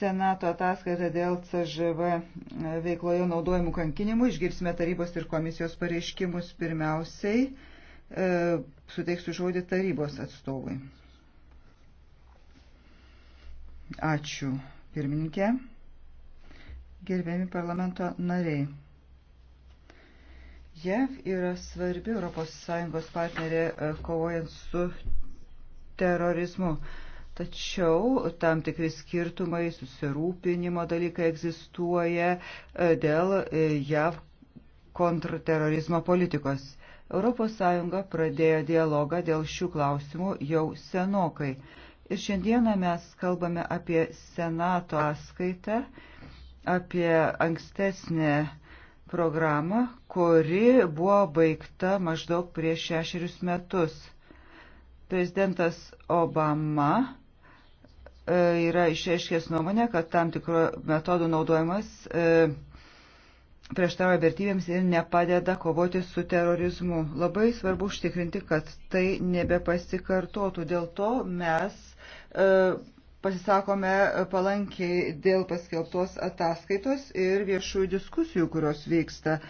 Senato ataskaitą dėl CŽV veikloje naudojimų kankinimų. Išgirsime tarybos ir komisijos pareiškimus pirmiausiai. E, suteiksiu žodį tarybos atstovui. Ačiū, pirmininkė. Gerbiami parlamento nariai. JAV yra svarbi ES partnerė e, kovojant su terorizmu. E, Tačiau tam tikri skirtumai, susirūpinimo dalykai egzistuoja e, dėl e, JAV kontrterorizmo politikos. ES pradėjo dialogą dėl šių klausimų jau senokai. Ir šiandieną mes kalbame apie Senato ataskaitą, apie ankstesnę programą, kuri buvo baigta maždaug prieš šešerius metus. Prezidentas Obama E, yra išreiškęs nuomonę, kad tam tikro metodų naudojimas e, prieštarauja vertybėms ir nepadeda kovoti su terorizmu. Labai svarbu užtikrinti, kad tai nebepasikartotų. Dėl to mes e, pasisakome palankiai dėl paskelbtos ataskaitos ir viešųjų diskusijų, kurios vyksta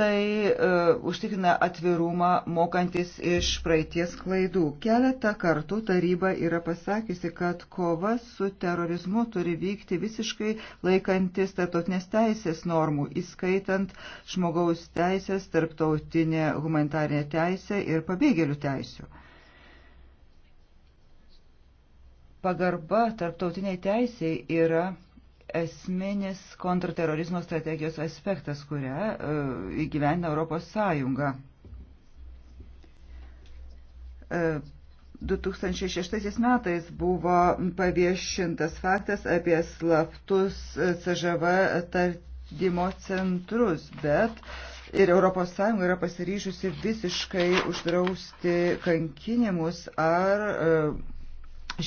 tai uh, užtikrina atvirumą mokantis iš praeities klaidų. Keletą kartų taryba yra pasakiusi, kad kova su terorizmu turi vykti visiškai laikantis tarptautinės teisės normų, įskaitant žmogaus teisės, tarptautinę humanitarinę teisę ir pabėgėlių teisų. Pagarba tarptautiniai teisiai yra esminis kontrterorizmo strategijos aspektas, kurią e, įgyvendina Europos Sąjunga. 2006 e, metais buvo paviešintas faktas apie slaptus e, CŽV tardymo centrus, bet ir ES yra pasiryžusi visiškai uždrausti kankinimus ar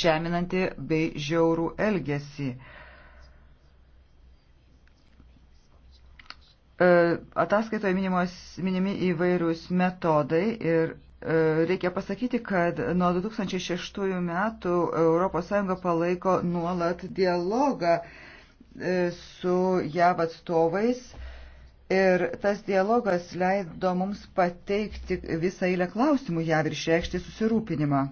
žeminanti bei žiaurų elgesį. Uh, E, ataskaitoje minimos, minimi įvairūs metodai ir e, reikia pasakyti, kad nuo 2006 metų ES palaiko nuolat dialogą e, su JAV atstovais ir tas dialogas leido mums pateikti visą eilę klausimų JAV ir išreikšti susirūpinimą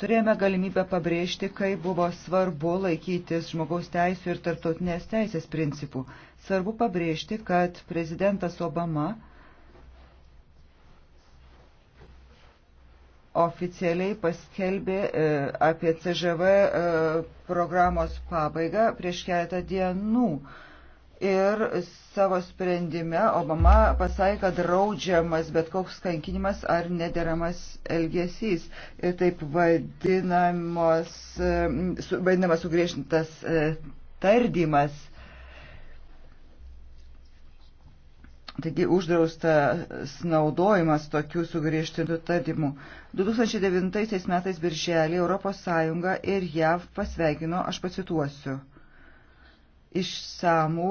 turėjome galimybę pabrėžti, kaip buvo svarbu laikytis žmogaus teisų ir tarptautinės teisės principų. Svarbu pabrėžti, kad prezidentas Obama oficialiai paskelbė e, apie CŽV e, programos pabaigą prieš keletą dienų ir savo sprendime Obama pasakė, kad draudžiamas bet koks kankinimas ar nederamas elgesys. Ir taip vadinamos, su, vadinamas sugriešintas e, tardymas. Taigi uždraustas naudojimas tokių sugriežtintų tardymų. 2009 metais birželį ES ir JAV pasveikino, aš pacituosiu išsamų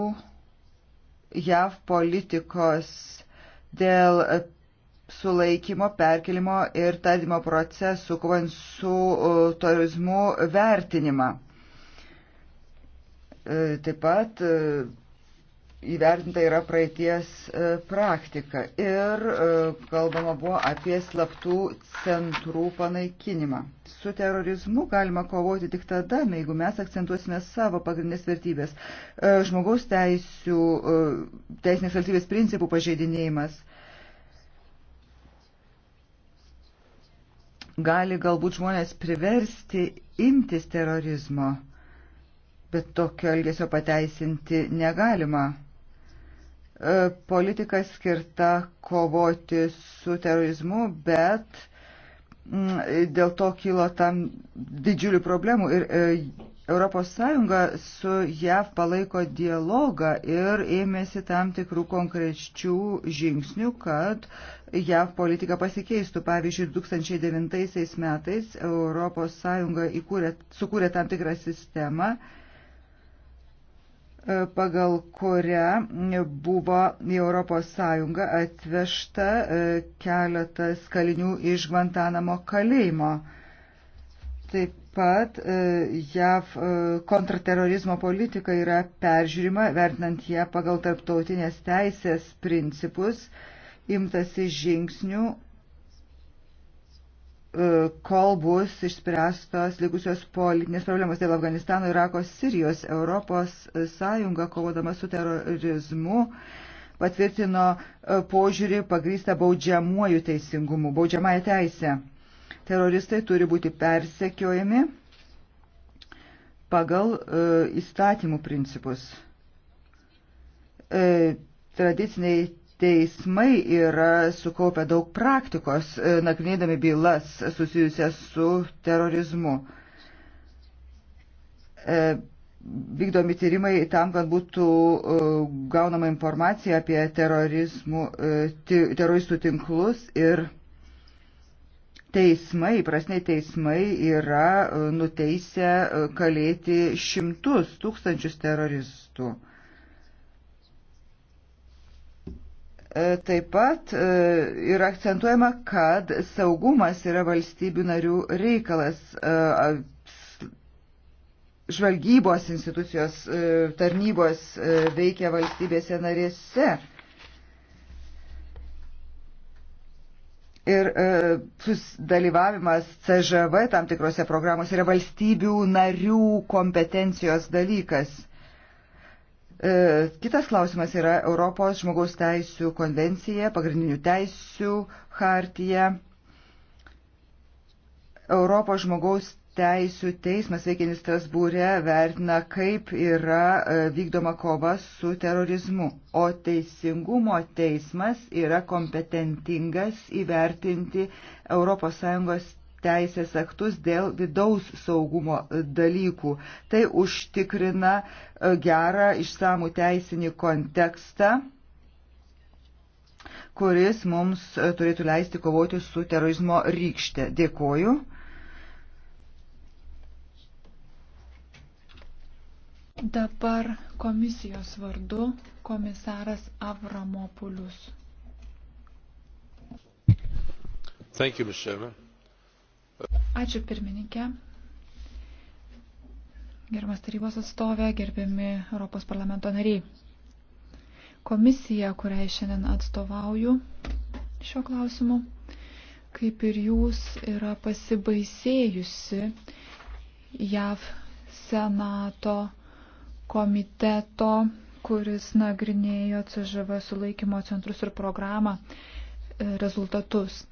JAV politikos dėl sulaikymo, perkelimo ir tardymo procesų, kovant su e, terorizmu vertinimą. E, taip pat e, įvertinta yra praeities e, praktika ir e, kalbama buvo apie slaptų centrų panaikinimą. Su terorizmu galima kovoti tik tada, jeigu mes akcentuosime savo pagrindinės vertybės. E, žmogaus teisų, teisinės valstybės principų pažeidinėjimas. Gali galbūt žmonės priversti imtis terorizmo, bet tokio elgesio pateisinti negalima E, politika skirta kovoti su terorizmu, bet mm, dėl to kilo tam didžiulių problemų ir ES su JAV palaiko dialogą ir ėmėsi tam tikrų konkrečių žingsnių, kad JAV politika pasikeistų. Pavyzdžiui, 2009 metais ES įkūrė, sukūrė tam tikrą sistemą pagal kurią buvo į Europos Sąjungą atvežta e, keletas kalinių iš Guantanamo kalėjimo. Taip pat e, JAV e, kontraterorizmo politika yra peržiūrima, vertinant ją pagal tarptautinės teisės principus, imtasi žingsnių, E, kol bus išspręstos likusios politinės problemos dėl Afganistano, Irako, Sirijos. Europos Sąjunga, kovodama su terorizmu, patvirtino e, požiūrį pagrįstą baudžiamuoju teisingumu, baudžiamąją teisę. Teroristai turi būti persekiojami pagal e, įstatymų principus. Tradiciniai teismai yra sukaupę daug praktikos, e, nagrinėdami bylas susijusias su terorizmu. E, vykdomi tyrimai tam, kad būtų e, gaunama informacija apie teroristų tinklus ir teismai, prasniai teismai yra nuteisę kalėti šimtus, tūkstančius teroristų E, taip pat e, yra akcentuojama, kad saugumas yra valstybių narių reikalas. E, žvalgybos institucijos tarnybos veikia valstybėse narėse. ir e, dalyvavimas CŽV tam tikrose programos yra valstybių narių kompetencijos dalykas. E, kitas klausimas yra Europos žmogaus teisų konvencija, pagrindinių teisų hartija, Europos žmogaus teisų teismas veikiantis Strasbūrė vertina, kaip yra e, vykdoma kova su terorizmu, o teisingumo teismas yra kompetentingas įvertinti ES teisės aktus dėl vidaus saugumo dalykų. Tai užtikrina e, gerą išsamų teisinį kontekstą kuris mums e, turėtų leisti kovoti su terorizmo rykšte. Dėkoju. Dabar komisijos vardu komisaras Avramopulius. Thank you, Mr. Chairman. Ačiū pirmininkė. Gerbiamas tarybos atstovė, gerbiami Europos parlamento nariai. Komisija, kuriai šiandien atstovauju šiuo klausimu, kaip ir jūs, yra pasibaisėjusi JAV Senato komiteto, kuris nagrinėjo CŽV sulaikymo centrus ir programą e, rezultatus.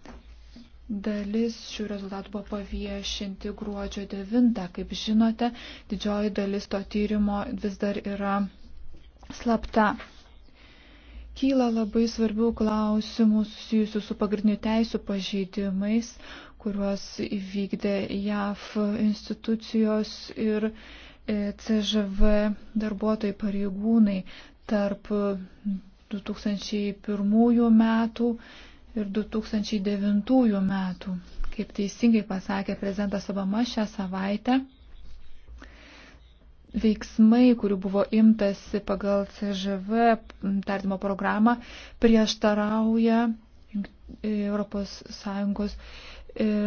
Dalis šių rezultatų buvo paviešinti gruodžio 9. Kaip žinote, didžioji dalis to tyrimo vis dar yra slapta. Kyla labai svarbių klausimų susijusių su pagrindinių teisų pažeidimais, kuriuos įvykdė JAF institucijos ir e, CŽV darbuotojai pareigūnai tarp 2001 metų ir 2009 metų. Kaip teisingai pasakė prezidentas Obama šią savaitę, veiksmai, kurių buvo imtasi pagal CŽV tardymo programą, prieštarauja ES e,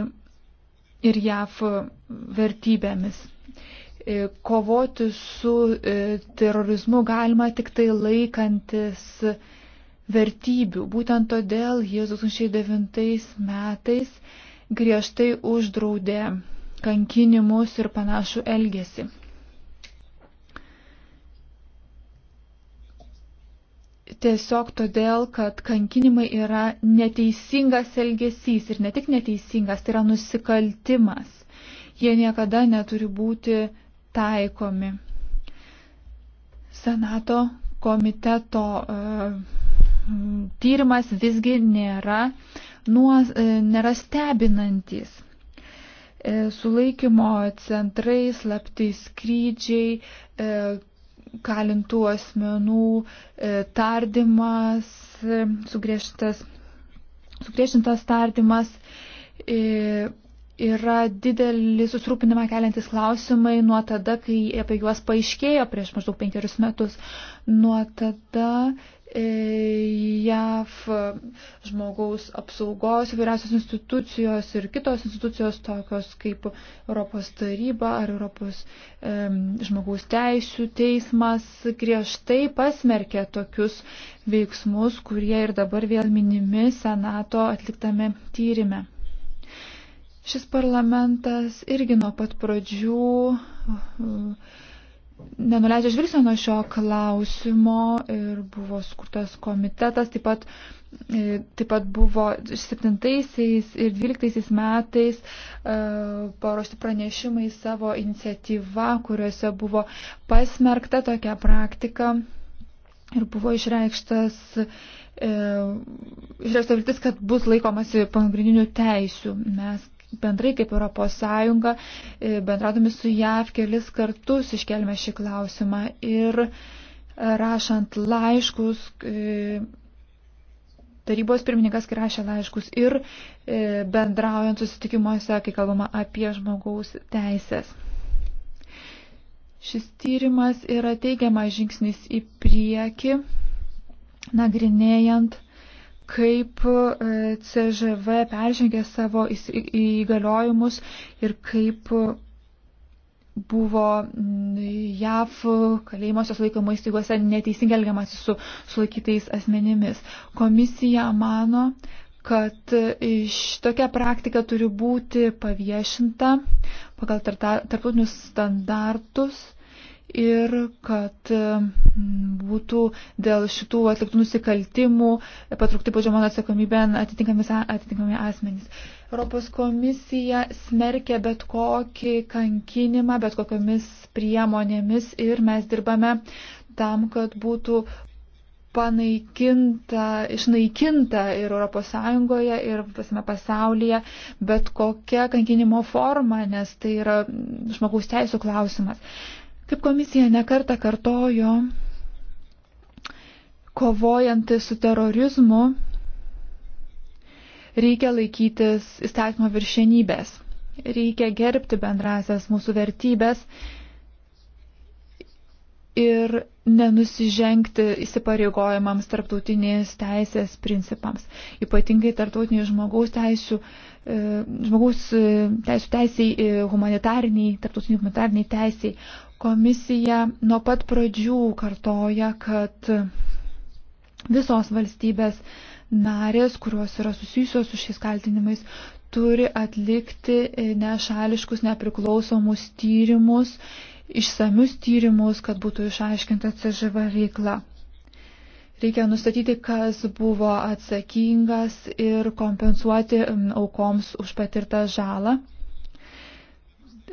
ir JAF vertybėmis e, kovoti su e, terorizmu galima tik tai laikantis vertybių. Būtent todėl jis 2009 metais griežtai uždraudė kankinimus ir panašų elgesį. Tiesiog todėl, kad kankinimai yra neteisingas elgesys ir ne tik neteisingas, tai yra nusikaltimas. Jie niekada neturi būti taikomi. Senato komiteto uh, tyrimas visgi nėra, nuo, e, nėra stebinantis. E, sulaikymo centrai, slapti skrydžiai, e, kalintų asmenų tardimas, sugriežtas, sugriežtintas tardimas yra didelį susirūpinimą keliantis klausimai nuo tada, kai apie juos paaiškėjo prieš maždaug penkerius metus. Nuo tada E, JAV žmogaus apsaugos vyriausios institucijos ir kitos institucijos tokios kaip Europos taryba ar Europos e, žmogaus teisų teismas griežtai pasmerkė tokius veiksmus, kurie ir dabar vėl minimi Senato atliktame tyrime. Šis parlamentas irgi nuo pat pradžių. Uh, nenuleidžia žvilgsnio nuo šio klausimo ir buvo skurtas komitetas, taip pat, e, taip pat buvo 7 ir 12 metais e, paruošti pranešimai savo iniciatyva, kuriuose buvo pasmerkta tokia praktika ir buvo išreikštas, e, išreikštas viltis, kad bus laikomasi pagrindinių teisių. Mes bendrai kaip ES, e, bendradami su JAV kelis kartus iškelime šį klausimą ir rašant laiškus, e, tarybos pirmininkas rašė laiškus ir e, bendraujant susitikimuose, kai kalbama apie žmogaus teisės. Šis tyrimas yra teigiamas žingsnis į priekį, nagrinėjant kaip e, CŽV peržengė savo įgaliojimus ir kaip buvo JAV kalėjimuosios laikomo įstaigose neteisingai elgiamasi su sulaikytais asmenimis. Komisija mano, kad šitokia praktika turi būti paviešinta pagal tarptautinius standartus ir kad būtų dėl šitų atliktų nusikaltimų patraukti pažymon atsakomybę atitinkami asmenys. Europos komisija smerkia bet kokį kankinimą, bet kokiamis priemonėmis ir mes dirbame tam, kad būtų panaikinta, išnaikinta ir ES, ir visame pasaulyje, bet kokia kankinimo forma, nes tai yra žmogaus teisų klausimas. Kaip komisija nekarta kartojo, kovojanti su terorizmu reikia laikytis įstatymo viršenybės, reikia gerbti bendrasias mūsų vertybės ir nenusižengti įsipareigojimams tarptautinės teisės principams, ypatingai tarptautiniai žmogaus teisų, e, žmogaus e, teisų teisiai, e, humanitariniai, tarptautiniai humanitariniai teisiai. Komisija nuo pat pradžių kartoja, kad visos valstybės narės, kurios yra susijusios su šiais kaltinimais, turi atlikti nešališkus, nepriklausomus tyrimus išsamius tyrimus, kad būtų išaiškinta CŽV veikla. Reikia nustatyti, kas buvo atsakingas ir kompensuoti aukoms už patirtą žalą.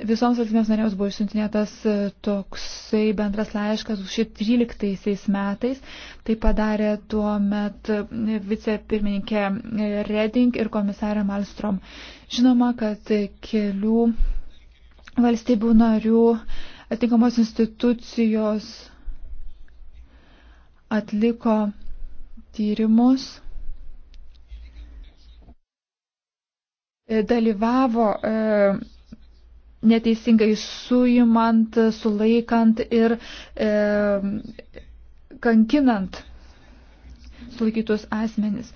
Visoms valstybėms narėms buvo išsiuntinėtas e, toksai bendras laiškas už 13 metais. Tai padarė tuo met vicepirmininkė e, Reding ir komisarė Malstrom. Žinoma, kad kelių valstybių narių atitinkamos institucijos atliko tyrimus, dalyvavo e, neteisingai suimant, sulaikant ir e, kankinant sulaikytus asmenis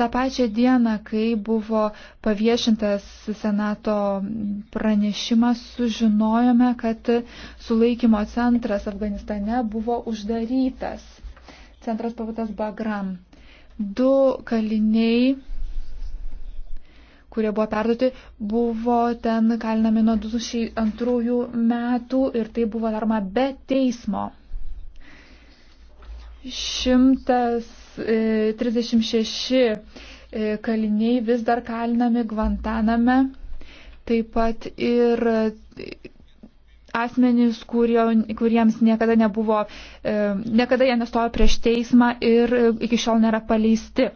tą pačią dieną, kai buvo paviešintas Senato pranešimas, sužinojome, kad sulaikymo centras Afganistane buvo uždarytas. Centras pavadas Bagram. Du kaliniai, kurie buvo perduoti, buvo ten kalinami nuo 2002 metų ir tai buvo daroma be teismo. Šimtas 36 e, e, kaliniai vis dar kalinami Guantaname, taip pat ir e, asmenys, kurio, kuriems niekada nebuvo, niekada jie nestojo prieš teismą ir iki šiol nėra paleisti.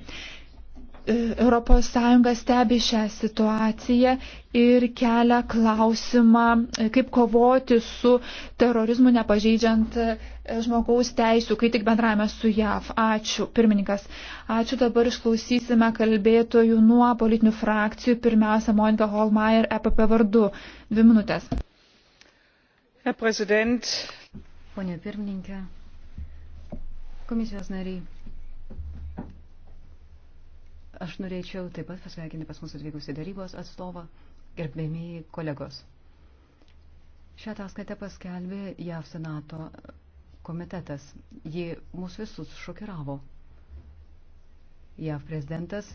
ES stebi šią situaciją ir kelia klausimą, e, kaip kovoti su terorizmu nepažeidžiant e, žmogaus teisų, kai tik bendrame su JAV. Ačiū, pirmininkas. Ačiū, dabar išklausysime kalbėtojų nuo politinių frakcijų. Pirmiausia, Monika Holmeier, EPP vardu. Dvi minutės. Herr Präsident. Pone pirmininkė, komisijos nariai. Aš norėčiau taip pat pasveikinti pas mūsų atvykusi darybos atstovą, gerbėmiai kolegos. Šią ataskaitę paskelbė JAV Senato komitetas. Ji mūsų visus šokiravo. JAV prezidentas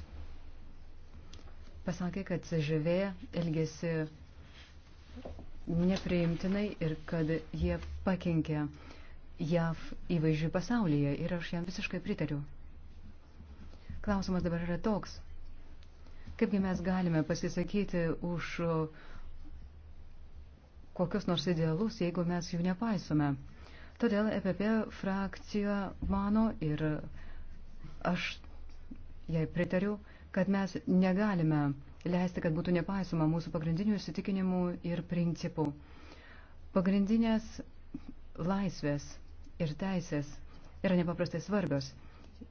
pasakė, kad CŽV elgėsi nepriimtinai ir kad jie pakenkė JAV įvaizdžiui pasaulyje ir aš jam visiškai pritariu. Klausimas dabar yra toks. Kaipgi mes galime pasisakyti už kokius nors idealus, jeigu mes jų nepaisome. Todėl EPP frakcija mano ir aš jai pritariu, kad mes negalime leisti, kad būtų nepaisoma mūsų pagrindinių įsitikinimų ir principų. Pagrindinės laisvės ir teisės yra nepaprastai svarbios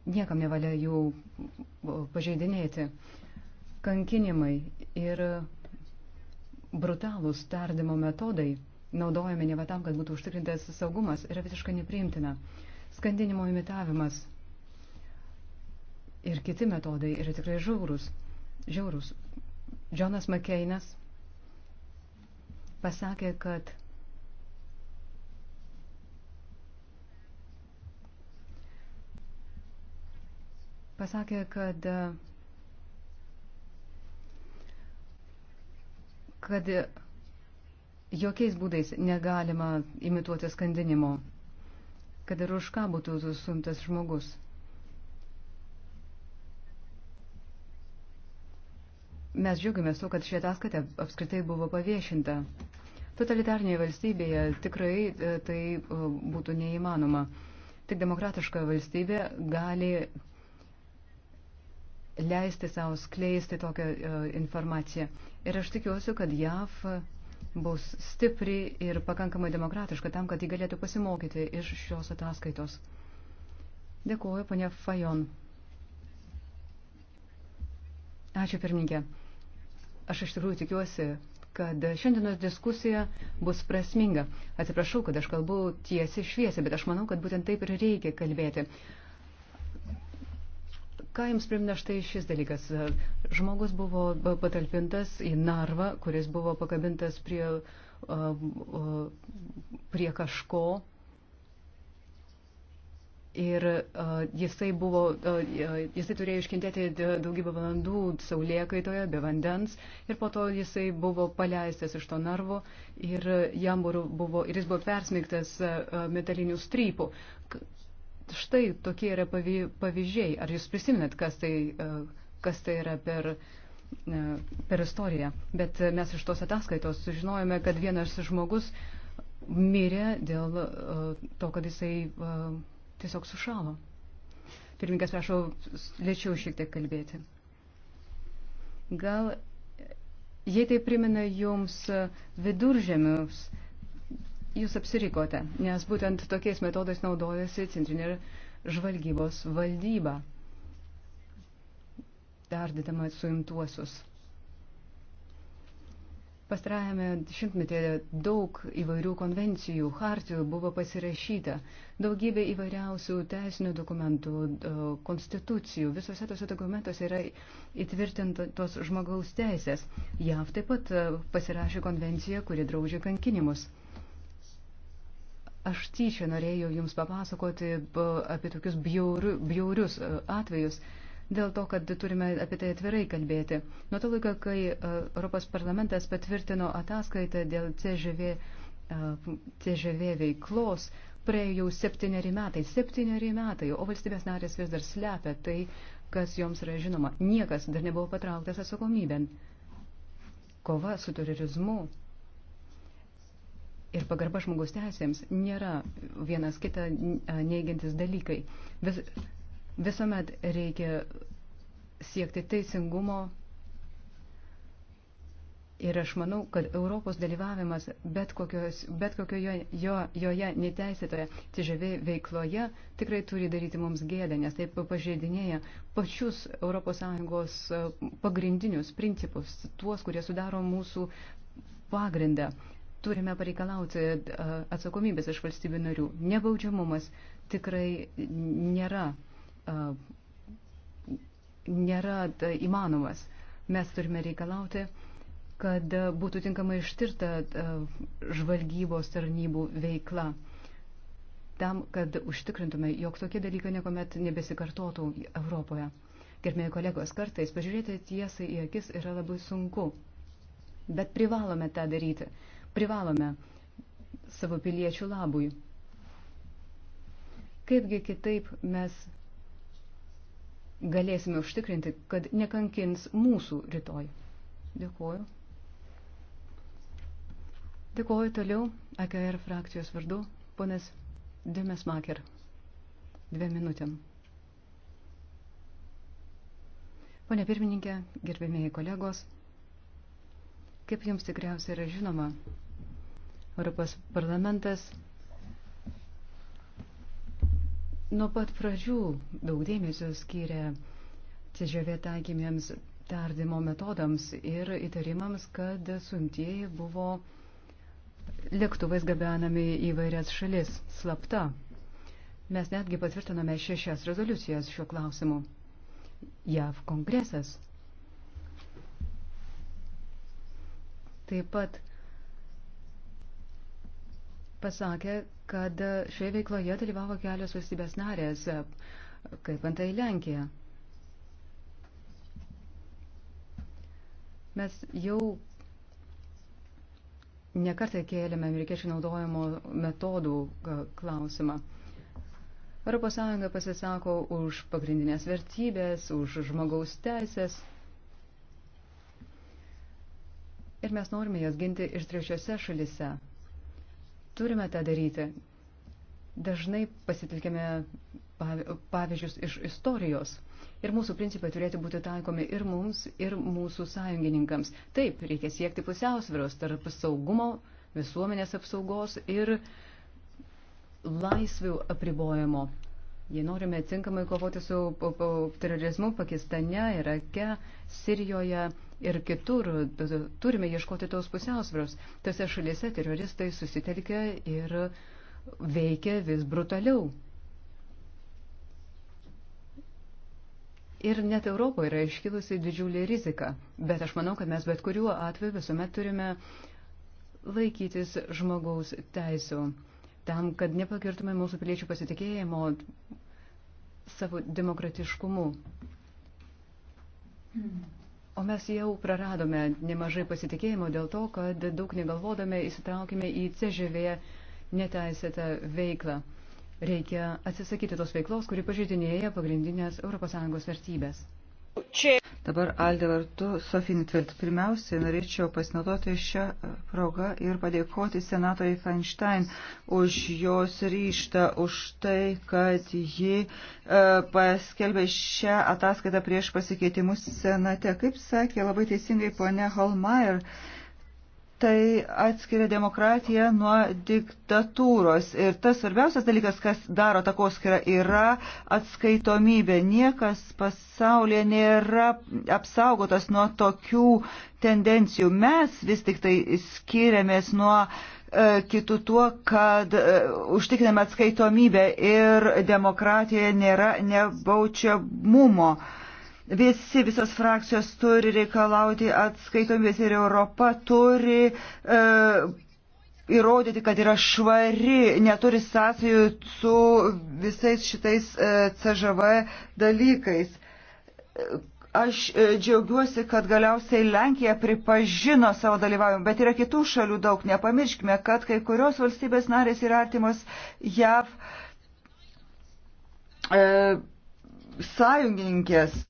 niekam nevalia jų pažeidinėti. Kankinimai ir brutalūs tardimo metodai naudojami ne tam, kad būtų užtikrintas saugumas, yra visiškai nepriimtina. Skandinimo imitavimas ir kiti metodai yra tikrai žiaurus. žiaurus. Jonas McCainas pasakė, kad pasakė, kad, kad jokiais būdais negalima imituoti skandinimo, kad ir už ką būtų suntas žmogus. Mes džiaugiamės to, kad šie ataskaita apskritai buvo paviešinta. Totalitarnėje valstybėje tikrai e, tai e, būtų neįmanoma. Tik demokratiška valstybė gali leisti savo skleisti tokią e, informaciją. Ir aš tikiuosi, kad JAV bus stipri ir pakankamai demokratiška tam, kad jį galėtų pasimokyti iš šios ataskaitos. Dėkuoju, ponia Fajon. Ačiū, pirmininkė. Aš iš tikrųjų tikiuosi, kad šiandienos diskusija bus prasminga. Atsiprašau, kad aš kalbu tiesiai šviesiai, bet aš manau, kad būtent taip ir reikia kalbėti. Ką jums primena štai šis dalykas? Žmogus buvo patalpintas į narvą, kuris buvo pakabintas prie, prie kažko. Ir uh, jisai, buvo, uh, jisai turėjo iškentėti daugybę valandų saulėkaitoje, be vandens. Ir po to jisai buvo paleistas iš to narvo ir, jam buvo, ir jis buvo persmigtas uh, metalinių strypų štai tokie yra pavyzdžiai. Ar jūs prisiminat, kas tai, e, kas tai yra per, e, per istoriją? Bet mes iš tos ataskaitos sužinojome, kad vienas žmogus mirė dėl e, to, kad jisai tiesiog sušalo. Pirmininkas prašau lėčiau šiek tiek kalbėti. Gal jei tai primena jums viduržėmius, Jūs apsirikote, nes būtent tokiais metodais naudojasi centrinė žvalgybos valdyba, tardydama suimtuosius. Pastarajame šimtmetėje daug įvairių konvencijų, hartijų buvo pasirašyta, daugybė įvairiausių teisinių dokumentų, e, konstitucijų. Visose tose dokumentuose yra įtvirtintos žmogaus teisės. JAV taip pat e, pasirašė konvenciją, kuri draudžia kankinimus. Aš tyčia norėjau Jums papasakoti apie tokius bjauri, bjaurius e, atvejus, dėl to, kad turime apie tai atvirai kalbėti. Nuo to laiko, kai e, Europos parlamentas patvirtino ataskaitą dėl CŽV, e, CŽV veiklos, praėjo jau septyneri metai, septyneri metai, o valstybės narės vis dar slepia tai, kas joms yra žinoma. Niekas dar nebuvo patrauktas atsakomybėn. Kova su terorizmu ir pagarba žmogus teisėms nėra vienas kitą neigiantis dalykai. Vis, visuomet reikia siekti teisingumo ir aš manau, kad Europos dalyvavimas bet, kokios, bet kokioje jo, joje neteisėtoje TŽV veikloje tikrai turi daryti mums gėdą, nes taip pažeidinėja pačius ES e, pagrindinius principus, tuos, kurie sudaro mūsų pagrindą turime pareikalauti atsakomybės iš valstybių narių. Nebaudžiamumas tikrai nėra, nėra įmanomas. Mes turime reikalauti, kad būtų tinkamai ištirta žvalgybos tarnybų veikla tam, kad užtikrintume, jog tokie dalykai niekuomet nebesikartotų Europoje. Gerbėjai kolegos, kartais pažiūrėti tiesai į akis yra labai sunku, bet privalome tą daryti privalome savo piliečių labui. Kaipgi kitaip mes galėsime užtikrinti, kad nekankins mūsų rytoj. Dėkuoju. Dėkuoju toliau AKR frakcijos vardu, ponas Dėmes Maker. Dviem minutėm. Pone pirmininkė, gerbėmėjai kolegos, kaip jums tikriausiai yra žinoma, Europos parlamentas nuo pat pradžių daug dėmesio skyrė atsižiūrė taikymiems tardymo metodams ir įtarimams, kad suimtieji buvo lėktuvais gabenami į vairias šalis slapta. Mes netgi patvirtiname šešias rezoliucijas šiuo klausimu. JAV kongresas taip pat pasakė, kad šioje veikloje dalyvavo kelios valstybės narės, kaip antai Lenkija. Mes jau nekartai kėlėme amerikiečių naudojimo metodų klausimą. ES pasisako už pagrindinės vertybės, už žmogaus teisės. Ir mes norime jas ginti ir trečiose šalise. Turime tą daryti. Dažnai pasitelkime pavyzdžius iš istorijos. Ir mūsų principai turėtų būti taikomi ir mums, ir mūsų sąjungininkams. Taip, reikia siekti pusiausvėros tarp saugumo, visuomenės apsaugos ir laisvių apribojimo. Jei norime tinkamai kovoti su terorizmu Pakistane, Irake, Sirijoje, ir kitur. Turime ieškoti tos pusiausvėros. Tose šalyse teroristai susitelkia ir veikia vis brutaliau. Ir net Europoje yra iškilusi didžiulė rizika, bet aš manau, kad mes bet kuriuo atveju visuomet turime laikytis žmogaus teisų, tam, kad nepakirtume mūsų piliečių pasitikėjimo savo demokratiškumu. Mm. O mes jau praradome nemažai pasitikėjimo dėl to, kad daug negalvodame įsitraukime į CŽV neteisėtą veiklą. Reikia atsisakyti tos veiklos, kuri pažeidinėja pagrindinės ES vertybės. Čia. Dabar Aldė vartu Sofinitvilt. Pirmiausia, norėčiau pasinaudoti šią progą ir padėkoti senatoriai Feinstein už jos ryštą, už tai, kad ji e, paskelbė šią ataskaitą prieš pasikeitimus senate. Kaip sakė labai teisingai ponia Holmeier, e, tai atskiria demokratiją nuo diktatūros. Ir tas svarbiausias dalykas, kas daro takoskirą, yra atskaitomybė. Niekas pasaulyje nėra apsaugotas nuo tokių tendencijų. Mes vis tik tai skiriamės nuo e, kitų tuo, kad e, užtikriname atskaitomybę ir demokratijoje nėra nebaučiamumo. Uh, Visi, visos frakcijos turi reikalauti atskaitomės ir Europa turi. E, Įrodyti, kad yra švari, neturi sąsajų su visais šitais e, CŽV dalykais aš e, džiaugiuosi, kad galiausiai Lenkija pripažino savo dalyvavimą, bet yra kitų šalių daug. Nepamirškime, kad kai kurios valstybės narės yra artimos JAV e, sąjungininkės.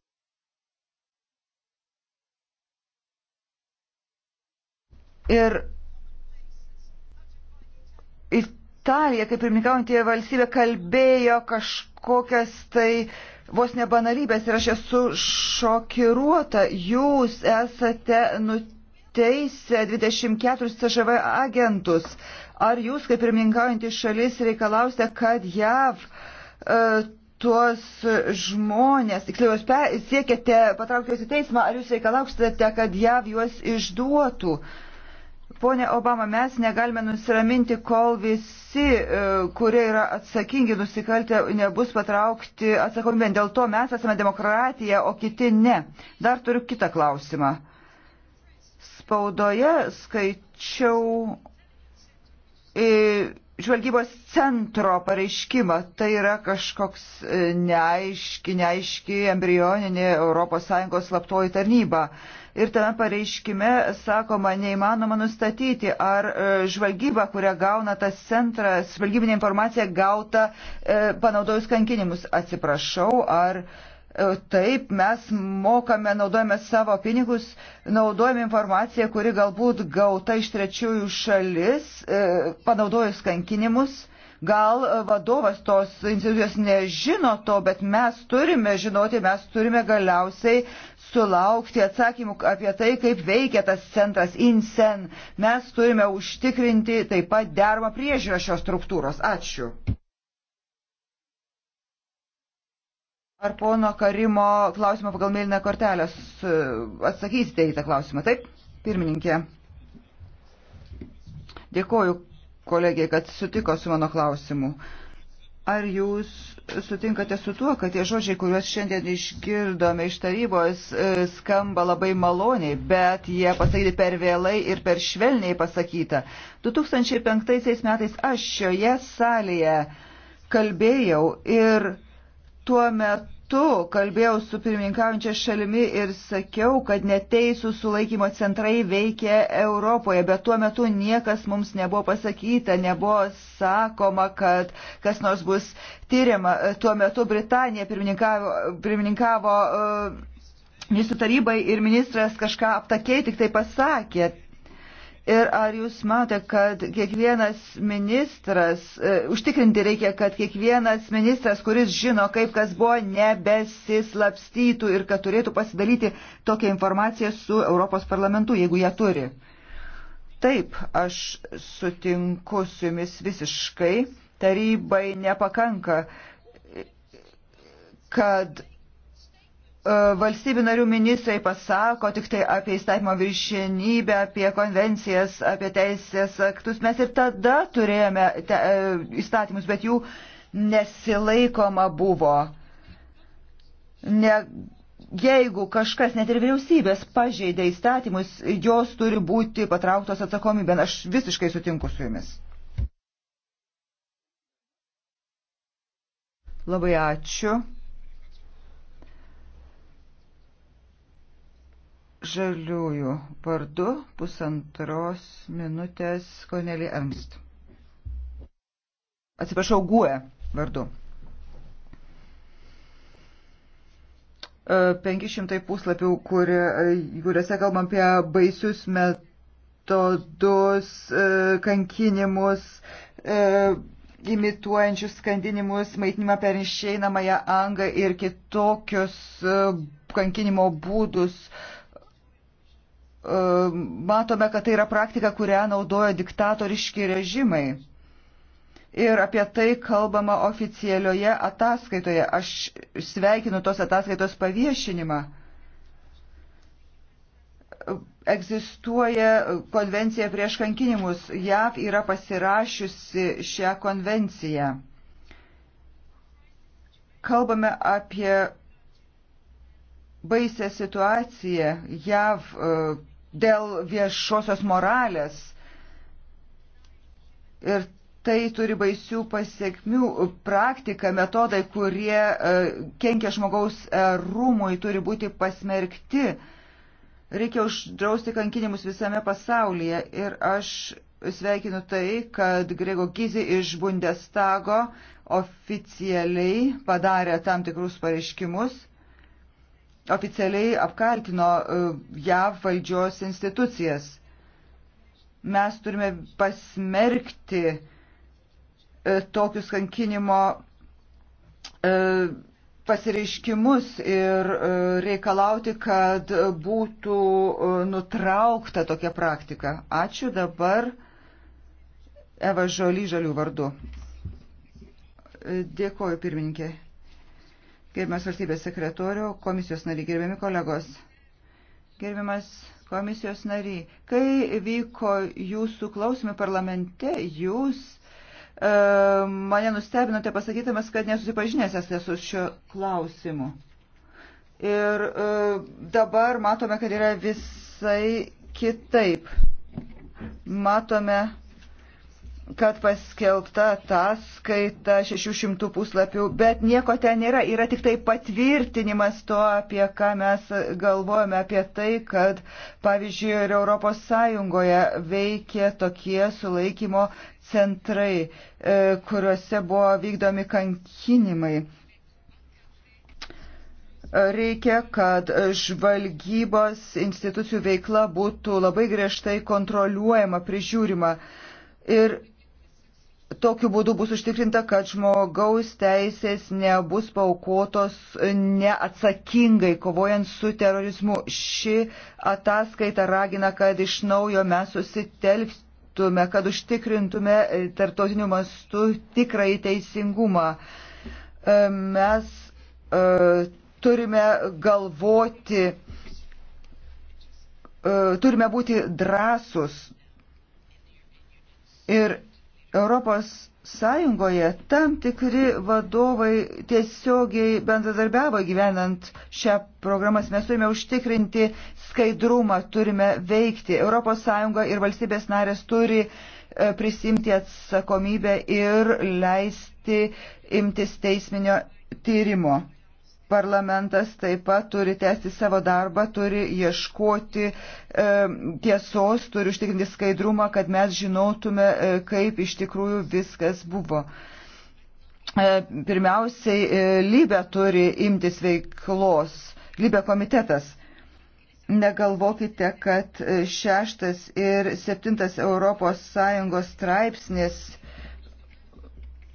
Ir Italija, kaip pirmininkaujantie valstybė, kalbėjo kažkokias tai vos nebanalybės ir aš esu šokiruota. Jūs esate nuteisę 24 CŽV agentus. Ar jūs, kaip pirmininkaujantis šalis, reikalausite, kad JAV uh, tuos žmonės, tiksliau, jūs siekiate patraukti juos į teismą, ar jūs reikalausite, kad JAV juos išduotų? Uh, Pone Obama, mes negalime nusiraminti, kol visi, e, kurie yra atsakingi nusikaltę, nebus patraukti atsakomybėn. Dėl to mes esame demokratija, o kiti ne. Dar turiu kitą klausimą. Spaudoje skaičiau e, žvalgybos centro pareiškimą. Tai yra kažkoks e, neaiški, neaiški embrioninė ES slaptoji tarnyba ir tame pareiškime sakoma, neįmanoma nustatyti, ar e, žvalgyba, kurią gauna tas centras, žvalgybinė informacija gauta e, panaudojus kankinimus, atsiprašau, ar e, taip mes mokame, naudojame savo pinigus, naudojame informaciją, kuri galbūt gauta iš trečiųjų šalis, panaudojus kankinimus. Gal vadovas tos institucijos nežino to, bet mes turime žinoti, mes turime galiausiai sulaukti atsakymų apie tai, kaip veikia tas centras INSEN. Mes turime užtikrinti taip pat dermą priežiūrą šios struktūros. Ačiū. Ar pono Karimo klausimą pagal mėlyną kortelę atsakysite į tą klausimą? Taip, pirmininkė. Dėkoju kolegiai, kad sutiko su mano klausimu. Ar jūs sutinkate su tuo, kad tie žodžiai, kuriuos šiandien išgirdome iš tarybos, e, skamba labai maloniai, bet jie pasakyti per vėlai ir per švelniai pasakyta. 2005 metais aš šioje salėje kalbėjau ir tuo metu metu kalbėjau su pirmininkaujančia šalimi ir sakiau, kad neteisų sulaikymo centrai veikia Europoje, bet tuo metu niekas mums nebuvo pasakyta, nebuvo sakoma, kad kas nors bus tyriama. Tuo metu Britanija pirmininkavo. pirmininkavo e, Ministrų tarybai ir ministras kažką aptakiai tik tai pasakė, Ir ar jūs matote, kad kiekvienas ministras, e, užtikrinti reikia, kad kiekvienas ministras, kuris žino, kaip kas buvo, nebesislapstytų ir kad turėtų pasidalyti tokią informaciją su Europos parlamentu, jeigu ją turi. Taip, aš sutinku su jumis visiškai. Tarybai nepakanka, kad E, valstybių narių ministrai pasako tik tai apie įstatymo viršienybę, apie konvencijas, apie teisės aktus. Mes ir tada turėjome te, e, įstatymus, bet jų nesilaikoma buvo. Ne, jeigu kažkas, net ir vyriausybės, pažeidė įstatymus, jos turi būti patrauktos atsakomybėn. Aš visiškai sutinku su jumis. Labai ačiū. žaliųjų vardu pusantros minutės Konelį Ernst. Atsiprašau, Guė vardu. 500 e, puslapių, kur, e, kuriuose kalbam apie baisius metodus, e, kankinimus, imituojančius skandinimus, maitinimą per išeinamąją angą ir kitokius kankinimo būdus, matome, kad tai yra praktika, kurią naudoja diktatoriški režimai. Ir apie tai kalbama oficialioje ataskaitoje. Aš sveikinu tos ataskaitos paviešinimą egzistuoja konvencija prieš kankinimus. JAV yra pasirašiusi šią konvenciją. Kalbame apie baisę situaciją JAV e, dėl viešosios moralės. Ir tai turi baisių pasiekmių. Praktika, metodai, kurie e, kenkia žmogaus e, rūmui, turi būti pasmerkti. Reikia uždrausti kankinimus visame pasaulyje. Ir aš sveikinu tai, kad Grego Gizi iš Bundestago oficialiai padarė tam tikrus pareiškimus oficialiai apkaltino e, JAV valdžios institucijas. Mes turime pasmerkti e, tokius kankinimo e, pasireiškimus ir reikalauti, kad būtų nutraukta tokia praktika. Ačiū dabar Eva Žoly Žalių vardu. Dėkoju pirmininkė. Gerbiamas valstybės sekretorio, komisijos nariai, gerbiami kolegos. Gerbiamas komisijos nariai, kai vyko jūsų klausimai parlamente, jūs e, mane nustebinote pasakydamas, kad nesusipažinęs esate su šiuo klausimu. Ir e, dabar matome, kad yra visai kitaip. Matome kad paskelbta ataskaita 600 puslapių, bet nieko ten nėra. Yra tik tai patvirtinimas to, apie ką mes galvojame, apie tai, kad, pavyzdžiui, ir Europos Sąjungoje veikė tokie sulaikymo centrai, e, kuriuose buvo vykdomi kankinimai. Reikia, kad žvalgybos institucijų veikla būtų labai griežtai kontroliuojama, prižiūrima. Ir Tokiu būdu bus užtikrinta, kad žmogaus teisės nebus paukotos neatsakingai kovojant su terorizmu. Ši ataskaita ragina, kad iš naujo mes susitelktume, kad užtikrintume tartotiniu mastu tikrąjį teisingumą. E, mes e, turime galvoti, e, turime būti drąsus ir Europos Sąjungoje tam tikri vadovai tiesiogiai bendradarbiavo gyvenant šią programą. Mes turime užtikrinti skaidrumą, turime veikti. Europos Sąjunga ir valstybės narės turi e, prisimti atsakomybę ir leisti imtis teisminio tyrimo parlamentas taip pat turi tęsti savo darbą, turi ieškoti e, tiesos, turi užtikrinti skaidrumą, kad mes žinotume, e, kaip iš tikrųjų viskas buvo. E, pirmiausiai e, Lybė turi imtis veiklos, Lybė komitetas. Negalvokite, kad e, šeštas ir septintas Europos Sąjungos straipsnis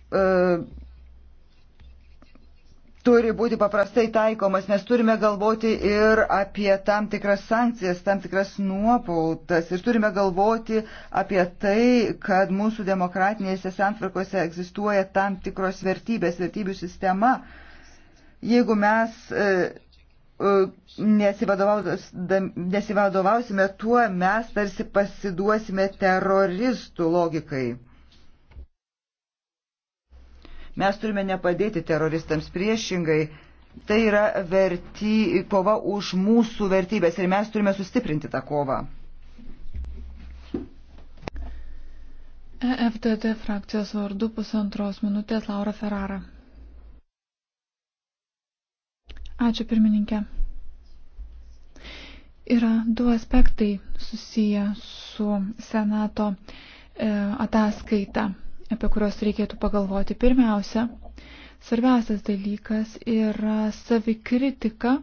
e, turi būti paprastai taikomas, nes turime galvoti ir apie tam tikras sankcijas, tam tikras nuopautas ir turime galvoti apie tai, kad mūsų demokratinėse santvarkose egzistuoja tam tikros vertybės, vertybių sistema. Jeigu mes e, e, nesivadovausime tuo, mes tarsi pasiduosime teroristų logikai. Mes turime nepadėti teroristams priešingai. Tai yra verty, kova už mūsų vertybės ir mes turime sustiprinti tą kovą. EFDD frakcijos vardu pusantros minutės Laura Ferrara. Ačiū pirmininkė. Yra du aspektai susiję su Senato e, ataskaita apie kuriuos reikėtų pagalvoti. Pirmiausia, svarbiausias dalykas yra savikritika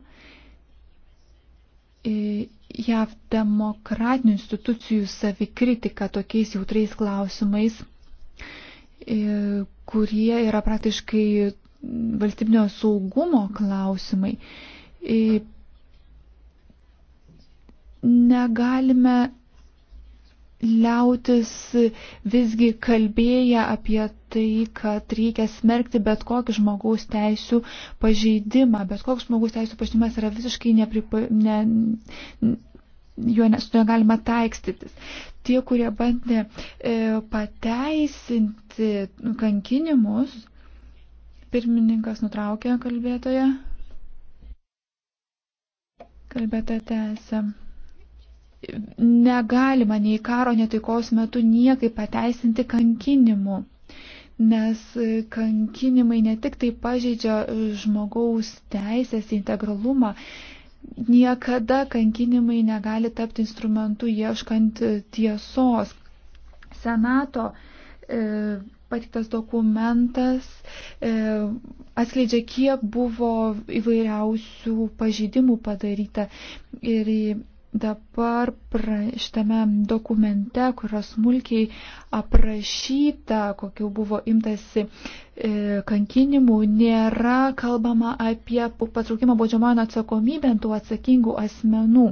JAV demokratinių institucijų savikritika tokiais jautriais klausimais, kurie yra praktiškai valstybinio saugumo klausimai. Negalime liautis visgi kalbėję apie tai, kad reikia smerkti bet kokį žmogaus teisų pažeidimą. Bet koks žmogaus teisų pažeidimas yra visiškai nepripa... Ne, juo negalima taikstytis. Tie, kurie bandė e, pateisinti kankinimus, pirmininkas nutraukė kalbėtoją. Kalbėtoja tęsė negalima nei karo, nei taikos metu niekaip pateisinti kankinimu, nes e, kankinimai ne tik tai pažeidžia e, žmogaus teisės integralumą, niekada kankinimai negali tapti instrumentu ieškant e, tiesos. Senato e, patiktas dokumentas e, atskleidžia, kiek buvo įvairiausių pažydimų padaryta ir dabar pra, šitame dokumente, kurios smulkiai aprašyta, kokiu buvo imtasi e, kankinimų, nėra kalbama apie patraukimą baudžiamojo atsakomybę tų atsakingų asmenų.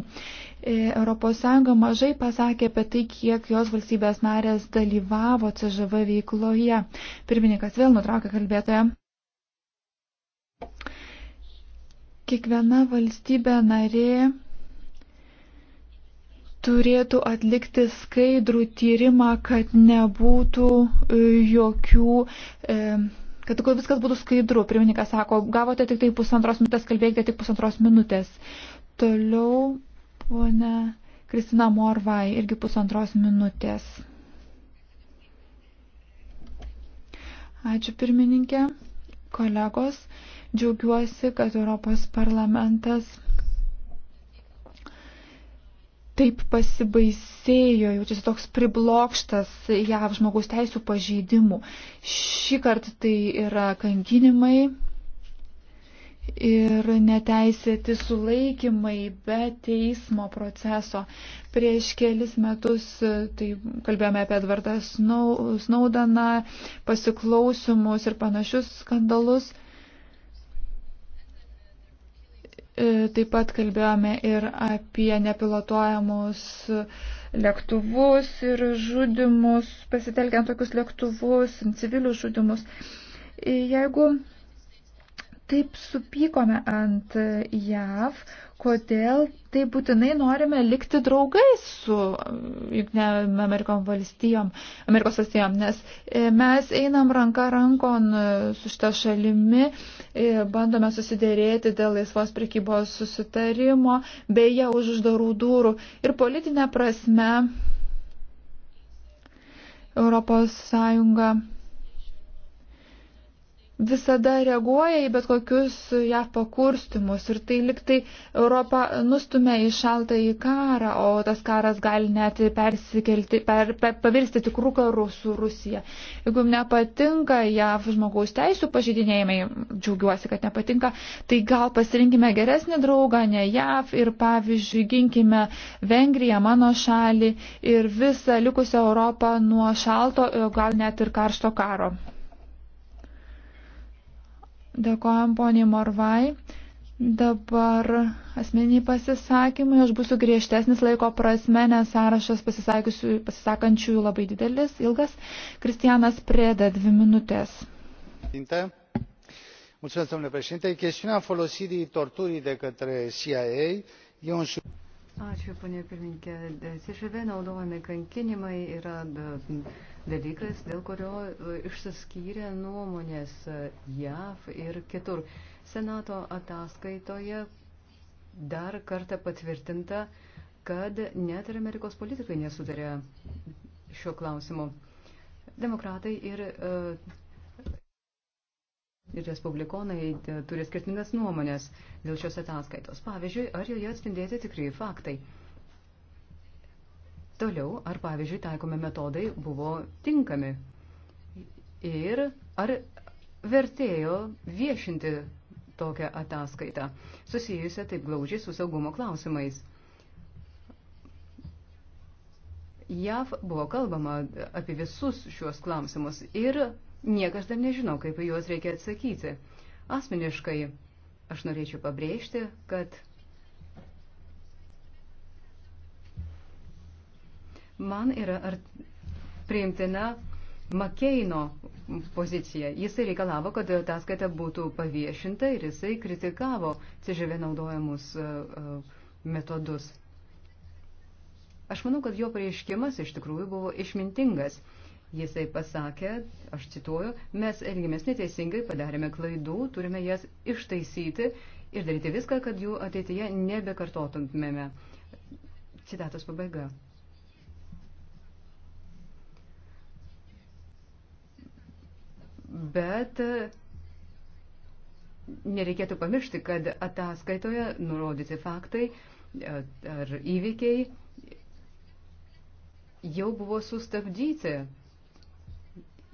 E, ES mažai pasakė apie tai, kiek jos valstybės narės dalyvavo CŽV veikloje. Pirmininkas vėl nutraukė kalbėtoją. Kiekviena valstybė narė turėtų atlikti skaidrų tyrimą, kad nebūtų e, jokių. E, kad viskas būtų skaidru. Pirmininkas sako, gavote tik tai pusantros minutės, kalbėkite tik pusantros minutės. Toliau, ponė Kristina Morvai, irgi pusantros minutės. Ačiū pirmininkė, kolegos. Džiaugiuosi, kad Europos parlamentas taip pasibaisėjo, jaučiasi toks priblokštas jav žmogaus teisų pažeidimų. Šį kartą tai yra kankinimai ir neteisėti sulaikymai be teismo proceso. Prieš kelis metus tai kalbėjome apie Edvardą Snaudaną, pasiklausimus ir panašius skandalus. E, taip pat kalbėjome ir apie nepilotuojamus lėktuvus ir žudimus, pasitelkiant tokius lėktuvus, civilių žudimus. E, jeigu taip supykome ant JAV, kodėl tai būtinai norime likti draugais su mm, Junktinėm Amerikos valstijom, Amerikos valstijom, nes e, mes einam ranka rankon e, su šita šalimi, e, bandome susidėrėti dėl laisvos prekybos susitarimo, beje, už uždarų durų ir politinė prasme Europos Sąjunga visada reaguoja į bet kokius JAV pakurstimus ir tai liktai Europą nustumia į šaltą į karą, o tas karas gali net persikelti, per, per, pavirsti tikrų karų su Rusija. Jeigu nepatinka JAV žmogaus teisų pažydinėjimai, džiaugiuosi, kad nepatinka, tai gal pasirinkime geresnį draugą, ne JAV ir pavyzdžiui ginkime Vengriją, mano šalį ir visą likusią Europą nuo šalto, gal net ir karšto karo. Dėkojom poniai Morvai. Dabar asmeniai pasisakymai, aš būsiu griežtesnis laiko prasme, nes sąrašas pasisakančiųjų labai didelis, ilgas. Kristianas Prėda, dvi minutės. Mulțumesc, domnule președinte. Chestiunea folosirii torturii de către CIA e, e un subiect Ačiū, ponė pirmininkė. Sišavė naudojami kankinimai yra e, dalykas, dėl kurio e, išsiskyrė nuomonės e, JAV ir kitur. Senato ataskaitoje dar kartą patvirtinta, kad net ir Amerikos politikai nesutarė šio klausimu. Demokratai ir uh, ir respublikonai e, turi skirtingas nuomonės dėl šios ataskaitos. Pavyzdžiui, ar joje atspindėti tikrai faktai. Toliau, ar pavyzdžiui, taikomi metodai buvo tinkami ir ar vertėjo viešinti tokią ataskaitą, susijusią taip glaudžiai su saugumo klausimais. JAV buvo kalbama apie visus šiuos klausimus ir niekas dar nežino, kaip į juos reikia atsakyti. Asmeniškai aš norėčiau pabrėžti, kad man yra ar priimtina Makeino pozicija. Jisai reikalavo, kad ataskaita būtų paviešinta ir jisai kritikavo CŽV naudojamus e, e, metodus. Aš manau, kad jo pareiškimas iš tikrųjų buvo išmintingas. Jisai pasakė, aš cituoju, mes elgėmės neteisingai, padarėme klaidų, turime jas ištaisyti ir daryti viską, kad jų ateityje nebekartotumėme. Citatos pabaiga. Bet e, nereikėtų pamiršti, kad ataskaitoje nurodyti faktai e, ar įvykiai jau buvo sustabdyti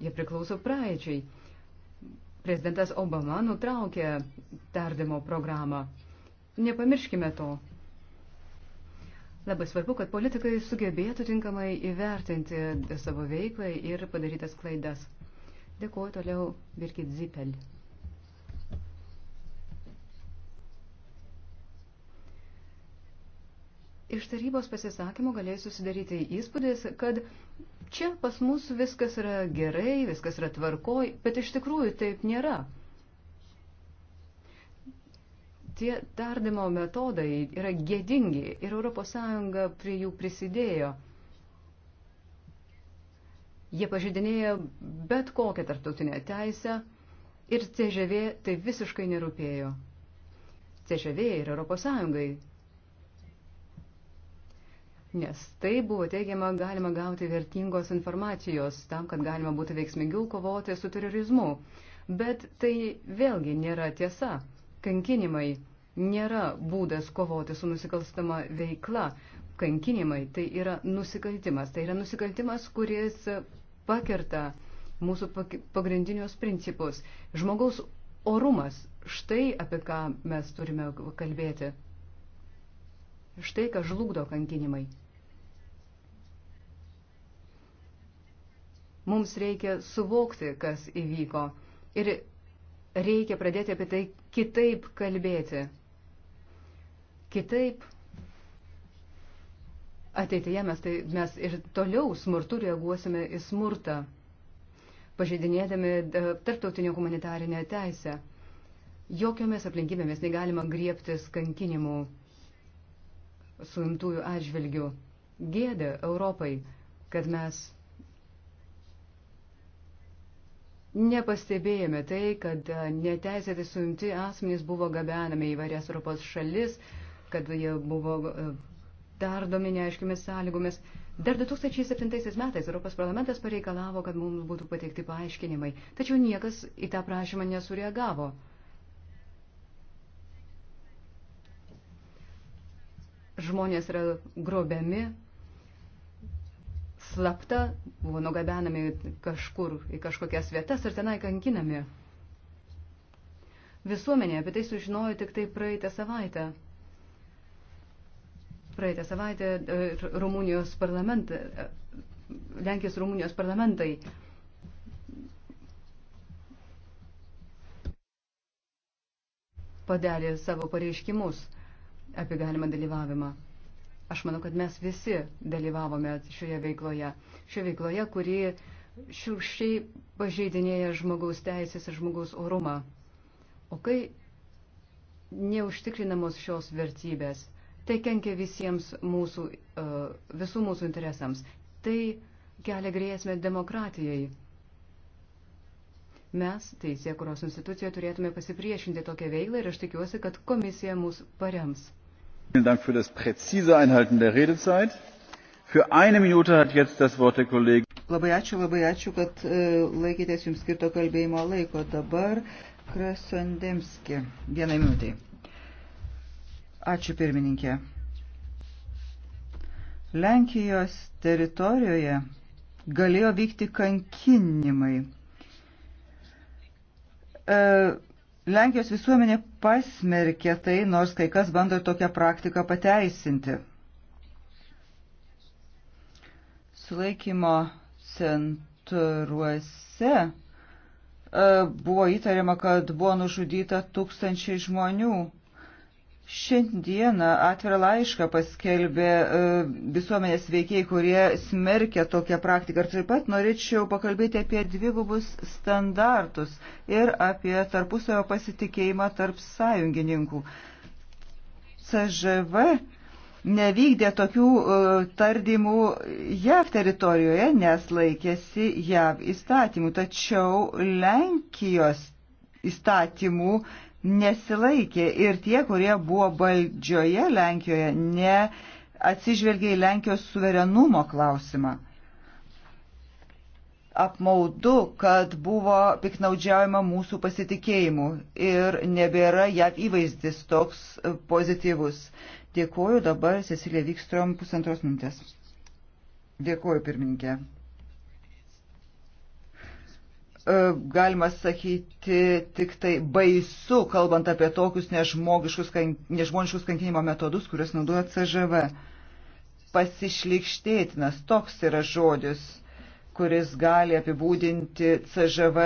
Jie priklauso praeičiai. Prezidentas Obama nutraukė tardymo programą. Nepamirškime to. Labai svarbu, kad politikai sugebėtų tinkamai įvertinti savo veiklą ir padarytas klaidas. Dėkuoju toliau Birkit Zipel. Iš tarybos pasisakymų galėjo susidaryti įspūdis, kad čia pas mus viskas yra gerai, viskas yra tvarkoj, bet iš tikrųjų taip nėra. Tie tardymo metodai yra gėdingi ir ES prie jų prisidėjo. Jie pažydinėja bet kokią tarptautinę teisę ir CŽV tai visiškai nerūpėjo. CŽV ir ES nes tai buvo teigiama galima gauti vertingos informacijos tam, kad galima būtų veiksmingiau kovoti su terorizmu. Bet tai vėlgi nėra tiesa. Kankinimai nėra būdas kovoti su nusikalstama veikla. Kankinimai tai yra nusikaltimas. Tai yra nusikaltimas, kuris pakerta mūsų pagrindinius principus. Žmogaus orumas. Štai apie ką mes turime kalbėti. Štai ką žlugdo kankinimai. Mums reikia suvokti, kas įvyko. Ir reikia pradėti apie tai kitaip kalbėti. Kitaip ateityje mes, tai, mes ir toliau smurtu reaguosime į smurtą, pažeidinėdami e, tarptautinio humanitarinę teisę. Jokiomis aplinkybėmis negalima griebtis kankinimų suimtųjų atžvilgių. Gėda Europai, kad mes nepastebėjome tai, kad e, neteisėtai suimti asmenys buvo gabenami į varias Europos šalis, kad jie buvo tardomi e, neaiškiamis sąlygomis. Dar 2007 metais Europos parlamentas pareikalavo, kad mums būtų pateikti paaiškinimai, tačiau niekas į tą prašymą nesureagavo. Žmonės yra grobiami, slapta buvo nugabenami kažkur į kažkokias vietas ir tenai kankinami. Visuomenė apie tai sužinojo tik tai praeitą savaitę. Praeitą savaitę e, Rumunijos parlamentai, e, Lenkijos Rumunijos parlamentai padarė savo pareiškimus apie galimą dalyvavimą. Aš manau, kad mes visi dalyvavome šioje veikloje. Šioje veikloje, kuri šiurkščiai pažeidinėja žmogaus teisės ir žmogaus orumą. O kai neužtikrinamos šios vertybės, tai kenkia visiems mūsų, e, visų mūsų interesams. Tai kelia grėsmę demokratijai. Mes, teisėkuros institucija, turėtume pasipriešinti tokią veiklą ir aš tikiuosi, kad komisija mus parems. Vielen Dank für das präzise Einhalten der Redezeit. Für eine Minute hat jetzt das Wort der Kollege. Labai ačiū, labai ačiū, kad uh, e, laikytės jums skirto kalbėjimo laiko. Dabar Krasondemski. Vienai minutiai. Ačiū pirmininkė. Lenkijos teritorijoje galėjo vykti kankinimai. Uh, Lenkijos visuomenė pasmerkė tai, nors kai kas bando tokią praktiką pateisinti. Sulaikymo centruose e, buvo įtariama, kad buvo nužudyta tūkstančiai žmonių. Šiandieną atvirą laišką paskelbė e, visuomenės veikiai, kurie smerkia tokią praktiką. Ir taip pat norėčiau pakalbėti apie dvigubus standartus ir apie tarpusavio pasitikėjimą tarp sąjungininkų. CŽV nevykdė tokių e, tardymų JAV teritorijoje, nes laikėsi JAV įstatymų. Tačiau Lenkijos įstatymų nesilaikė ir tie, kurie buvo valdžioje Lenkijoje, neatsižvelgė į Lenkijos suverenumo klausimą. Apmaudu, kad buvo piknaudžiaujama mūsų pasitikėjimu ir nebėra JAV įvaizdis toks pozityvus. Dėkuoju dabar Cecilija Vikstrom pusantros minutės. Dėkuoju pirmininkė. E, galima sakyti, tik tai baisu, kalbant apie tokius nežmogiškus, nežmoniškus kankinimo metodus, kuriuos naudoja CŽV. Pasišlikštėtinas toks yra žodis, kuris gali apibūdinti CŽV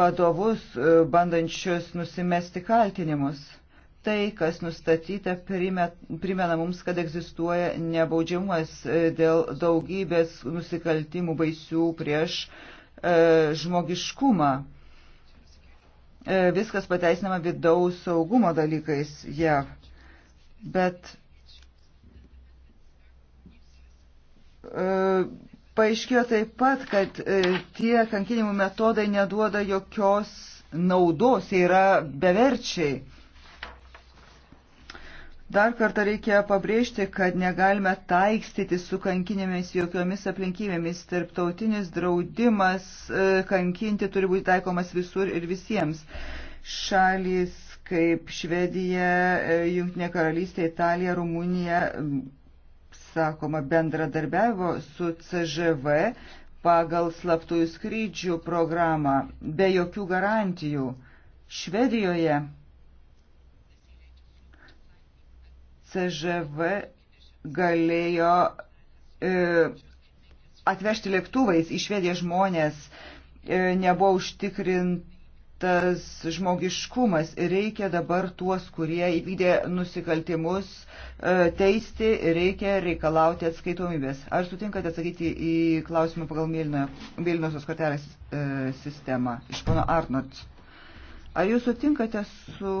vadovus, e, bandančius nusimesti kaltinimus. Tai, kas nustatyta, primena mums, kad egzistuoja nebaudžiamas e, dėl daugybės nusikaltimų baisių prieš uh, E, žmogiškumą. E, viskas pateisinama vidaus saugumo dalykais jav. Bet e, paaiškėjo taip pat, kad tie kankinimų metodai neduoda jokios naudos, jie yra beverčiai. Dar kartą reikia pabrėžti, kad negalime taikstyti su kankinėmis jokiomis aplinkybėmis. Tarptautinis draudimas e, kankinti turi būti taikomas visur ir visiems. Šalys kaip Švedija, e, Junktinė karalystė, Italija, Rumunija, sakoma, bendradarbiavo su CŽV pagal slaptųjų skrydžių programą be jokių garantijų. Švedijoje CŽV galėjo e, atvežti lėktuvais į Švediją žmonės, e, nebuvo užtikrintas žmogiškumas ir reikia dabar tuos, kurie įvykdė nusikaltimus, e, teisti ir reikia reikalauti atskaitomybės. Ar sutinkate atsakyti į klausimą pagal mėlynosios kortelės e, sistemą iš pono Arnot? Ar jūs sutinkate su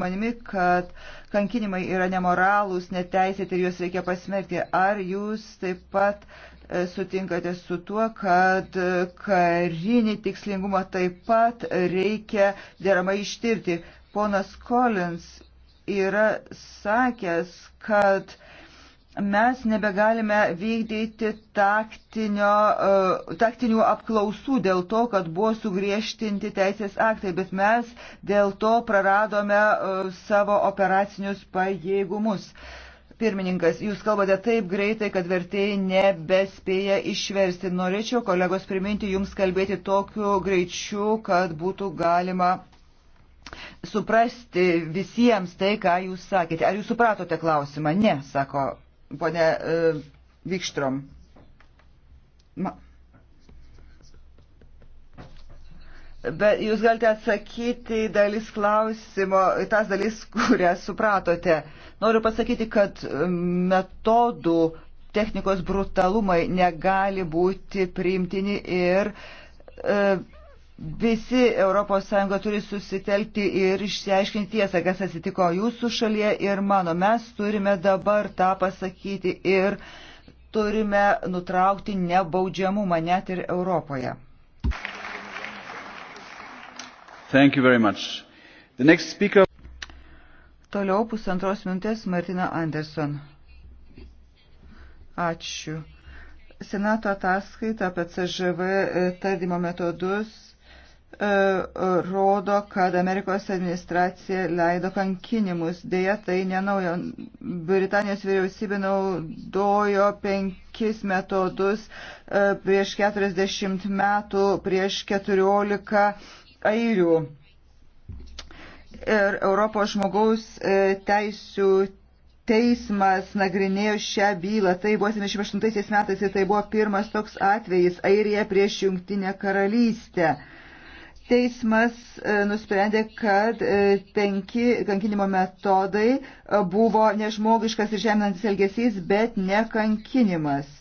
manimi, kad kankinimai yra nemoralūs, neteisėti ir juos reikia pasmerkti. Ar jūs taip pat e, sutinkate su tuo, kad e, karinį tikslingumą taip pat reikia deramai ištirti? Ponas Collins yra sakęs, kad uh, mes nebegalime vykdyti taktinio, e, taktinių apklausų dėl to, kad buvo sugriežtinti teisės aktai, bet mes dėl to praradome e, savo operacinius pajėgumus. Pirmininkas, jūs kalbate taip greitai, kad vertėjai nebespėja išversti. Norėčiau, kolegos, priminti jums kalbėti tokiu greičiu, kad būtų galima suprasti visiems tai, ką jūs sakėte. Ar jūs supratote klausimą? Ne, sako ponė Vikštrom. E, Ma. Bet jūs galite atsakyti į dalis klausimo, į tas dalis, kurias supratote. Noriu pasakyti, kad metodų technikos brutalumai negali būti priimtini ir e, Visi ES turi susitelkti ir išsiaiškinti tiesą, kas atsitiko jūsų šalyje ir mano. Mes turime dabar tą pasakyti ir turime nutraukti nebaudžiamumą net ir Europoje. Thank you very much. The next speaker... Toliau pusantros minutės Martina Anderson. Ačiū. Senato ataskaita apie CŽV tardymo metodus E, rodo, kad Amerikos administracija leido kankinimus. Deja, tai nenaujo. Britanijos vyriausybė naudojo penkis metodus e, prieš 40 metų, prieš 14 airių. Ir Europos žmogaus e, teisų teismas nagrinėjo šią bylą. Tai buvo 78 metais ir tai buvo pirmas toks atvejis Airija prieš Jungtinę karalystę. Teismas e, nusprendė, kad e, penki kankinimo metodai e, buvo nežmogiškas ir žeminantis elgesys, bet ne kankinimas.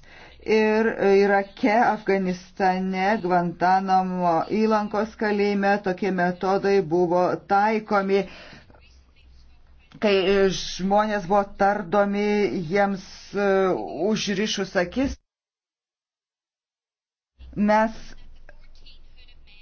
Ir Irake, Afganistane, Gvantanamo įlankos kalėjime tokie metodai buvo taikomi, kai žmonės buvo tardomi jiems užrišus akis. Mes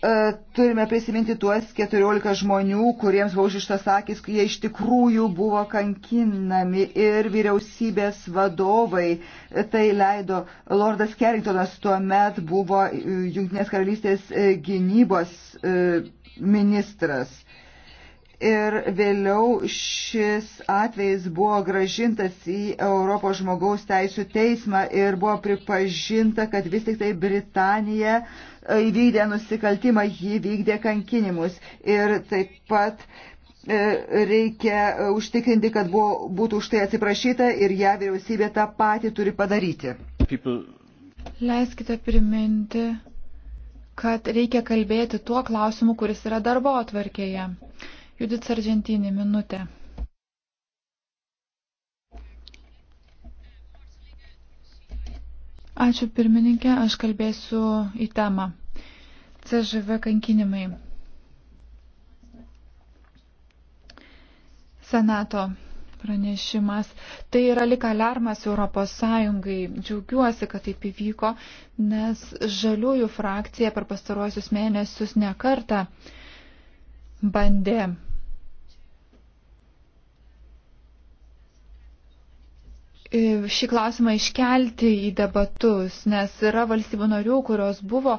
E, turime prisiminti tuos 14 žmonių, kuriems buvo užištas akis, jie iš tikrųjų buvo kankinami ir vyriausybės vadovai e, tai leido. Lordas Carringtonas tuo met buvo e, Junktinės karalystės gynybos ministras. Ir vėliau šis atvejis buvo gražintas į Europos žmogaus teisų teismą ir buvo pripažinta, kad vis tik tai Britanija uh, įvykdė nusikaltimą, jį vykdė kankinimus. Ir taip pat e, reikia e, užtikrinti, kad buvo, būtų už tai atsiprašyta ir ją vyriausybė tą patį turi padaryti. People... Leiskite priminti, kad reikia kalbėti tuo klausimu, kuris yra darbo atvarkėje. Judith Sargentini, minutė. Ačiū pirmininkė, aš kalbėsiu į temą. CŽV kankinimai. Senato pranešimas. Tai yra lik alarmas Europos Sąjungai. Džiaugiuosi, kad taip įvyko, nes žaliųjų frakcija per pastaruosius mėnesius nekarta bandė E, šį klausimą iškelti į debatus, nes yra valstybių narių, kurios buvo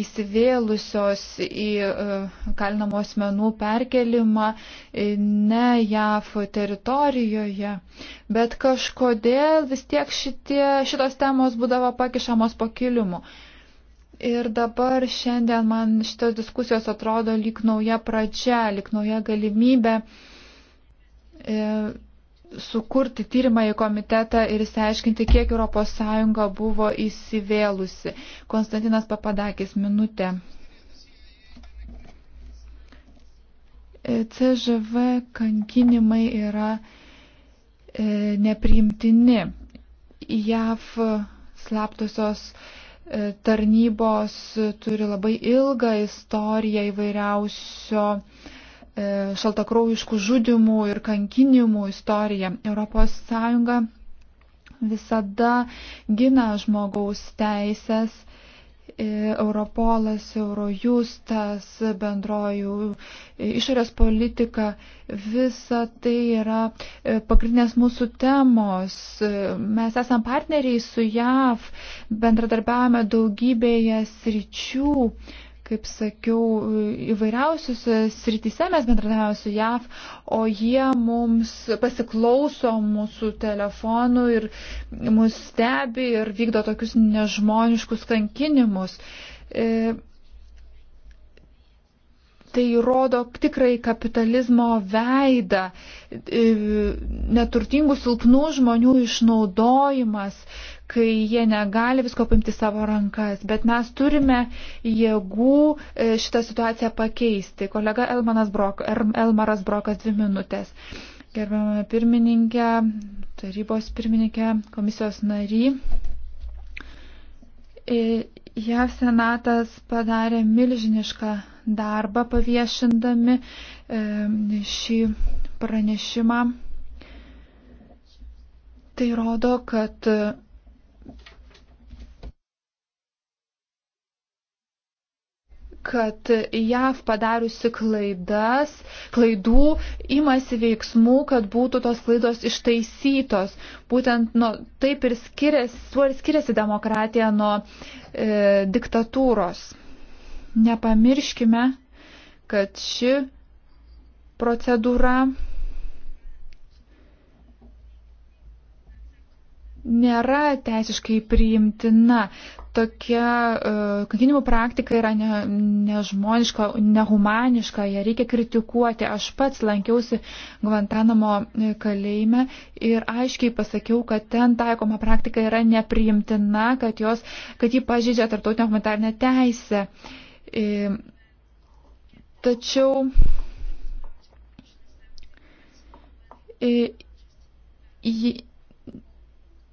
įsivėlusios į e, kalinamų asmenų perkelimą e, ne JAF teritorijoje, bet kažkodėl vis tiek šitie, šitos temos būdavo pakišamos po kilimu. Ir dabar šiandien man šitos diskusijos atrodo lyg nauja pradžia, lyg nauja galimybė. E, sukurti tyrimąjį komitetą ir išsiaiškinti, kiek ES buvo įsivėlusi. Konstantinas Papadakis, minutė. E, CŽV kankinimai yra e, nepriimtini. JAV slaptosios e, tarnybos turi labai ilgą istoriją įvairiausio E, šaltakraujiškų žudimų ir kankinimų istorija. ES visada gina žmogaus teisės. E, Europolas, Eurojustas, bendrojų e, išorės politika, visa tai yra pagrindinės mūsų temos. Mes esam partneriai su JAV, bendradarbiavame daugybėje sričių kaip sakiau, įvairiausius srityse mes bendradavome su JAV, o jie mums pasiklauso mūsų telefonų ir mus stebi ir vykdo tokius nežmoniškus kankinimus. E, tai rodo tikrai kapitalizmo veidą, e, neturtingų silpnų žmonių išnaudojimas, kai jie negali visko paimti savo rankas, bet mes turime jėgų e, šitą situaciją pakeisti. Kolega Elmanas Brok, Elmaras Brokas dvi minutės. Gerbiamame pirmininkė, tarybos pirmininkė, komisijos nary. E, JAV senatas padarė milžinišką darbą paviešindami e, šį pranešimą. Tai rodo, kad kad JAV padariusi klaidas, klaidų imasi veiksmų, kad būtų tos klaidos ištaisytos. Būtent nu, taip ir skiriasi, tuo ir skiriasi demokratija nuo e, diktatūros. Nepamirškime, kad ši procedūra nėra teisiškai priimtina. Tokia uh, kankinimų praktika yra ne, nežmoniška, nehumaniška, ją reikia kritikuoti. Aš pats lankiausi Guantanamo kalėjime ir aiškiai pasakiau, kad ten taikoma praktika yra nepriimtina, kad, jos, kad ji pažydžia tartautinę humanitarnę teisę. E, tačiau. E,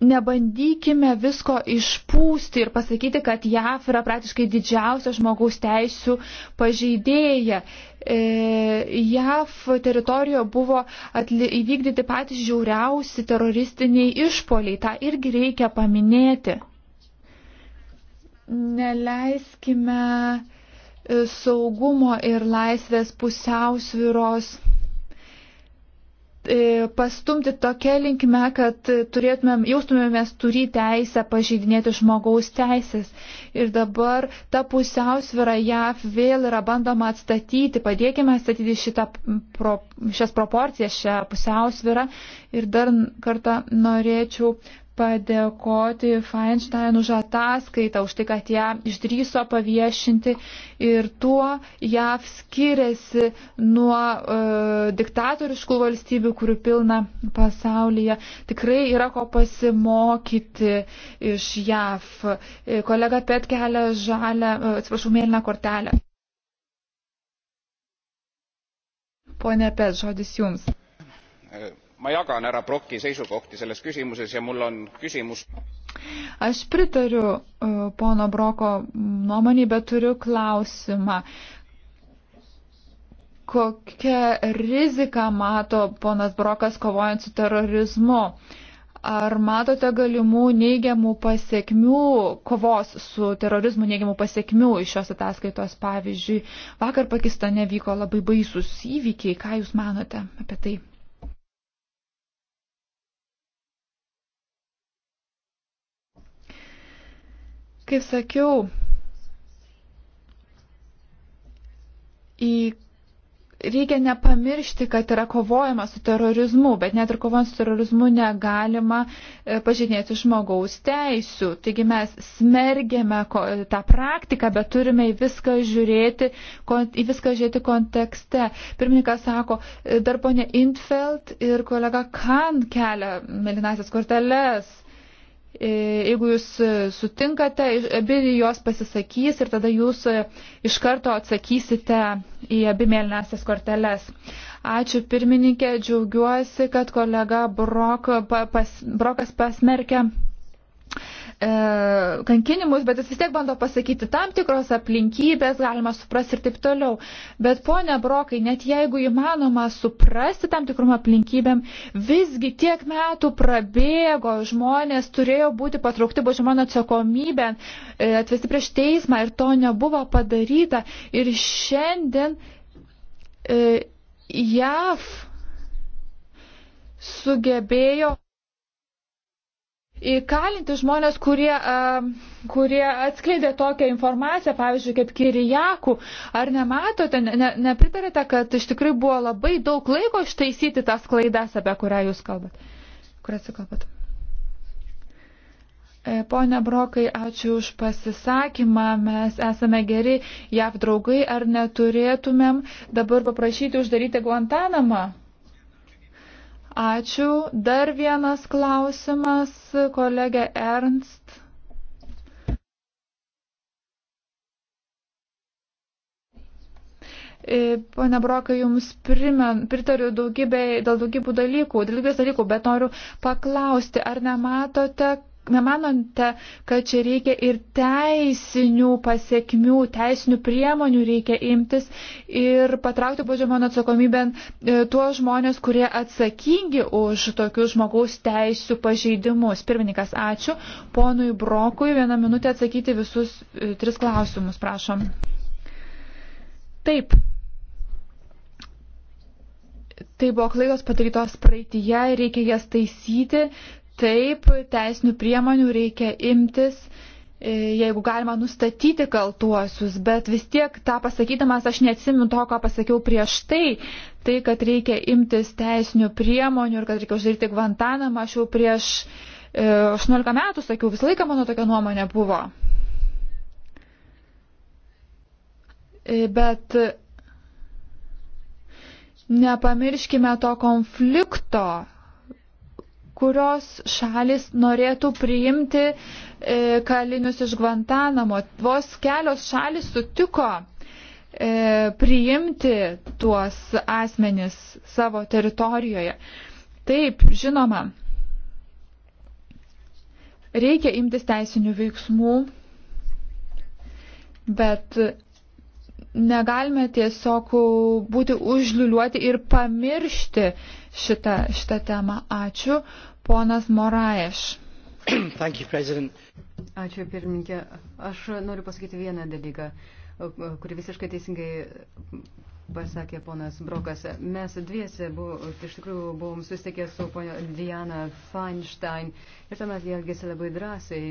nebandykime visko išpūsti ir pasakyti, kad JAF yra praktiškai didžiausia žmogaus teisų pažeidėja. E, JAF teritorijoje buvo atli, įvykdyti patys žiauriausi teroristiniai išpoliai. Ta irgi reikia paminėti. Neleiskime e, saugumo ir laisvės pusiausvyros E, pastumti tokia linkme, kad turėtumėm, jaustumėmės turi teisę pažydinėti žmogaus teisės. Ir dabar ta pusiausvyra JAV vėl yra bandoma atstatyti. Padėkime atstatyti šitą, pro, šias proporcijas, šią pusiausvyrą. Ir dar kartą norėčiau padėkoti Feinstein už ataskaitą, už tai, kad ją išdryso paviešinti ir tuo JAV skiriasi nuo e, diktatoriškų valstybių, kurių pilna pasaulyje. Tikrai yra ko pasimokyti iš JAV. E, kolega Pet kelia žalę, e, atsiprašau, mėlyną kortelę. Pone Pet, žodis jums. E ma jagan härra brokki seisukohti selles küsimuses ja mul on küsimus. aš pritariu uh, pono broko nuomonį bet turiu klausimą kokią riziką mato ponas brokas kovojant su terorizmu ar matote galimų neigiamų pasiekmių, kovos su terorizmu neigiamų pasiekmių iš šios ataskaitos? Pavyzdžiui, vakar Pakistane vyko labai baisus įvykiai. Ką Jūs manote apie tai? Kaip sakiau, į reikia nepamiršti, kad yra kovojama su terorizmu, bet net ir kovant su terorizmu negalima e, pažinėti žmogaus teisų. Taigi mes smergėme tą praktiką, bet turime į viską žiūrėti, į viską žiūrėti kontekste. Pirmininkas sako, e, dar ponė Intfeld ir kolega Kant kelia melinasias korteles. E, jeigu jūs e, sutinkate, abi jos pasisakys ir tada jūs e, iš karto atsakysite į abi mėlynasias korteles. Ačiū pirmininkė, džiaugiuosi, kad kolega Brok, pas, Brokas pasmerkė e, kankinimus, bet jis vis tiek bando pasakyti tam tikros aplinkybės, galima suprasti ir taip toliau. Bet ponia Brokai, net jeigu įmanoma suprasti tam tikrom aplinkybėm, visgi tiek metų prabėgo, žmonės turėjo būti patraukti bažmono atsakomybę, e, atvesti prieš teismą ir to nebuvo padaryta. Ir šiandien e, JAV sugebėjo įkalinti žmonės, kurie, kurie atskleidė tokią informaciją, pavyzdžiui, kaip Kirijakų. Ar nematote, ne, nepritarėte, kad iš tikrųjų buvo labai daug laiko ištaisyti tas klaidas, apie kurią jūs kalbat? Kurią atsikalbat? E, pone Brokai, ačiū už pasisakymą. Mes esame geri JAV draugai. Ar neturėtumėm dabar paprašyti uždaryti Guantanamą? Ačiū. Dar vienas klausimas, kolegė Ernst. E, Pane Brokai, jums primen, pritariu daugybė, dėl daugybų dalykų, daugybės dalykų, bet noriu paklausti, ar nematote, nemanote, kad čia reikia ir teisinių pasiekmių, teisinių priemonių reikia imtis ir patraukti baudžiamą atsakomybę e, tuos žmonės, kurie atsakingi už tokius žmogaus teisų pažeidimus. Pirmininkas, ačiū. Ponui Brokui vieną minutę atsakyti visus e, tris klausimus, prašom. Taip. Tai buvo klaidos padarytos praeitįje, reikia jas taisyti, Taip, teisinių priemonių reikia imtis, e, jeigu galima nustatyti kaltuosius, bet vis tiek tą pasakydamas aš neatsiminu to, ką pasakiau prieš tai. Tai, kad reikia imtis teisinių priemonių ir kad reikia uždaryti Gvantanamą, aš jau prieš 18 e, metų sakiau, visą laiką mano tokia nuomonė buvo. E, bet nepamirškime to konflikto kurios šalis norėtų priimti e, kalinius iš Guantanamo. Vos kelios šalis sutiko e, priimti tuos asmenis savo teritorijoje. Taip, žinoma, reikia imtis teisinių veiksmų, bet negalime tiesiog būti užliuliuoti ir pamiršti šitą, šitą temą. Ačiū. Ponas Moraeš. Ačiū, pirmininkė. Aš noriu pasakyti vieną dalyką, kurį visiškai teisingai pasakė ponas Brokas. Mes dviese buvo, iš tikrųjų buvom susitikę su ponia Diana Feinstein ir tuomet jie elgėsi labai drąsiai,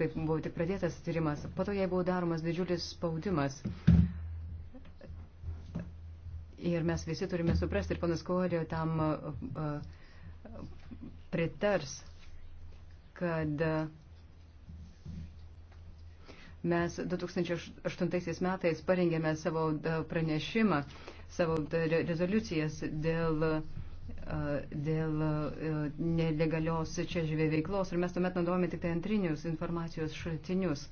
taip buvo tik pradėtas tyrimas. Po to jai buvo daromas didžiulis spaudimas. Ir mes visi turime suprasti, ir panas Kovalio tam pritars, kad mes 2008 metais parengėme savo pranešimą, savo rezoliucijas dėl dėl nelegalios čia žvėjų veiklos ir mes tuomet naudojame tik tai antrinius informacijos šaltinius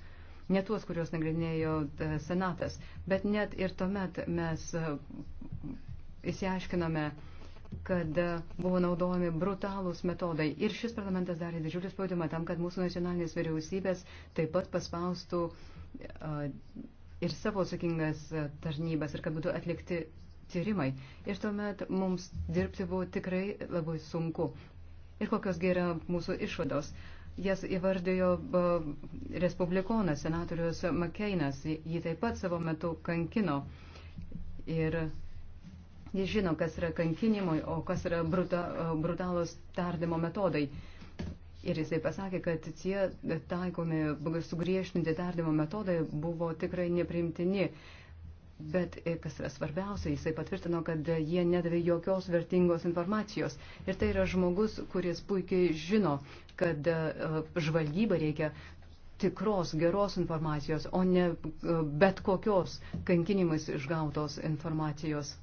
ne tuos, kuriuos nagrinėjo e, Senatas, bet net ir tuomet mes įsiaiškinome, e, kad e, buvo naudojami brutalūs metodai. Ir šis parlamentas darė didžiulį spaudimą tam, kad mūsų nacionalinės vyriausybės taip pat paspaustų ir savo atsakingas tarnybas ir kad būtų atlikti tyrimai. Ir tuomet mums dirbti buvo tikrai labai sunku. Ir kokios yra mūsų išvados. Jas įvardėjo respublikonas senatorius Makeinas. Jį taip pat savo metu kankino. Ir jis žino, kas yra kankinimai, o kas yra bruta, brutalus tardymo metodai. Ir jisai pasakė, kad tie taikomi sugriežtinti tardymo metodai buvo tikrai neprimtini. Bet e, kas yra svarbiausia, jisai patvirtino, kad jie nedavė jokios vertingos informacijos. Ir tai yra žmogus, kuris puikiai žino, kad e, žvalgybą reikia tikros, geros informacijos, o ne e, bet kokios kankinimais išgautos informacijos.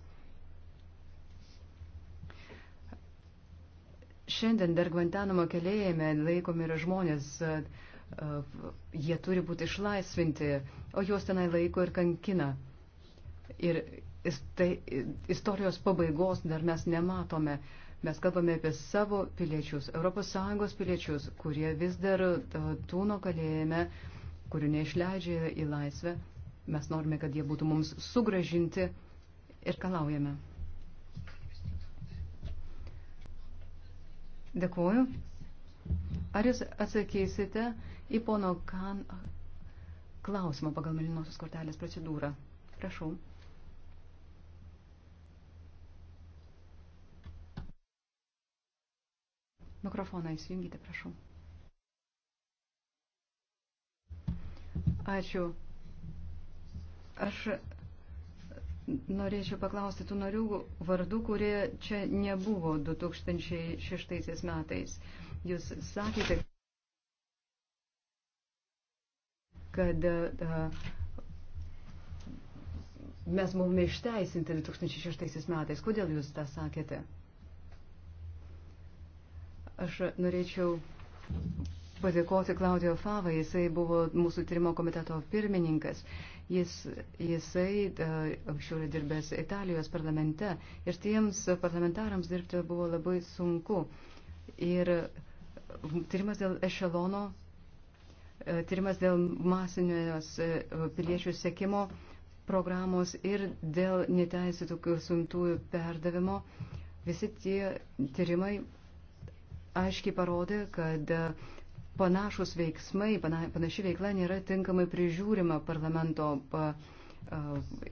Šiandien dar Guantanamo kelėjame laikomi yra žmonės jie turi būti išlaisvinti, o juos tenai laiko ir kankina. Ir tai, istorijos pabaigos dar mes nematome. Mes kalbame apie savo piliečius, ES piliečius, kurie vis dar tūno kalėjime, kurių neišleidžia į laisvę. Mes norime, kad jie būtų mums sugražinti ir kalaujame. Dėkuoju. Ar jūs atsakysite į pono Kan klausimą pagal Melinosios kortelės procedūrą? Prašau. Mikrofoną įsijungite, prašau. Ačiū. Aš norėčiau paklausti tų narių vardų, kurie čia nebuvo 2006 metais. Jūs sakėte, kad uh, mes buvome išteisinti 2006 metais. Kodėl jūs tą sakėte? Aš norėčiau padėkoti Klaudijo Favai, jisai buvo mūsų tyrimo komiteto pirmininkas. Jis, jisai e, anksčiau yra dirbęs Italijos parlamente ir tiems parlamentarams dirbti buvo labai sunku. Ir tyrimas dėl ešelono, e, tyrimas dėl masinės e, piliečių sekimo programos ir dėl neteisėtų siuntųjų perdavimo, visi tie tyrimai aiškiai parodė, kad panašus veiksmai, panaši veikla nėra tinkamai prižiūrima parlamento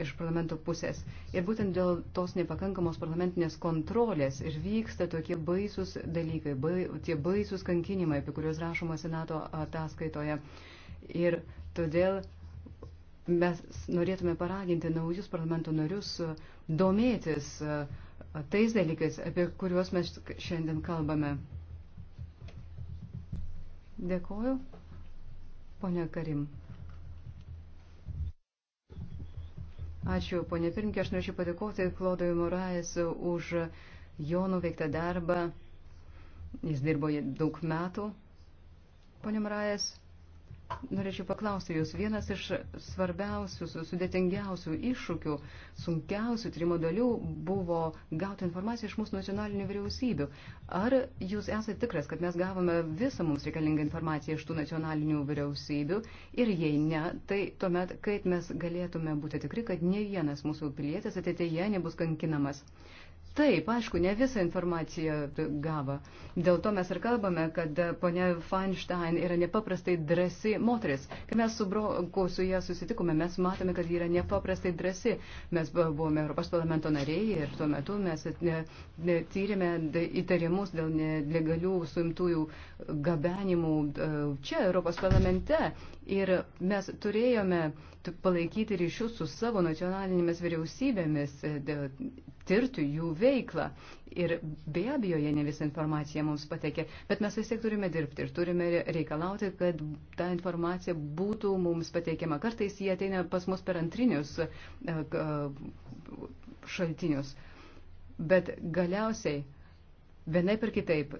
iš parlamento pusės. Ir būtent dėl tos nepakankamos parlamentinės kontrolės ir vyksta tokie baisus dalykai, bai, tie baisus kankinimai, apie kuriuos rašoma Senato ataskaitoje. Ir todėl mes norėtume paraginti naujus parlamento narius domėtis tais dalykais, apie kuriuos mes šiandien kalbame. Dėkoju. Pone Karim. Ačiū, ponė Pirmkė, aš norėčiau padėkoti Klodui Morais už jo nuveiktą darbą. Jis dirbo daug metų. Pone Morais, Norėčiau paklausti Jūs, vienas iš svarbiausių, sudėtingiausių iššūkių, sunkiausių trimo dalių buvo gauti informaciją iš mūsų nacionalinių vyriausybių. Ar Jūs esate tikras, kad mes gavome visą mums reikalingą informaciją iš tų nacionalinių vyriausybių? Ir jei ne, tai tuomet kaip mes galėtume būti tikri, kad ne vienas mūsų pilietis ateityje nebus kankinamas? Taip, aišku, ne visą informaciją gavo. Dėl to mes ir kalbame, kad ponia Feinstein yra nepaprastai drasi moteris. Kai mes su Broku su ją susitikome, mes matome, kad ji yra nepaprastai drasi. Mes buvome Europos parlamento nariai ir tuo metu mes tyrėme įtarimus dėl nelegalių suimtųjų gabenimų čia Europos parlamente. Ir mes turėjome palaikyti ryšius su savo nacionalinėmis vyriausybėmis tirtų jų veiklą. Ir be abejo, jie ne visą informaciją mums patekė, bet mes vis tiek turime dirbti ir turime reikalauti, kad ta informacija būtų mums pateikiama. Kartais jie ateina pas mus per antrinius e, šaltinius. Bet galiausiai, vienai per kitaip,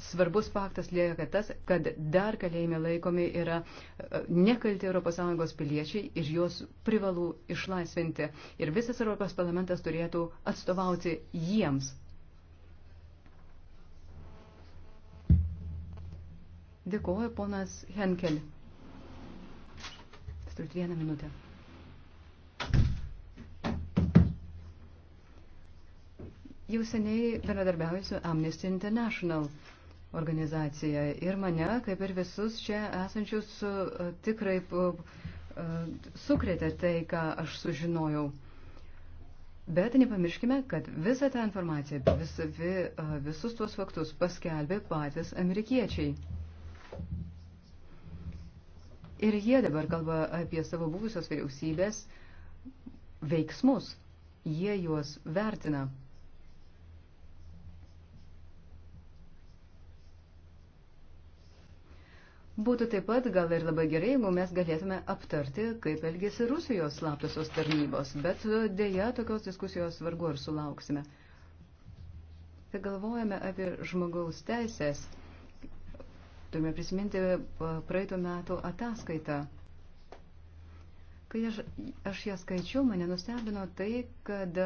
svarbus faktas lieka tas, kad dar kalėjime laikomi yra e, nekalti ES piliečiai ir juos privalu išlaisvinti. Ir visas Europos parlamentas turėtų atstovauti jiems. Dėkuoju, ponas Henkel. Turit vieną minutę. Jau seniai bendradarbiauju su Amnesty International organizacija ir mane, kaip ir visus čia esančius, e, tikrai e, e, sukrėtė tai, ką aš sužinojau. Bet nepamirškime, kad visą tą informaciją, vis, vi, visus tuos faktus paskelbė patys amerikiečiai. Ir jie dabar kalba apie savo buvusios vyriausybės veiksmus. Jie juos vertina. Būtų taip pat gal ir labai gerai, jeigu mes galėtume aptarti, kaip elgėsi Rusijos slaptosios tarnybos, bet dėja tokios diskusijos vargu ar sulauksime. Kai galvojame apie žmogaus teisės, turime prisiminti praeitų metų ataskaitą. Kai aš, aš ją skaičiau, mane nustebino tai, kad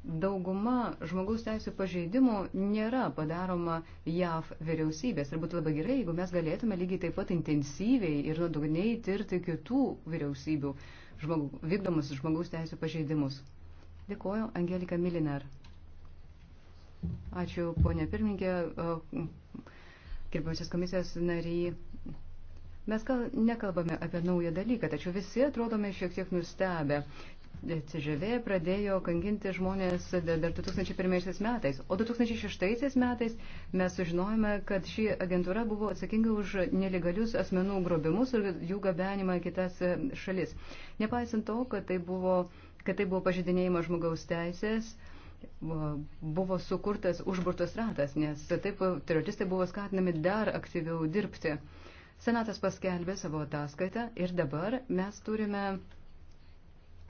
dauguma žmogaus teisų pažeidimų nėra padaroma JAV vyriausybės. Ir būtų labai gerai, jeigu mes galėtume lygiai taip pat intensyviai ir nuodugniai tirti kitų vyriausybių žmogu, vykdomus žmogaus teisų pažeidimus. Dėkuoju, Angelika Milinar. Ačiū, ponė pirmininkė, kirpiamasis komisijos nariai. Mes gal nekalbame apie naują dalyką, tačiau visi atrodome šiek tiek nustebę. CŽV pradėjo kankinti žmonės dar 2001 metais, o 2006 metais mes sužinojome, kad ši agentūra buvo atsakinga už nelegalius asmenų grobimus ir jų gabenimą į kitas e, šalis. Nepaisant to, kad tai buvo, kad tai buvo pažydinėjimas žmogaus teisės, buvo sukurtas užburtas ratas, nes taip e, teroristai buvo skatinami dar aktyviau dirbti. Senatas paskelbė savo ataskaitą ir dabar mes turime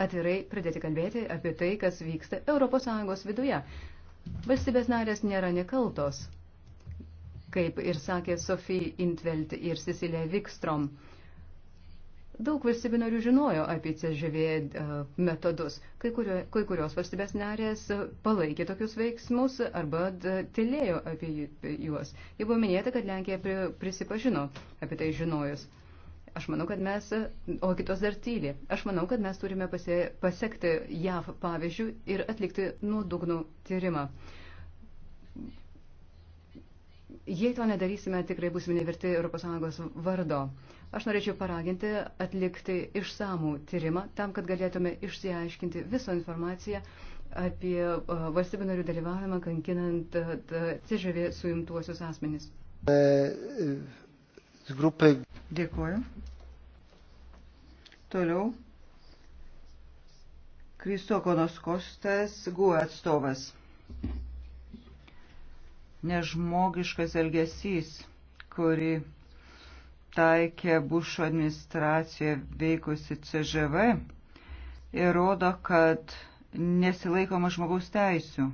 atvirai pradėti kalbėti apie tai, kas vyksta ES viduje. Valstybės narės nėra nekaltos, kaip ir sakė Sofija Intvelt ir Cecilija Vikstrom. Daug valstybių narių žinojo apie CŽV e, metodus. Kai, kurio, kai kurios valstybės narės palaikė tokius veiksmus arba e, tylėjo apie juos. Jau buvo minėta, kad Lenkija prisipažino apie tai žinojus. Aš manau, kad mes, o kitos dar tyli, aš manau, kad mes turime pasie, pasiekti JAV pavyzdžių ir atlikti nuodugnų tyrimą. Jei to nedarysime, tikrai būsime neverti ES vardo. Aš norėčiau paraginti atlikti išsamų tyrimą tam, kad galėtume išsiaiškinti visą informaciją apie valstybių narių dalyvavimą kankinant CŽV suimtuosius asmenys. E, e grupė. Dėkuoju. Toliau. Kristokonos Kostas GUE atstovas. Nežmogiškas elgesys, kuri taikė Bušo administracija veikusi CŽV, įrodo, kad nesilaikoma žmogaus teisių.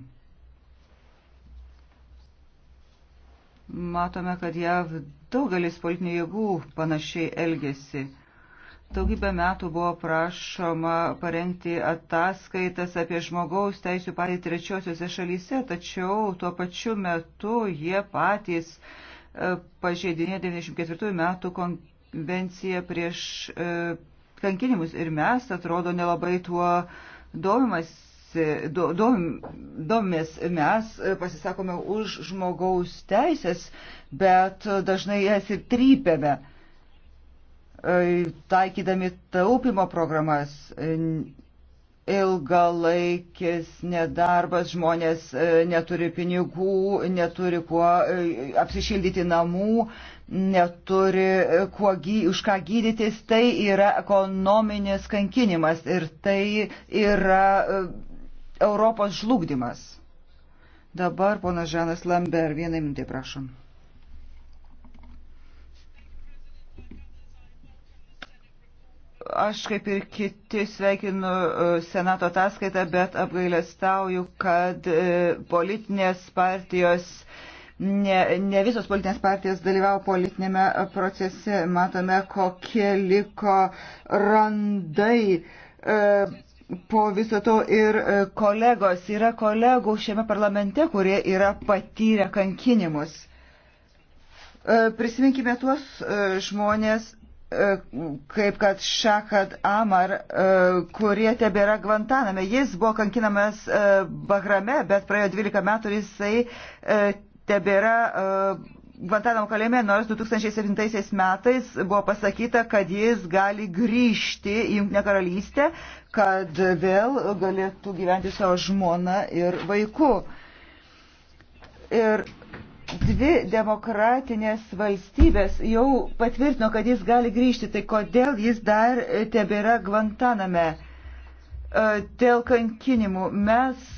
matome, kad jav daugelis politinių jėgų panašiai elgesi. Daugybę metų buvo prašoma parengti ataskaitas apie žmogaus teisų patį trečiosiuose šalyse, tačiau tuo pačiu metu jie patys e, pažeidinė 94 metų konvenciją prieš e, kankinimus ir mes, atrodo, nelabai tuo domimas domisi, do, dom, domės, mes e, pasisakome už žmogaus teisės, bet dažnai jas ir trypėme, e, taikydami taupimo programas. Ilgalaikis nedarbas, žmonės e, neturi pinigų, neturi kuo apsišildyti namų, neturi kuo, už ką gydytis, tai yra ekonominis kankinimas ir tai yra Europos žlugdymas. Dabar ponas Žanas Lamber, vieną minutę prašom. Aš kaip ir kiti sveikinu e, Senato ataskaitą, bet apgailestauju, kad e, politinės partijos ne, ne visos politinės partijos dalyvavo politinėme procese. Matome, kokie liko randai e, po viso to ir e, kolegos, yra kolegų šiame parlamente, kurie yra patyrę kankinimus. E, prisiminkime tuos e, žmonės, kaip kad Šakad Amar, kurie tebėra Gvantaname. Jis buvo kankinamas Bahrame, bet praėjo 12 metų ir jisai tebėra Guantanamo kalėjime, nors 2007 metais buvo pasakyta, kad jis gali grįžti į Junktinę karalystę, kad vėl galėtų gyventi savo žmoną ir vaiku. Ir dvi demokratinės valstybės jau patvirtino, kad jis gali grįžti, tai kodėl jis dar tebėra Guantaname? E, dėl kankinimų mes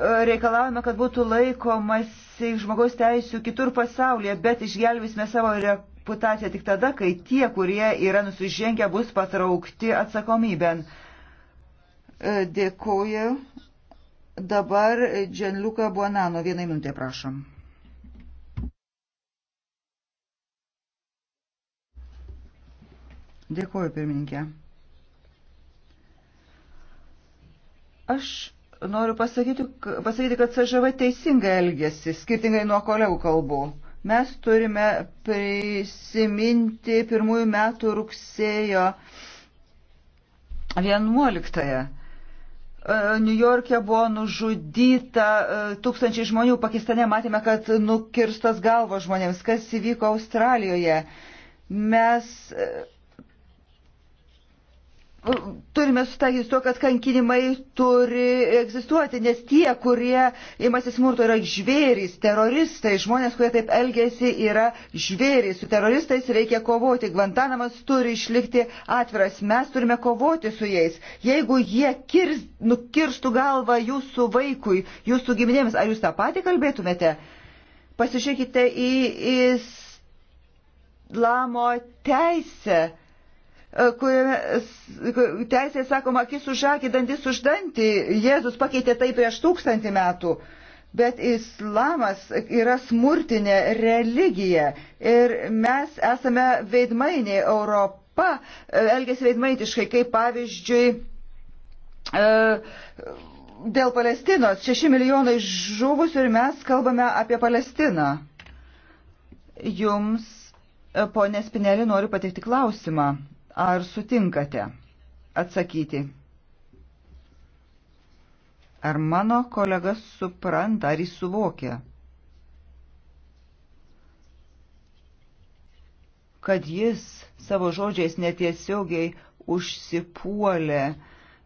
reikalavome, kad būtų laikomasi žmogaus teisų kitur pasaulyje, bet išgelbėsime savo reputaciją tik tada, kai tie, kurie yra nusižengę, bus patraukti atsakomybėn. E, Dėkuoju. Dabar Dženliuka Buonano, vieną minutę prašom. Dėkuoju, pirmininkė. Aš Noriu pasakyti, pasakyti kad CŽV teisingai elgesi, skirtingai nuo kolegų kalbų. Mes turime prisiminti pirmųjų metų rugsėjo 11-ąją. E, New York'e buvo nužudyta e, tūkstančiai žmonių, Pakistane matėme, kad nukirstas galvo žmonėms, kas įvyko Australijoje. Mes e, turime sustaikyti su to, kad kankinimai turi egzistuoti, nes tie, kurie imasi smurto, yra žvėrys, teroristai, žmonės, kurie taip elgesi, yra žvėrys. Su teroristais reikia kovoti. Guantanamas turi išlikti atviras. Mes turime kovoti su jais. Jeigu jie kirs, nukirstų galvą jūsų vaikui, jūsų giminėms, ar jūs tą patį kalbėtumėte? Pasižiūrėkite į islamo teisę kuriame teisėje sakoma, akis už akį, dantis už dantį, Jėzus pakeitė tai prieš tūkstantį metų. Bet islamas yra smurtinė religija ir mes esame veidmainiai, Europa e, elgesi veidmaitiškai, kaip pavyzdžiui e, dėl Palestinos. Šeši milijonai žuvusių ir mes kalbame apie Palestiną. Jums, e, ponė Spinelį, noriu pateikti klausimą. Ar sutinkate atsakyti? Ar mano kolega supranta, ar jis suvokia, kad jis savo žodžiais netiesiogiai užsipuolė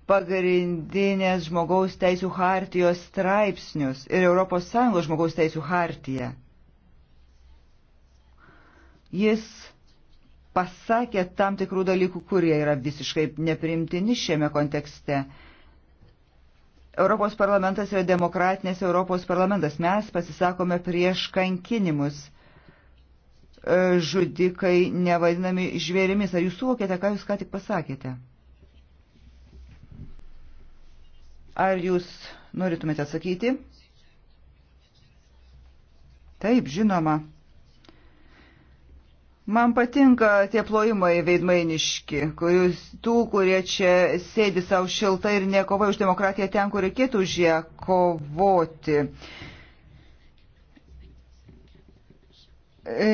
pagrindinės žmogaus teisų hartijos straipsnius ir ES žmogaus teisų hartiją. Jis pasakė tam tikrų dalykų, kurie yra visiškai neprimtini šiame kontekste. Europos parlamentas yra demokratinės Europos parlamentas. Mes pasisakome prieš kankinimus. E, žudikai nevadinami žvėrimis. Ar jūs suvokėte, ką jūs ką tik pasakėte? Ar jūs norėtumėte atsakyti? Taip, žinoma. Man patinka tie plojimai veidmainiški, kurius tų, kurie čia sėdi savo šiltai ir nekovoja už demokratiją ten, kur reikėtų už ją kovoti. E,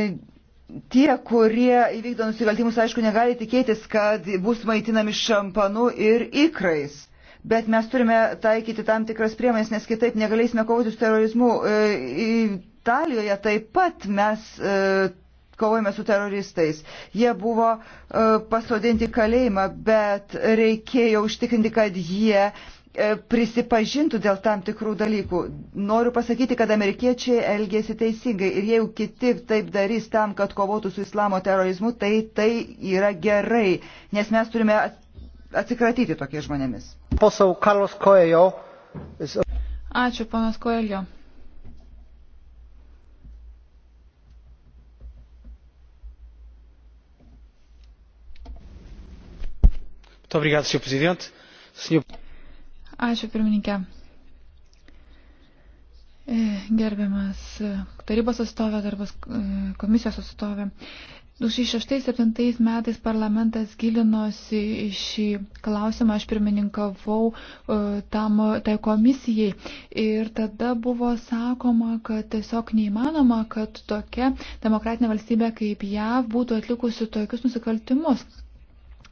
tie, kurie įvykdo nusikaltimus, aišku, negali tikėtis, kad bus maitinami šampanu ir ikrais. Bet mes turime taikyti tam tikras priemonės, nes kitaip negalėsime kovoti su terorizmu. E, Italijoje taip pat mes e, kovojame su teroristais. Jie buvo e, pasodinti kalėjimą, bet reikėjo užtikrinti, kad jie e, prisipažintų dėl tam tikrų dalykų. Noriu pasakyti, kad amerikiečiai elgėsi teisingai ir jeigu kiti taip darys tam, kad kovotų su islamo terorizmu, tai tai yra gerai, nes mes turime atsikratyti tokiais žmonėmis. Ačiū, ponas Koelio. Obrigado, Sr. Presidente. Senhor... Ačiū, pirmininkė. E, gerbiamas e, tarybos atstovė, darbas e, komisijos atstovė. 2006-2007 metais parlamentas gilinosi į šį klausimą, aš pirmininkavau tam, tai komisijai ir tada buvo sakoma, kad tiesiog neįmanoma, kad tokia demokratinė valstybė kaip JAV būtų atlikusi tokius nusikaltimus.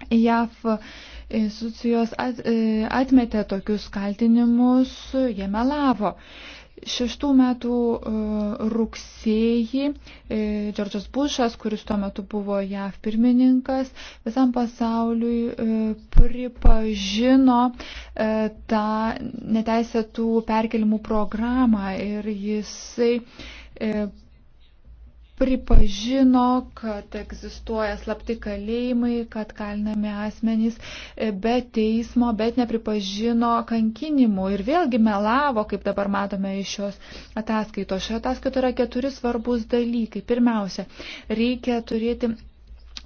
JAF institucijos e, atmetė tokius kaltinimus, jie melavo. Šeštų metų e, rugsėjį e, Džordžas Bušas, kuris tuo metu buvo JAV pirmininkas, visam pasauliui pripažino tą neteisėtų perkelimų programą ir jisai pripažino, kad egzistuoja slapti kalėjimai, kad kalinami asmenys e, be teismo, bet nepripažino kankinimų ir vėlgi melavo, kaip dabar matome iš šios ataskaitos. Šioje ataskaitoje yra keturi svarbus dalykai. Pirmiausia, reikia turėti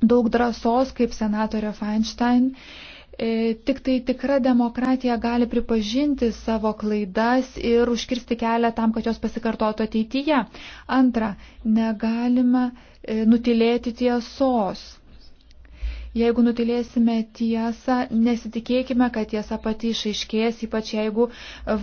daug drąsos, kaip senatorė Feinstein. E, E, tik tai tikra demokratija gali pripažinti savo klaidas ir užkirsti kelią tam, kad jos pasikartotų ateityje. Antra, negalima e, nutilėti tiesos. Jeigu nutilėsime tiesą, nesitikėkime, kad tiesa pati išaiškės, ypač jeigu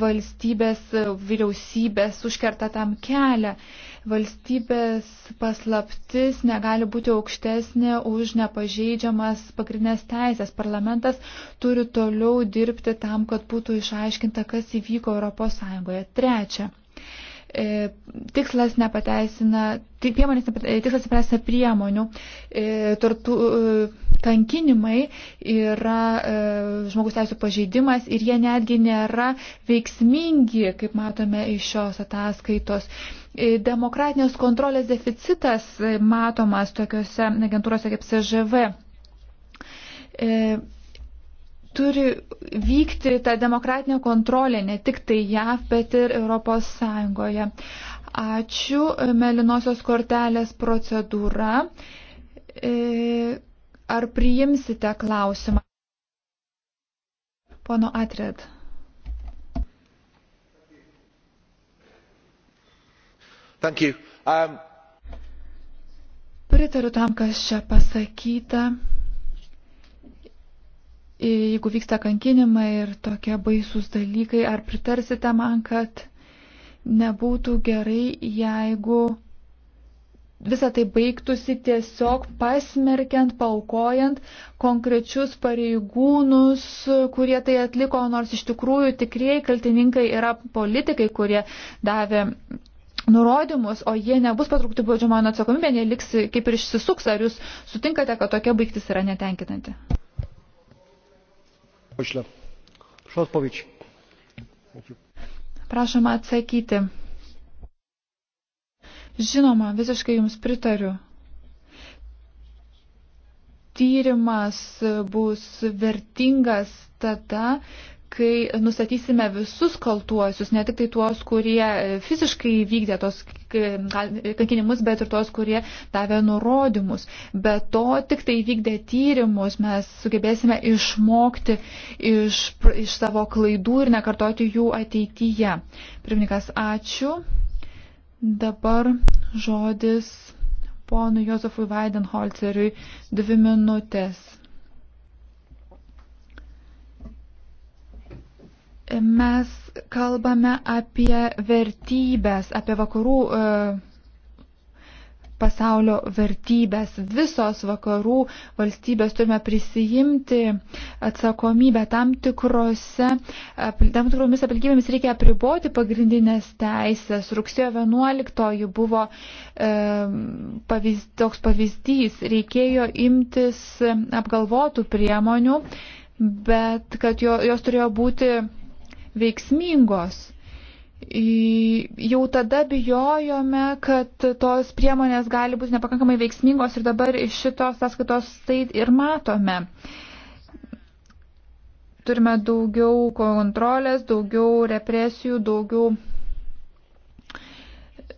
valstybės, e, vyriausybės užkerta tam kelią valstybės paslaptis negali būti aukštesnė už nepažeidžiamas pagrindinės teisės. Parlamentas turi toliau dirbti tam, kad būtų išaiškinta, kas įvyko ES. Trečia. E, tikslas nepateisina, tik priemonės, e, tikslas nepateisina priemonių. E, Tartu, kankinimai yra žmogus teisų pažeidimas ir jie netgi nėra veiksmingi, kaip matome iš šios ataskaitos. E, demokratinės kontrolės deficitas e, matomas tokiuose agentūrose kaip CŽV. E, turi vykti ta demokratinė kontrolė ne tik tai JAV, bet ir Europos Sąjungoje. Ačiū. Melinosios kortelės procedūra. Ar priimsite klausimą? Pono Atred. Um... Pritariu tam, kas čia pasakyta. Jeigu vyksta kankinimai ir tokie baisūs dalykai, ar pritarsite man, kad nebūtų gerai, jeigu visą tai baigtųsi tiesiog pasmerkiant, paukojant konkrečius pareigūnus, kurie tai atliko, nors iš tikrųjų tikrieji kaltininkai yra politikai, kurie davė nurodymus, o jie nebus patraukti baudžiamojo atsakomybė, jie liks kaip ir išsisuks. Ar jūs sutinkate, kad tokia baigtis yra netenkinanti? Prašom atsakyti. Žinoma, visiškai jums pritariu. Tyrimas bus vertingas tada, kai nustatysime visus kaltuosius, ne tik tai tuos, kurie e, fiziškai vykdė tos kankinimus, bet ir tuos, kurie davė nurodymus. Be to, tik tai vykdė tyrimus, mes sugebėsime išmokti iš, iš savo klaidų ir nekartoti jų ateityje. Pirmininkas, ačiū. Dabar žodis ponui Josefui Weidenholzeriui dvi minutės. mes kalbame apie vertybės, apie vakarų e, pasaulio vertybės. Visos vakarų valstybės turime prisijimti atsakomybę tam, tikrose, tam tikromis aplinkybėmis reikia apriboti pagrindinės teisės. Rugsėjo 11 buvo e, pavyz, toks pavyzdys, reikėjo imtis apgalvotų priemonių, bet kad jo, jos turėjo būti veiksmingos. Jau tada bijojome, kad tos priemonės gali būti nepakankamai veiksmingos ir dabar iš šitos sąskaitos tai ir matome. Turime daugiau kontrolės, daugiau represijų, daugiau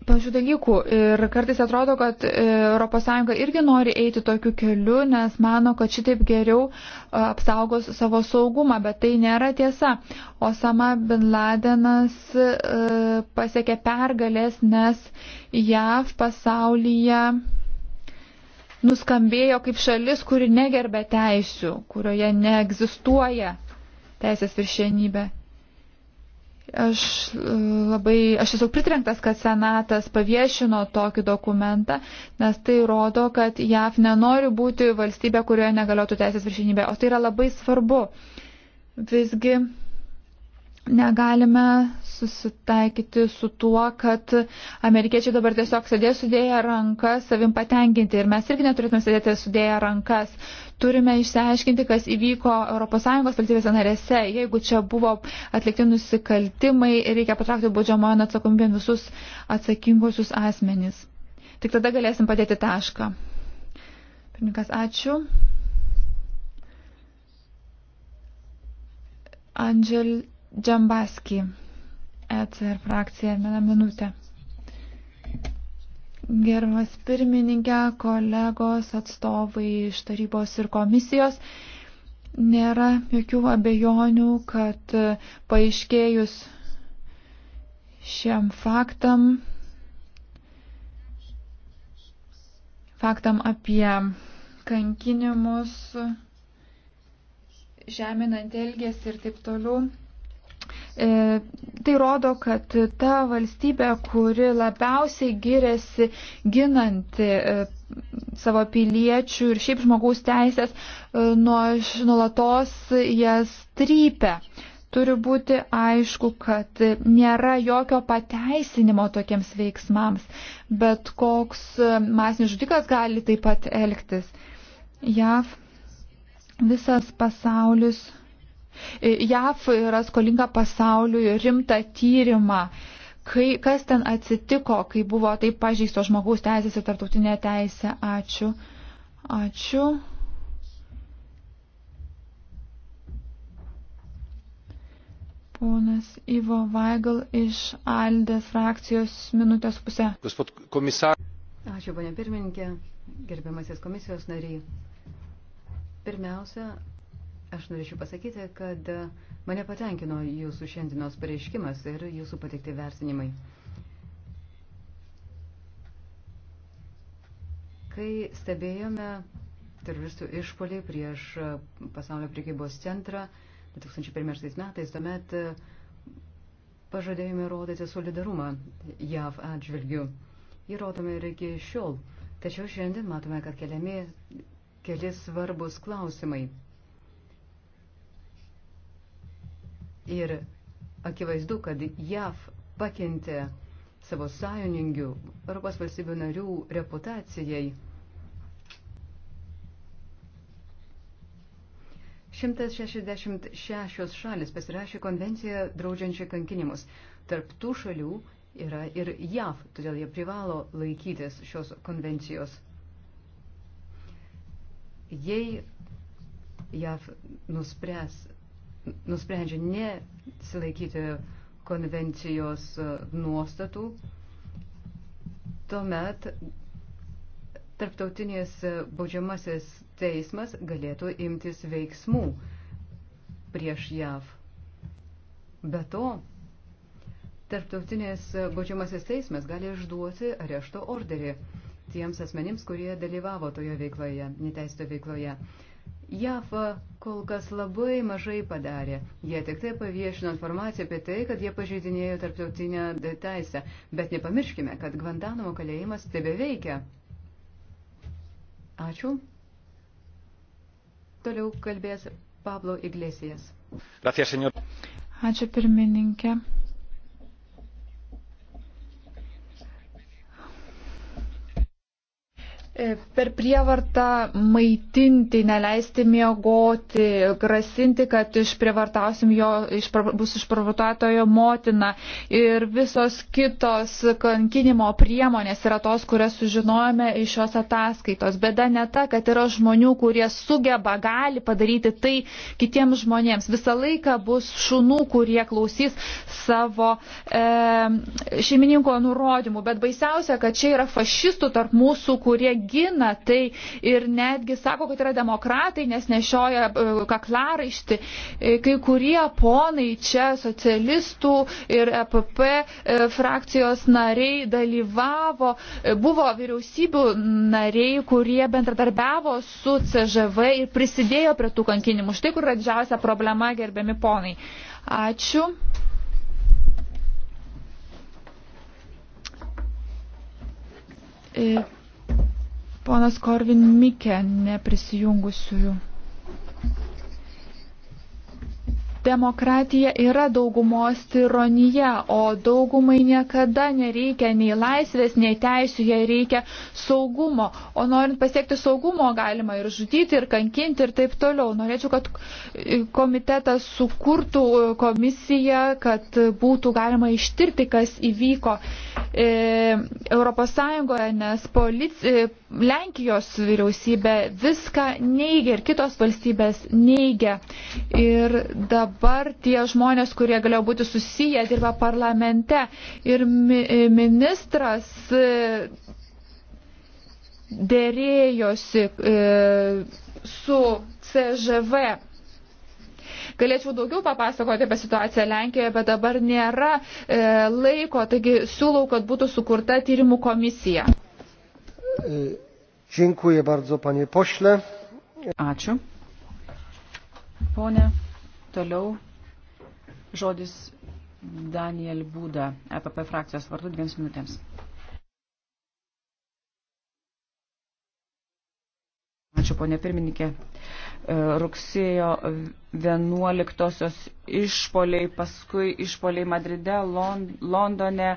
panašių dalykų. Ir kartais atrodo, kad ES irgi nori eiti tokiu keliu, nes mano, kad šitaip geriau e, apsaugos savo saugumą, bet tai nėra tiesa. Osama bin Ladenas e, pasiekė pergalės, nes JAV pasaulyje nuskambėjo kaip šalis, kuri negerbė teisių, kurioje neegzistuoja teisės viršienybė. Aš e, labai, aš tiesiog pritrenktas, kad Senatas paviešino tokį dokumentą, nes tai rodo, kad JAV nenori būti valstybė, kurioje negaliotų teisės viršinybė, o tai yra labai svarbu. Visgi negalime susitaikyti su tuo, kad amerikiečiai dabar tiesiog sėdės sudėję rankas savim patenkinti ir mes irgi neturėtume sėdėti sudėję rankas. Turime išsiaiškinti, kas įvyko ES valstybėse narėse. Jeigu čia buvo atlikti nusikaltimai, reikia patraukti baudžiamojo atsakomybėn visus atsakingusius asmenys. Tik tada galėsim padėti tašką. Pirmininkas, ačiū. Angel Džambaski, ECR frakcija, vieną minutę. Gerbiamas pirmininkė, kolegos, atstovai iš tarybos ir komisijos, nėra jokių abejonių, kad paaiškėjus šiam faktam, faktam apie kankinimus, žeminant elgesį ir taip toliau, E, tai rodo, kad ta valstybė, kuri labiausiai giriasi ginanti e, savo piliečių ir šiaip žmogaus teisės, e, nuolatos jas trypia. Turi būti aišku, kad nėra jokio pateisinimo tokiems veiksmams, bet koks masinis žudikas gali taip pat elgtis. JAV visas pasaulis JAF yra skolinga pasauliui rimtą tyrimą, kai, kas ten atsitiko, kai buvo taip pažeisto žmogaus teisės ir tartautinė teisė. Ačiū. Ačiū. Ponas Ivo Vaigal iš Aldės frakcijos minutės pusė. Gospod komisar. Ačiū, ponė pirmininkė, gerbiamasis komisijos nariai. Pirmiausia, Aš norėčiau pasakyti, kad mane patenkino jūsų šiandienos pareiškimas ir jūsų patikti vertinimai. Kai stebėjome teroristų išpolį prieš pasaulio priekybos centrą 2001 metais, tuomet pažadėjome rodyti solidarumą JAV atžvilgių. Jį rodome ir iki šiol. Tačiau šiandien matome, kad keliami keli svarbus klausimai. Ir akivaizdu, kad JAV pakentė savo sąjungių Europos valstybių narių reputacijai. 166 šalis pasirašė konvenciją draudžiančią kankinimus. Tarp tų šalių yra ir JAV, todėl jie privalo laikytis šios konvencijos. Jei JAV nuspręs nusprendžia nesilaikyti konvencijos e, nuostatų, tuomet tarptautinės e, baudžiamasis teismas galėtų imtis veiksmų prieš JAV. Be to, tarptautinės e, baudžiamasis teismas gali išduoti arešto orderį tiems asmenims, kurie dalyvavo toje veikloje, neteisėto veikloje. JAF kol kas labai mažai padarė. Jie tik tai paviešino informaciją apie tai, kad jie pažeidinėjo tarptautinę teisę. Bet nepamirškime, kad Gvantanamo kalėjimas tebe veikia. Ačiū. Toliau kalbės Pablo Iglesijas. Gracias, Ačiū pirmininkė. E, per prievartą maitinti, neleisti miegoti, grasinti, kad išprievartausim jo, išpra, bus išprievartautojo motina ir visos kitos kankinimo priemonės yra tos, kurias sužinojame iš šios ataskaitos. Bėda ne ta, kad yra žmonių, kurie sugeba, gali padaryti tai kitiems žmonėms. Visą laiką bus šunų, kurie klausys savo e, šeimininko nurodymų, bet baisiausia, kad čia yra fašistų tarp mūsų, kurie gina tai ir netgi sako, kad yra demokratai, nes nešioja e, kaklaraišti. E, kai kurie ponai čia socialistų ir EPP e, frakcijos nariai dalyvavo, buvo vyriausybių nariai, kurie bendradarbiavo su CŽV ir prisidėjo prie tų kankinimų. Štai kur yra didžiausia problema, gerbiami ponai. Ačiū. E Ponas Korvin Mikė, neprisijungusiųjų. Demokratija yra daugumos tironija, o daugumai niekada nereikia nei laisvės, nei teisų, jai reikia saugumo. O norint pasiekti saugumo galima ir žudyti, ir kankinti, ir taip toliau. Norėčiau, kad komitetas sukurtų komisiją, kad būtų galima ištirti, kas įvyko e, Europos Sąjungoje, nes polici, e, Lenkijos vyriausybė viską neigia ir kitos valstybės neigia. Ir dabar dabar tie žmonės, kurie galėjo būti susiję, dirba parlamente. Ir mi e, ministras e, dėrėjosi e, su CŽV galėčiau daugiau papasakoti apie situaciją Lenkijoje, bet dabar nėra e, laiko, taigi siūlau, kad būtų sukurta tyrimų komisija. Dziękuję bardzo, panie pośle. Ačiū. Pone Toliau žodis Daniel Būda, EPP frakcijos vardu, dviems minutėms. Ačiū, ponė pirmininkė. E, rugsėjo 11-osios išpoliai, paskui išpoliai Madride, Londone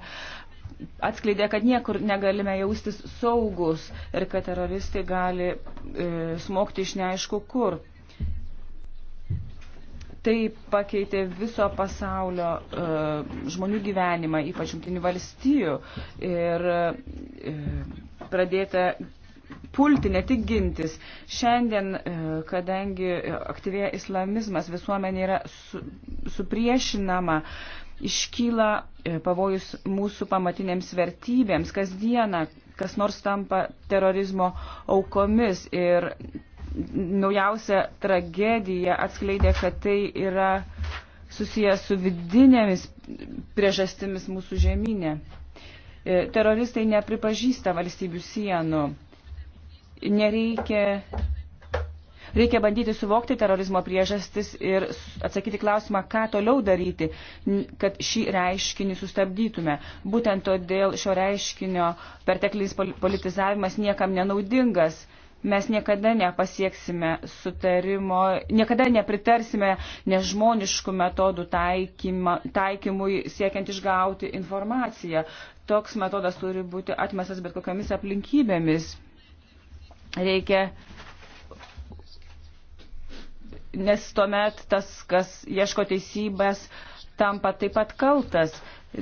atskleidė, kad niekur negalime jaustis saugus ir kad teroristai gali e, smokti iš neaišku kur tai pakeitė viso pasaulio uh, žmonių gyvenimą, ypač jungtinių valstijų. Ir uh, pradėta pulti, ne tik gintis. Šiandien, uh, kadangi aktyvėja islamizmas, visuomenė yra su, supriešinama, iškyla uh, pavojus mūsų pamatinėms vertybėms. Kasdieną kas nors tampa terorizmo aukomis. Ir Naujausia tragedija atskleidė, kad tai yra susijęs su vidinėmis priežastimis mūsų žemynė. E, teroristai nepripažįsta valstybių sienų. Nereikia reikia bandyti suvokti terorizmo priežastis ir atsakyti klausimą, ką toliau daryti, kad šį reiškinį sustabdytume. Būtent todėl šio reiškinio perteklinis politizavimas niekam nenaudingas mes niekada nepasieksime sutarimo, niekada nepritarsime nežmoniškų metodų taikymą, taikymui siekiant išgauti informaciją. Toks metodas turi būti atmestas bet kokiamis aplinkybėmis. Reikia, nes tuomet tas, kas ieško teisybės, tampa taip pat kaltas.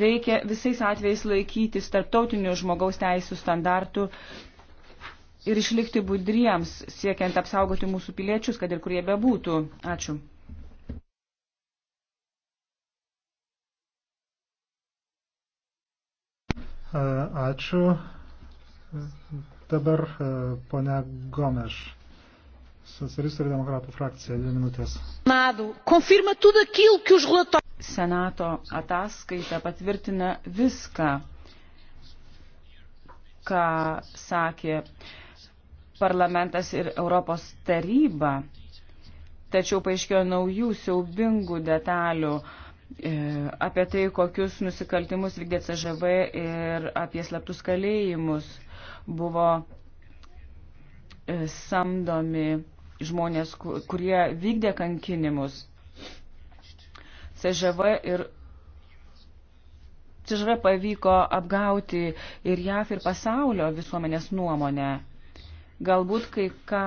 Reikia visais atvejais laikytis tarptautinių žmogaus teisų standartų ir išlikti budriems, siekiant apsaugoti mūsų piliečius, kad ir kurie bebūtų. Ačiū. Ačiū. Dabar ponia Gomeš. Socialistų ir demokratų frakcija, dvi minutės. Senato ataskaita patvirtina viską, ką sakė uh, parlamentas ir Europos taryba. Tačiau paaiškėjo naujų siaubingų detalių e, apie tai, kokius nusikaltimus vykdė CŽV ir apie slaptus kalėjimus buvo e, samdomi žmonės, kurie vykdė kankinimus. CŽV ir CŽV pavyko apgauti ir JAF ir pasaulio visuomenės nuomonę. Galbūt kai ką,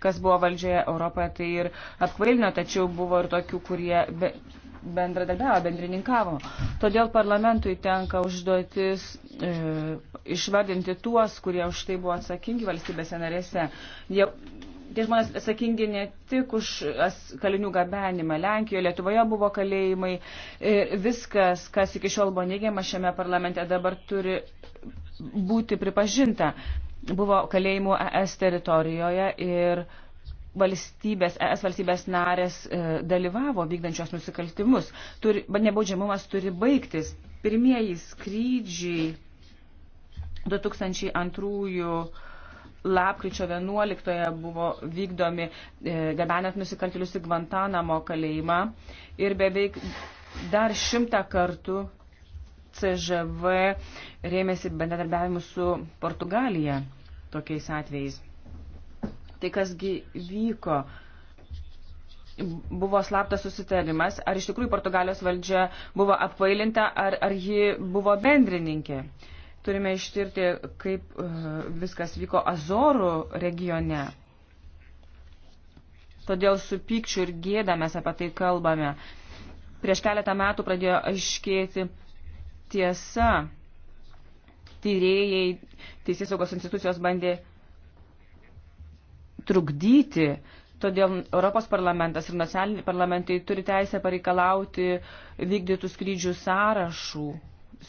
kas buvo valdžioje Europoje, tai ir apkvailino, tačiau buvo ir tokių, kurie be, bendradarbiavo, bendrininkavo. Todėl parlamentui tenka užduotis e, išvardinti tuos, kurie už tai buvo atsakingi valstybėse narėse. Jie, tie žmonės atsakingi ne tik už kalinių gabenimą. Lenkijoje, Lietuvoje buvo kalėjimai. E, viskas, kas iki šiol buvo neigiama šiame parlamente, dabar turi būti pripažinta buvo kalėjimų ES teritorijoje ir valstybės, ES valstybės narės e, dalyvavo vykdančios nusikaltimus. Turi, nebaudžiamumas turi baigtis. Pirmieji skrydžiai 2002 lapkričio 11 buvo vykdomi e, gabenant nusikaltėlius į Gvantanamo kalėjimą ir beveik dar šimtą kartų CŽV rėmėsi bendradarbiavimu su Portugalija tokiais atvejais. Tai kasgi vyko? Buvo slaptas susitarimas, ar iš tikrųjų Portugalijos valdžia buvo apvailinta, ar, ar ji buvo bendrininkė. Turime ištirti, kaip uh, viskas vyko Azorų regione. Todėl su pykčiu ir gėda mes apie tai kalbame. Prieš keletą metų pradėjo aiškėti Tiesa, tyrėjai, teisės saugos institucijos bandė trukdyti, todėl Europos parlamentas ir nacionaliniai parlamentai turi teisę pareikalauti vykdytų skrydžių sąrašų,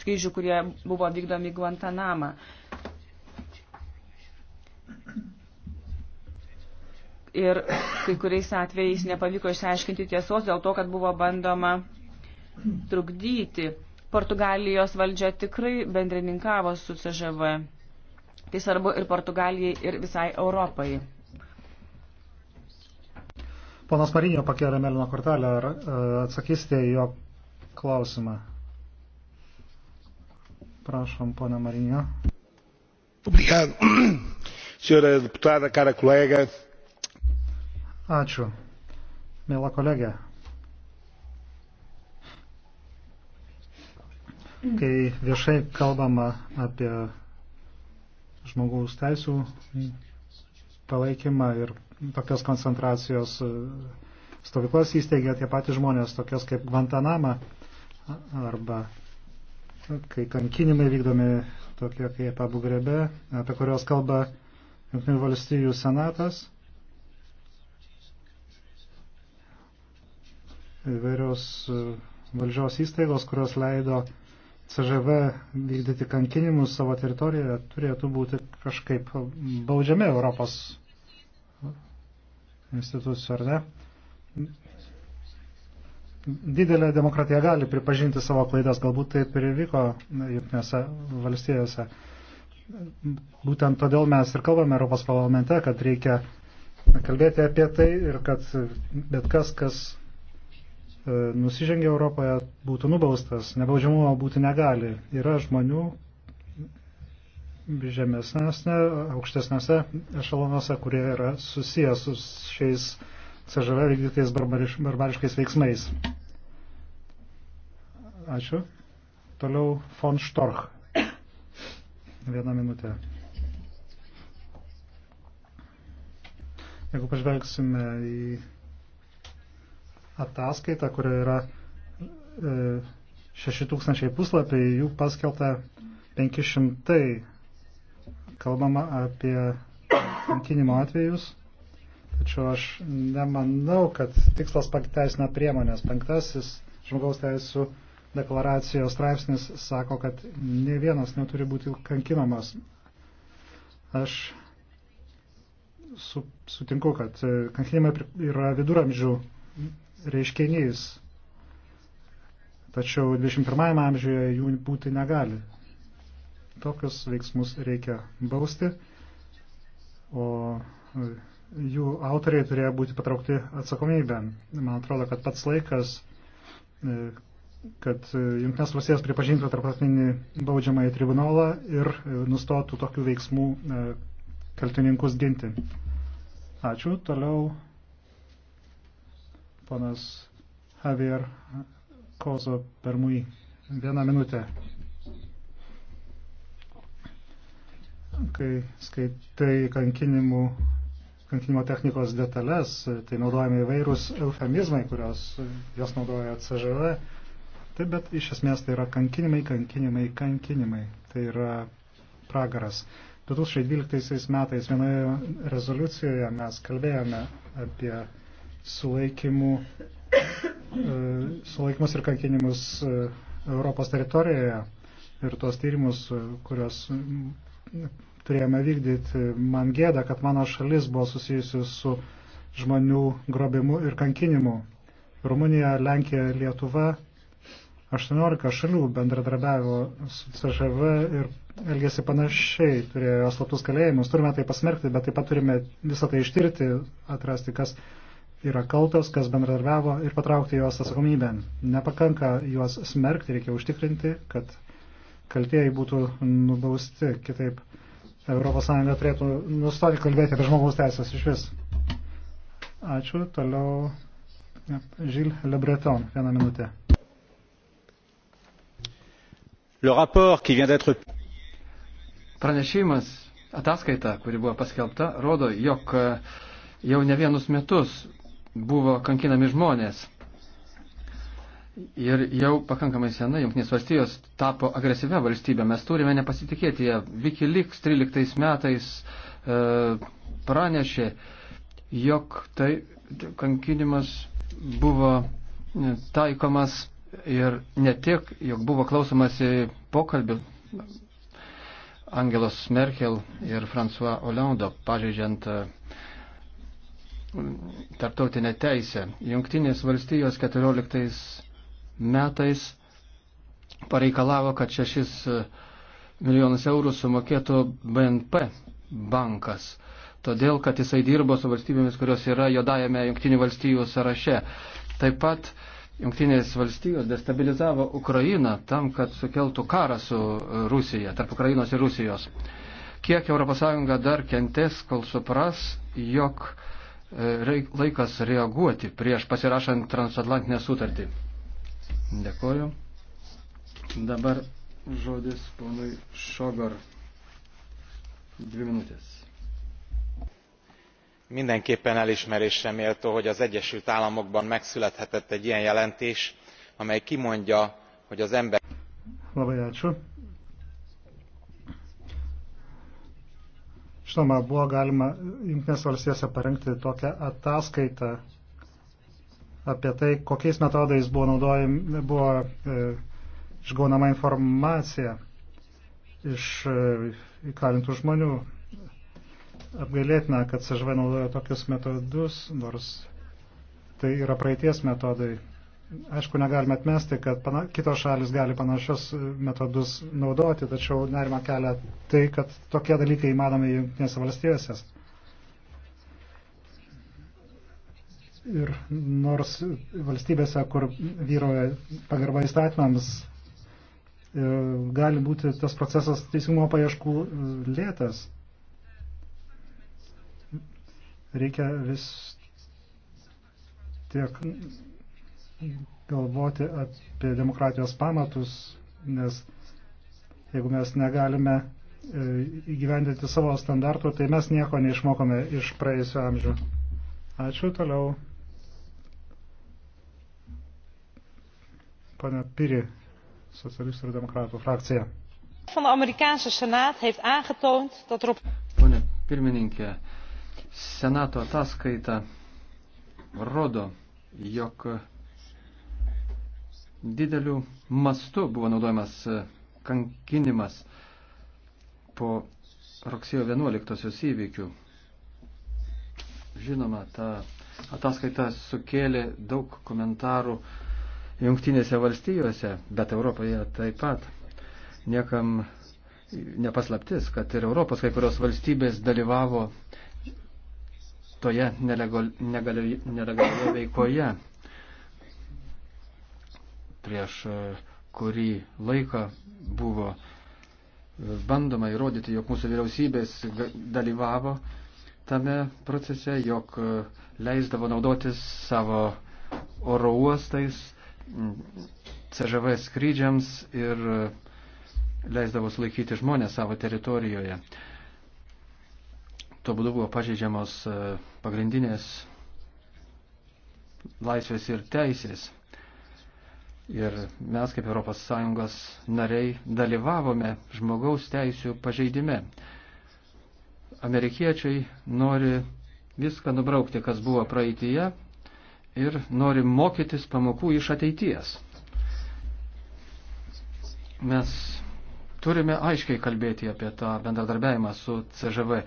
skrydžių, kurie buvo vykdomi Guantanamą. ir kai kuriais atvejais nepavyko išsiaiškinti tiesos dėl to, kad buvo bandoma trukdyti. Portugalijos valdžia tikrai bendrininkavo su CŽV. Tai svarbu ir Portugalijai, ir visai Europai. Ponas Marinio pakėlė melino kortelę. Ar e, atsakysite į jo klausimą? Prašom, pone Marinio. Obrigado. Senhora deputada, cara colega. Ačiū. Mėla kolegė. kai viešai kalbama apie žmogaus teisų palaikymą ir tokias koncentracijos e, stovyklas įsteigia tie patys žmonės, tokias kaip Guantanama arba kai kankinimai vykdomi tokie kaip Abu Grebe, apie kurios kalba Junktinių valstijų senatas. Įvairios e, valdžios įstaigos, kurios leido uh, CŽV vykdyti kankinimus savo teritorijoje turėtų būti kažkaip baudžiami Europos institucijų, ar ne? Didelė demokratija gali pripažinti savo klaidas, galbūt taip ir vyko jungtinėse valstijose. Būtent todėl mes ir kalbame Europos parlamente, kad reikia kalbėti apie tai ir kad bet kas, kas E, nusižengia Europoje, būtų nubaustas. Nebaudžiamumo būti negali. Yra žmonių žemesnėse, aukštesnėse ešalonose, kurie yra susijęs su šiais CŽV vykdytais barbariš, barbariškais veiksmais. Ačiū. Toliau von Storch. Vieną minutę. Jeigu pažvelgsime į ataskaitą, kurioje yra 6000 e, puslapiai, jų paskelta 500. Kalbama apie kankinimo atvejus, tačiau aš nemanau, kad tikslas pateisina priemonės. Penktasis žmogaus teisų deklaracijos straipsnis sako, kad ne vienas neturi būti kankinamas. Aš su, sutinku, kad kankinimai yra viduramžių reiškinys. Tačiau 21 amžiuje jų būti negali. Tokius veiksmus reikia bausti, o jų autoriai turėjo būti patraukti atsakomybę. Man atrodo, kad pats laikas, e, kad Junktinės valstijos pripažintų tarptautinį baudžiamąjį tribunolą ir nustotų tokių veiksmų e, kaltininkus ginti. Ačiū. Toliau ponas Javier Kozo Permui. Vieną minutę. Kai skaitai kankinimų, kankinimo technikos detalės, tai naudojami įvairūs eufemizmai, kurios jos naudoja CŽV. Taip, bet iš esmės tai yra kankinimai, kankinimai, kankinimai. Tai yra pragaras. 2012 metais vienoje rezoliucijoje mes kalbėjome apie sulaikymų, e, sulaikymus ir kankinimus e, Europos teritorijoje ir tuos tyrimus, e, kuriuos turėjome vykdyti. Man gėda, kad mano šalis buvo susijusi su žmonių grobimu ir kankinimu. Rumunija, Lenkija, Lietuva, 18 šalių bendradarbiavo su CŽV ir elgėsi panašiai, turėjo slaptus kalėjimus. Turime tai pasmerkti, bet taip pat turime visą tai ištirti, atrasti, kas yra kaltas, kas bendradarbiavo ir patraukti juos atsakomybę. Nepakanka juos smerkti, reikia užtikrinti, kad kaltieji būtų nubausti. Kitaip ES turėtų nustoti kalbėti apie žmogaus teisės iš vis. Ačiū. Toliau Žil Lebreton. Vieną minutę. Le rapport qui vient d'être Pranešimas, ataskaita, kuri buvo paskelbta, rodo, jog jau ne vienus metus buvo kankinami žmonės. Ir jau pakankamai senai Junktinės valstijos tapo agresyvę valstybę. Mes turime nepasitikėti ją. Wikileaks 13 metais e, pranešė, jog tai kankinimas buvo taikomas ir ne tik, jog buvo klausomasi pokalbių Angelos Merkel ir François Hollande pažeidžiant e, tarptautinę teisę. Junktinės valstijos 14 metais pareikalavo, kad 6 e, milijonus eurų sumokėtų BNP bankas, todėl kad jisai dirbo su valstybėmis, kurios yra jodajame Junktinių valstijų sąraše. Taip pat Junktinės valstijos destabilizavo Ukrainą tam, kad sukeltų karą su e, Rusija, tarp Ukrainos ir Rusijos. Kiek ES dar kentės, kol supras, jog uh, laikas reaguoti prieš pasirašant transatlantinę sutartį. Dėkoju. Dabar žodis ponui Šogor. Dvi minutės. Mindenképpen elismerésre méltó, hogy az Egyesült Államokban megszülethetett egy ilyen jelentés, amely kimondja, hogy az ember... Labai ačiū. Žinoma, buvo galima Junktinės valstijose parengti tokią ataskaitą apie tai, kokiais metodais buvo, naudojami, buvo e, išgaunama informacija iš e, įkalintų žmonių. Apgailėtina, kad sažvai naudoja tokius metodus, nors tai yra praeities metodai. Aišku, negalime atmesti, kad pana, kitos šalis gali panašius metodus naudoti, tačiau nerima kelia tai, kad tokie dalykai įmanomi jungtinėse valstijose. Ir nors valstybėse, kur vyroja pagarba įstatymams, e, gali būti tas procesas teisingumo paieškų e, lėtas. Reikia vis tiek galvoti apie demokratijos pamatus, nes jeigu mes negalime e, įgyvendinti savo standartų, tai mes nieko neišmokome iš praėjusio amžių. Ačiū toliau. Pane Piri, socialistų ir demokratų frakcija. Van de Amerikaanse Senaat heeft aangetoond dat er op. Pone pirmininkė, Senato ataskaita rodo, jog dideliu mastu buvo naudojamas e, kankinimas po rugsėjo 11 įvykių. Žinoma, ta ataskaita sukėlė daug komentarų jungtinėse valstijose, bet Europoje taip pat. Niekam nepaslaptis, kad ir Europos kai kurios valstybės dalyvavo toje nelegalioje veikoje prieš e, kurį laiką buvo e, bandoma įrodyti, jog mūsų vyriausybės dalyvavo tame procese, jog e, leisdavo naudotis savo oro uostais, CŽV skrydžiams ir leisdavo sulaikyti žmonės savo teritorijoje. Tuo būdu buvo pažeidžiamos pagrindinės laisvės ir teisės. Ir mes kaip ES nariai dalyvavome žmogaus teisų pažeidime. Amerikiečiai nori viską nubraukti, kas buvo praeitie ir nori mokytis pamokų iš ateities. Mes turime aiškiai kalbėti apie tą bendradarbiavimą su CŽV.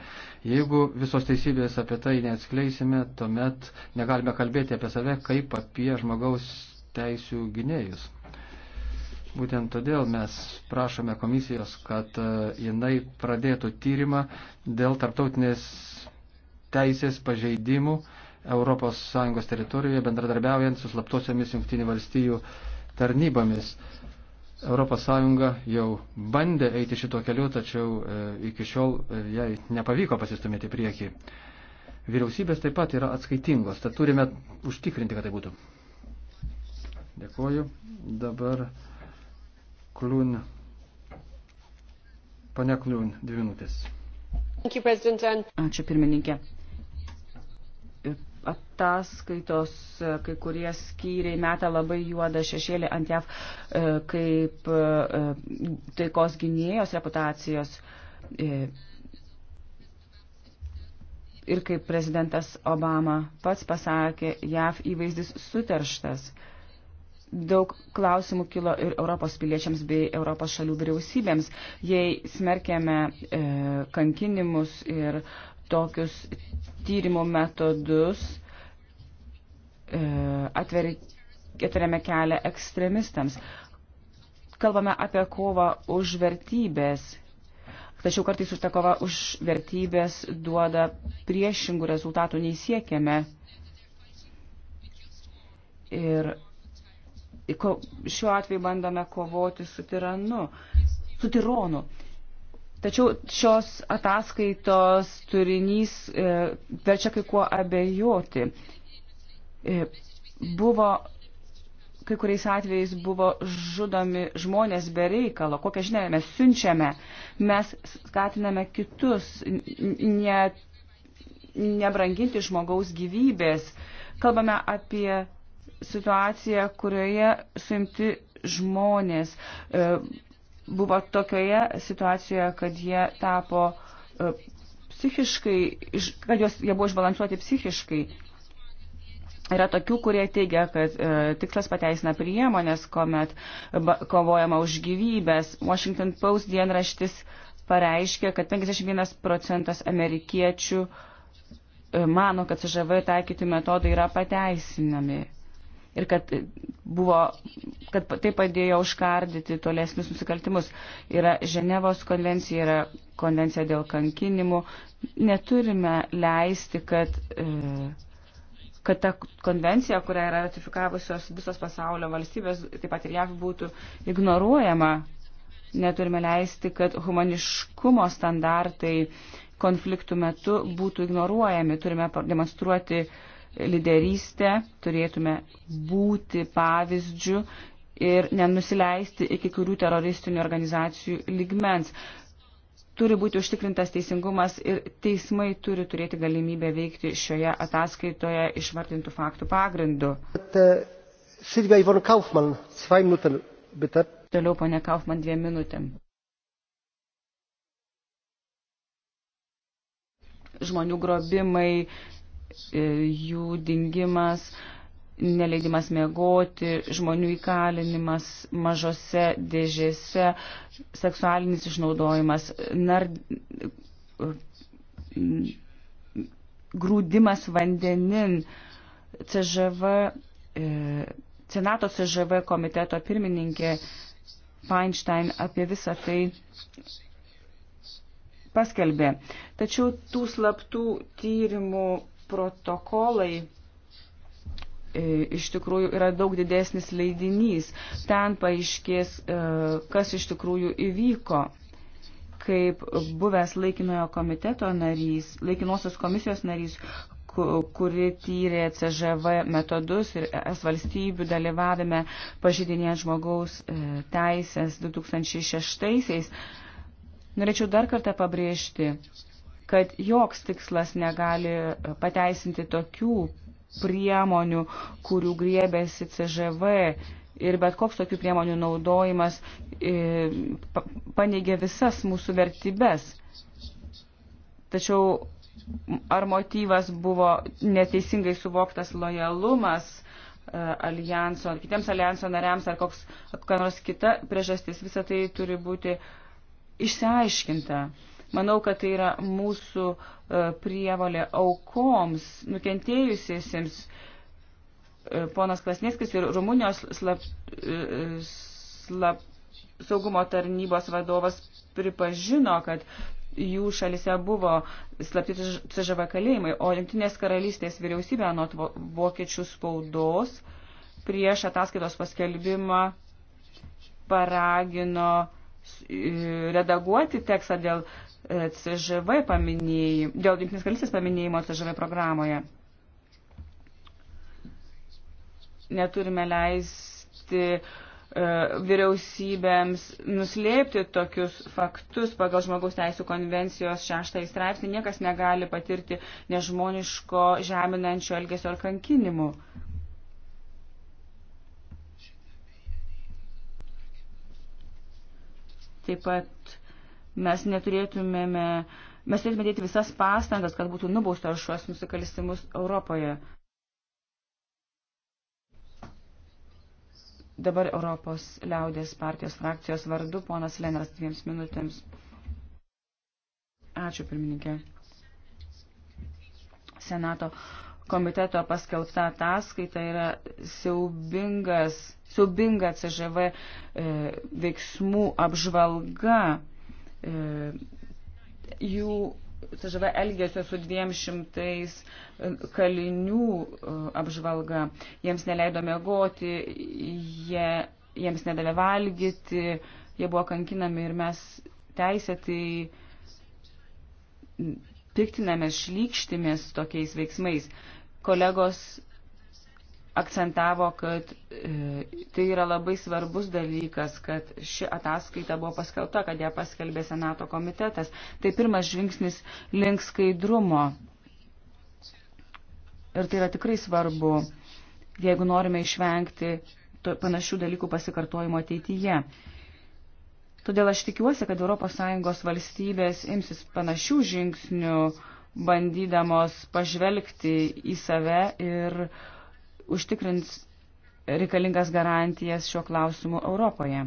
Jeigu visos teisybės apie tai neatskleisime, tuomet negalime kalbėti apie save kaip apie žmogaus teisių gynėjus. Būtent todėl mes prašome komisijos, kad e, jinai pradėtų tyrimą dėl tarptautinės teisės pažeidimų ES teritorijoje bendradarbiaujant su slaptosiamis jungtinių valstijų tarnybomis. ES jau bandė eiti šito keliu, tačiau e, iki šiol e, jai nepavyko pasistumėti prieki. Vyriausybės taip pat yra atskaitingos, tad turime užtikrinti, kad tai būtų. Dėkuoju. Dabar Kliūn. Pane Kliūn, dvi minutės. Ačiū pirmininkė. Ataskaitos e, kai kurie skyriai meta labai juodą šešėlį ant JAV e, kaip e, taikos gynėjos reputacijos ir kaip prezidentas Obama pats pasakė, JAV įvaizdis suterštas. Daug klausimų kilo ir Europos piliečiams bei Europos šalių vyriausybėms. Jei smerkėme e, kankinimus ir tokius tyrimų metodus, e, atveri, atveriame kelią ekstremistams. Kalbame apie kovą už vertybės. Tačiau kartais už tą kovą už vertybės duoda priešingų rezultatų nei siekiame. Ir Šiuo atveju bandome kovoti su tiranu, su tironu. Tačiau šios ataskaitos turinys e, verčia kai kuo abejoti. E, buvo, kai kuriais atvejais buvo žudomi žmonės be reikalo. Kokią žinę mes siunčiame, mes skatiname kitus ne, nebranginti žmogaus gyvybės. Kalbame apie situacija, kurioje suimti žmonės e, buvo tokioje situacijoje, kad jie tapo e, psichiškai, kad jos, jie buvo išbalansuoti psichiškai. Yra tokių, kurie teigia, kad e, tikslas pateisina priemonės, kuomet ba, kovojama už gyvybės. Washington Post dienraštis pareiškė, kad 51 procentas amerikiečių e, mano, kad CŽV taikyti metodai yra pateisinami ir kad, buvo, kad tai padėjo užkardyti tolesnius nusikaltimus. Yra Ženevos konvencija, yra konvencija dėl kankinimų. Neturime leisti, kad, e, kad ta konvencija, kurią yra ratifikavusios visos pasaulio valstybės, taip pat ir JAV, būtų ignoruojama. Neturime leisti, kad humaniškumo standartai konfliktų metu būtų ignoruojami. Turime demonstruoti uh, lyderystę, turėtume būti pavyzdžių ir nenusileisti iki kurių teroristinių organizacijų ligmens. Turi būti užtikrintas teisingumas ir teismai turi turėti galimybę veikti šioje ataskaitoje išvardintų faktų pagrindu. E, Silvija Ivon Kaufman, 2 minutės, bitte. Toliau, ponė Kaufman, dviem minutėm. Žmonių grobimai, E, jų dingimas, neleidimas mėgoti, žmonių įkalinimas mažose dėžėse, seksualinis išnaudojimas, nar... grūdimas vandenin, CŽV, e, Senato CŽV komiteto pirmininkė Feinstein apie visą tai paskelbė. Tačiau tų slaptų tyrimų protokolai e, iš tikrųjų yra daug didesnis leidinys. Ten paaiškės, e, kas iš tikrųjų įvyko. Kaip buvęs laikinojo komiteto narys, laikinosios komisijos narys, kuri tyrė CŽV metodus ir es valstybių dalyvavime pažydinėjant žmogaus e, teisės 2006-aisiais. Norėčiau dar kartą pabrėžti, kad joks tikslas negali pateisinti tokių priemonių, kurių griebėsi CŽV ir bet koks tokių priemonių naudojimas e, paneigia visas mūsų vertybės. Tačiau ar motyvas buvo neteisingai suvoktas lojalumas e, alijanso, ar kitiems alijanso nariams, ar koks, kokia nors kita priežastis, visa tai turi būti išsiaiškinta. Manau, kad tai yra mūsų e, prievalė aukoms, nukentėjusiesiems. E, ponas Klasnėskis ir Rumunijos slap, e, slap, saugumo tarnybos vadovas pripažino, kad jų šalise buvo slapti CŽV kalėjimai, o Junktinės karalystės vyriausybė anot vokiečių spaudos prieš ataskaitos paskelbimą paragino redaguoti tekstą dėl CŽV paminėjimo, dėl Junktinės karalystės paminėjimo CŽV programoje. Neturime leisti e, vyriausybėms nuslėpti tokius faktus pagal žmogaus teisų konvencijos šeštąjį straipsnį. Niekas negali patirti nežmoniško žeminančio elgesio ar kankinimų. Taip pat Mes neturėtumėme, mes turėtume dėti visas pastangas, kad būtų nubausta už šios nusikalstimus Europoje. Dabar Europos liaudės partijos frakcijos vardu ponas Lenas dviems minutėms. Ačiū, pirmininkė. Senato komiteto paskelbta ataskaita yra siaubingas, siaubinga CŽV e, veiksmų apžvalga. E, jų CŽV elgesio su 200 e, kalinių e, apžvalga. Jiems neleido mėgoti, jie, jiems nedavė valgyti, jie buvo kankinami ir mes teisėtai piktinamės, šlykštimės tokiais veiksmais. Kolegos akcentavo, kad e, tai yra labai svarbus dalykas, kad ši ataskaita buvo paskelbta, kad ją paskelbė Senato komitetas. Tai pirmas žingsnis link skaidrumo. Ir tai yra tikrai svarbu, jeigu norime išvengti to, panašių dalykų pasikartojimo ateityje. Todėl aš tikiuosi, kad ES valstybės imsis panašių žingsnių, bandydamos pažvelgti į save ir uh, užtikrins reikalingas garantijas šiuo klausimu Europoje.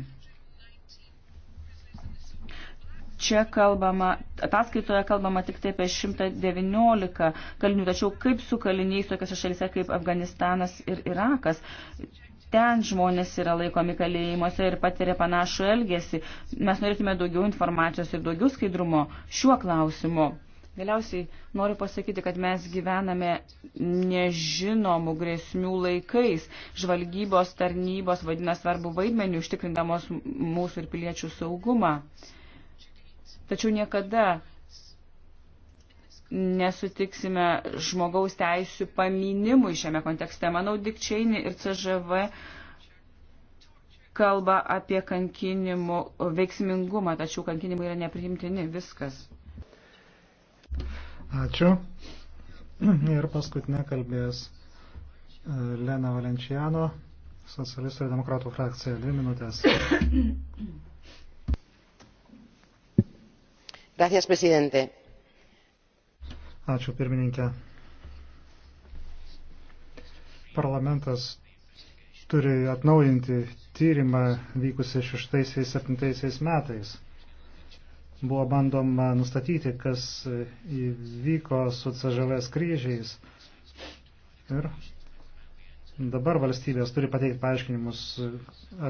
Čia kalbama, ataskaitoje kalbama tik tai apie 119 kalinių, tačiau kaip su kaliniais tokiose šalise kaip Afganistanas ir Irakas, ten žmonės yra laikomi kalėjimuose ir patiria panašų elgesį. Mes norėtume daugiau informacijos ir daugiau skaidrumo šiuo klausimu. Galiausiai noriu pasakyti, kad mes gyvename nežinomų grėsmių laikais. Žvalgybos tarnybos vadina svarbu vaidmenį užtikrindamos mūsų ir piliečių saugumą. Tačiau niekada nesutiksime žmogaus teisų paminimui šiame kontekste. Manau, Dikčiaini ir CŽV kalba apie kankinimų veiksmingumą, tačiau kankinimai yra nepriimtini viskas. Ačiū. Ir paskutinė kalbės e, Lena Valenciano, socialistų ir demokratų frakcija. Dvi minutės. Gracias, presidente. Ačiū, pirmininkė. Parlamentas turi atnaujinti tyrimą vykusią 6-7 metais buvo bandoma nustatyti, kas įvyko su CŽV skrydžiais. Ir dabar valstybės turi pateikti paaiškinimus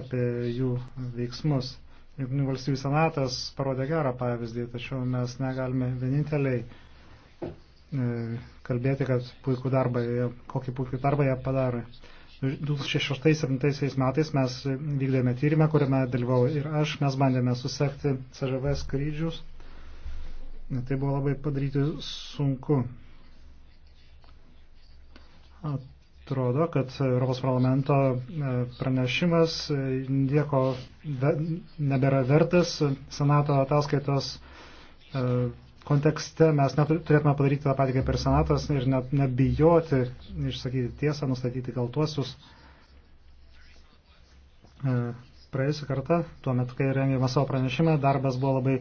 apie jų veiksmus. Junktinių valstybių senatas parodė gerą pavyzdį, tačiau mes negalime vieninteliai e, kalbėti, kad puikų darbą, kokį puikų darbą jie padarė. 2006-2007 metais mes vykdėme tyrimą, kuriame dalyvau ir aš, mes bandėme susekti CŽV skrydžius. Tai buvo labai padaryti sunku. Atrodo, kad Europos parlamento e, pranešimas e, nieko nebėra vertas. Senato ataskaitos e, kontekste mes turėtume padaryti tą patį kaip ir senatas ir net nebijoti išsakyti tiesą, nustatyti kaltuosius. E, praėjusią kartą, tuo metu, kai rengėme savo pranešimą, darbas buvo labai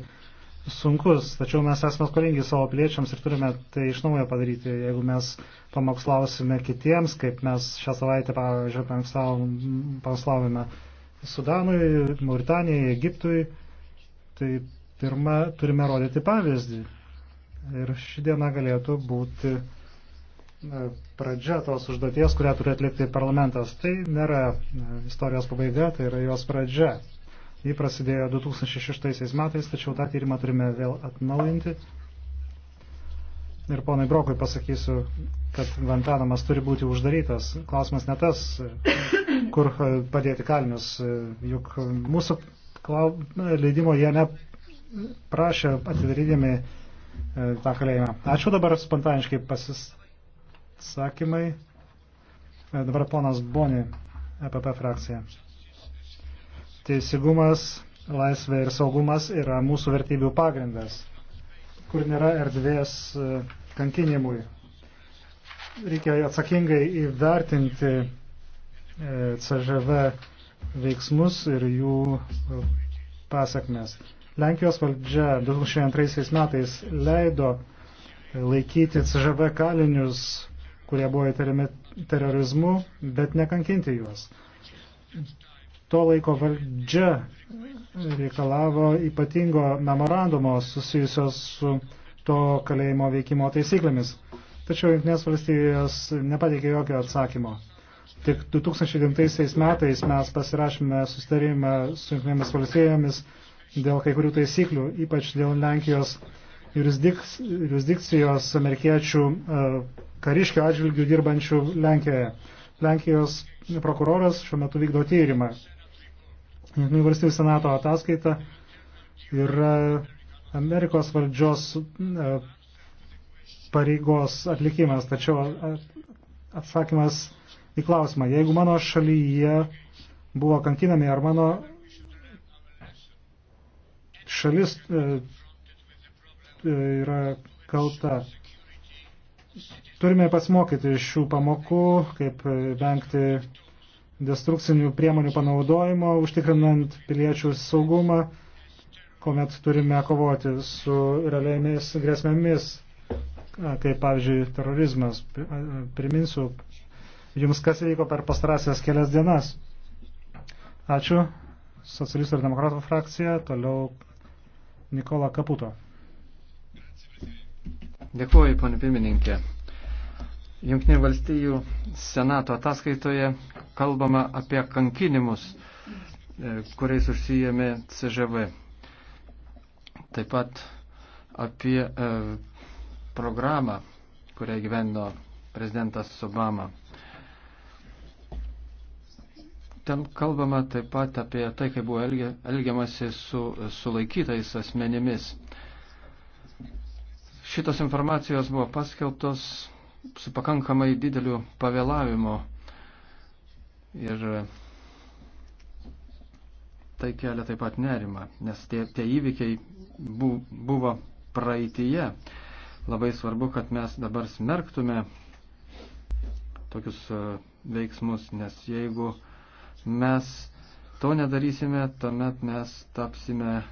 sunkus, tačiau mes esame skolingi savo piliečiams ir turime tai iš naujo padaryti. Jeigu mes pamokslausime kitiems, kaip mes šią savaitę, pavyzdžiui, pamokslavome Sudanui, Mauritanijai, Egiptui, tai Pirma, turime rodyti pavyzdį. Ir ši diena galėtų būti pradžia tos užduoties, kurią turi atlikti parlamentas. Tai nėra istorijos pabaiga, tai yra jos pradžia. Ji prasidėjo 2006 metais, tačiau tą tyrimą turime vėl atnaujinti. Ir ponai Brokui pasakysiu, kad Vantanamas turi būti uždarytas. Klausimas ne tas, kur padėti kalinius, juk mūsų leidimo jie ne prašė atidarydami e, tą kalėjimą. Ačiū dabar spontaniškai pasisakymai. E, dabar ponas Boni, EPP frakcija. Teisigumas, laisvė ir saugumas yra mūsų vertybių pagrindas, kur nėra erdvės e, kankinimui. Reikia atsakingai įvertinti CŽV veiksmus ir jų pasakmes. Lenkijos valdžia 2002 metais leido laikyti CŽV kalinius, kurie buvo įtariami terorizmu, bet nekankinti juos. Tuo laiko valdžia reikalavo ypatingo memorandumo susijusios su to kalėjimo veikimo taisyklėmis. Tačiau Junktinės valstijos nepateikė jokio atsakymo. Tik 2009 metais mes pasirašėme sustarimą su Junktinėmis valstijomis dėl kai kurių taisyklių, ypač dėl Lenkijos jurisdik, jurisdikcijos amerikiečių e, kariškių atžvilgių dirbančių Lenkijoje. Lenkijos prokuroras šiuo metu vykdo tyrimą. Jungtinių valstybių senato ataskaita yra Amerikos valdžios e, pareigos atlikimas, tačiau e, atsakymas į klausimą, jeigu mano šalyje buvo kankinami ar mano šalis e, e, yra kalta. Turime pasimokyti iš šių pamokų, kaip vengti destrukcinių priemonių panaudojimo, užtikrinant piliečių saugumą, kuomet turime kovoti su realiamis grėsmėmis, kaip pavyzdžiui terorizmas. Priminsiu jums, kas vyko per pastarąsias kelias dienas. Ačiū. Socialistų ir demokratų frakcija. Toliau Nikola Kaputo. Dėkuoju, ponė pirmininkė. Junktinių valstijų Senato ataskaitoje kalbama apie kankinimus, e, kuriais užsijėmė CŽV. Taip pat apie e, programą, kurią gyveno prezidentas Obama. Ten kalbama taip pat apie tai, kaip buvo elgiamasi su sulaikytais asmenimis. Šitos informacijos buvo paskelbtos su pakankamai dideliu pavėlavimu ir tai kelia taip pat nerima, nes tie, tie įvykiai bu, buvo praeitie. Labai svarbu, kad mes dabar smerktume tokius e, veiksmus, nes jeigu uh, mes to nedarysime, tuomet mes tapsime e,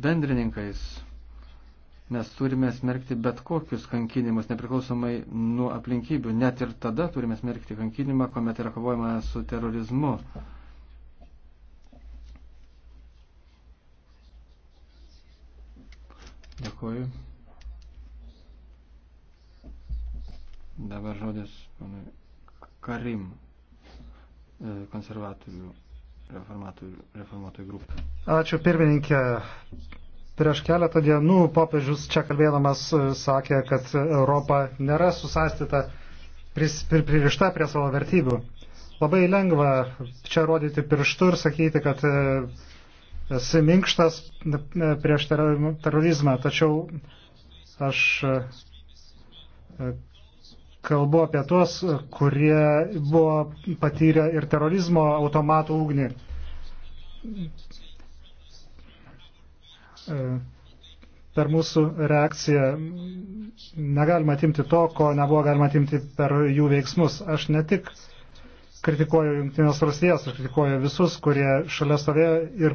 bendrininkais. Mes turime smerkti bet kokius kankinimus, nepriklausomai nuo aplinkybių. Net ir tada turime smerkti kankinimą, kuomet yra kovojama su terorizmu. Dėkuoju. Dabar žodis panui Karim konservatorių reformatorių grupę. Ačiū pirmininkė. Prieš keletą dienų popiežius čia kalbėdamas e, sakė, kad Europa nėra susastyta, pririšta prie savo vertybių. Labai lengva čia rodyti pirštų ir sakyti, kad e, esi minkštas e, prieš terorizmą, tačiau aš kalbu apie tuos, kurie buvo patyrę ir terorizmo automatų ugnį. E, per mūsų reakciją negalima atimti to, ko nebuvo galima atimti per jų veiksmus. Aš ne tik kritikuoju Junktinės Rusijas, aš kritikuoju visus, kurie šalia stovėjo ir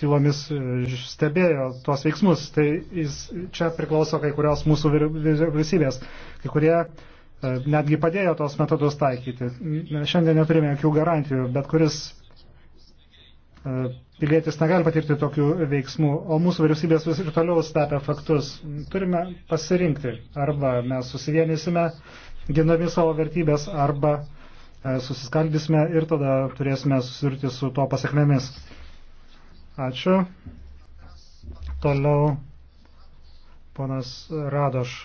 tylomis e, stebėjo tuos veiksmus. Tai jis, čia priklauso kai kurios mūsų vyriausybės. Kai kurie uh, E, netgi padėjo tos metodus taikyti. Šiandien neturime jokių garantijų, bet kuris e, pilietis negali patirti tokių veiksmų, o mūsų vyriausybės vis ir toliau stepia faktus. Turime pasirinkti, arba mes susivienysime, gindami savo vertybės, arba e, susiskaldysime ir tada turėsime susirti su to pasiekmėmis. Ačiū. Toliau ponas Radoš.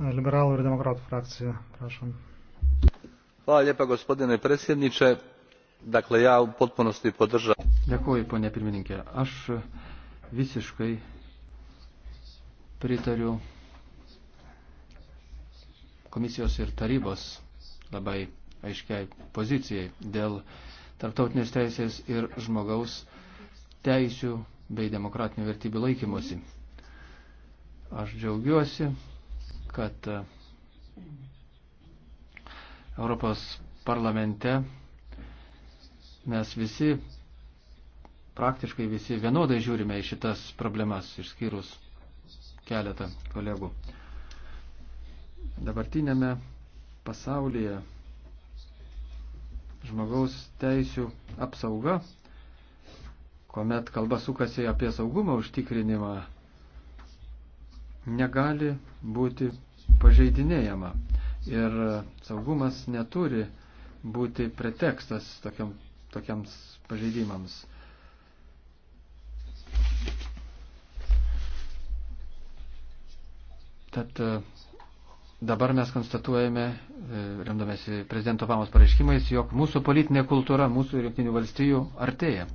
Liberalų ir demokratų frakcija, prašom. Hvala lijepa gospodine predsjedniče. Dakle, ja u potpunosti podržavam. Dėkuoju, ponė pirmininkė. Aš visiškai pritariu komisijos ir tarybos labai aiškiai pozicijai dėl tarptautinės teisės ir žmogaus teisių bei demokratinių vertybių laikymosi. Aš džiaugiuosi, kad e, Europos parlamente mes visi, praktiškai visi vienodai žiūrime į šitas problemas, išskyrus keletą kolegų. Dabartinėme pasaulyje žmogaus teisių apsauga, kuomet kalba sukasi apie saugumo užtikrinimą negali būti pažeidinėjama. Ir saugumas neturi būti pretekstas tokiam, tokiams pažeidimams. Tad e, dabar mes konstatuojame, e, remdamėsi prezidento Vamos pareiškimais, jog mūsų politinė kultūra, mūsų rinktinių valstijų artėja.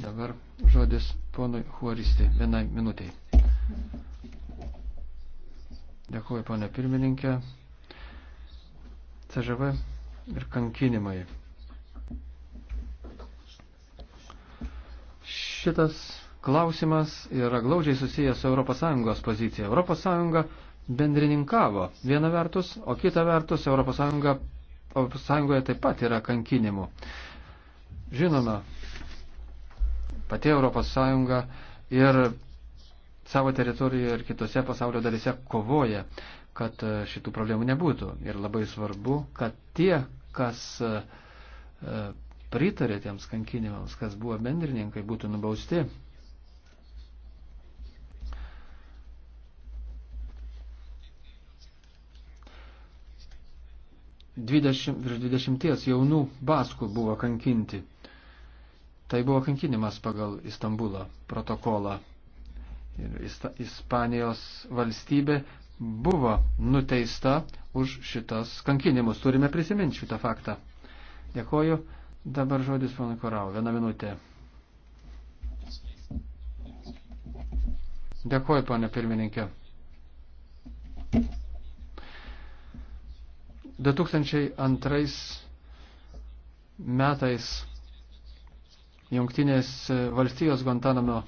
Dabar žodis ponui Huaristi vienai minutiai. Dėkuoju, ponė pirmininkė. CŽV ir kankinimai. Šitas klausimas yra glaudžiai susijęs su ES pozicija. ES bendrininkavo viena vertus, o kita vertus ES, ES taip pat yra kankinimų. Žinoma, pati ES ir savo teritorijoje ir kitose pasaulio dalise kovoja, kad e, šitų problemų nebūtų. Ir labai svarbu, kad tie, kas e, e, pritarė tiems kankinimams, kas buvo bendrininkai, būtų nubausti. Dvidešimt, virš dvidešimties jaunų baskų buvo kankinti. Tai buvo kankinimas pagal Istambulo protokolą. Ispanijos valstybė buvo nuteista už šitas kankinimus. Turime prisiminti šitą faktą. Dėkoju. Dabar žodis ponui Korau. Vieną minutę. Dėkoju, ponė pirmininkė. 2002 metais Jungtinės valstijos Guantanamo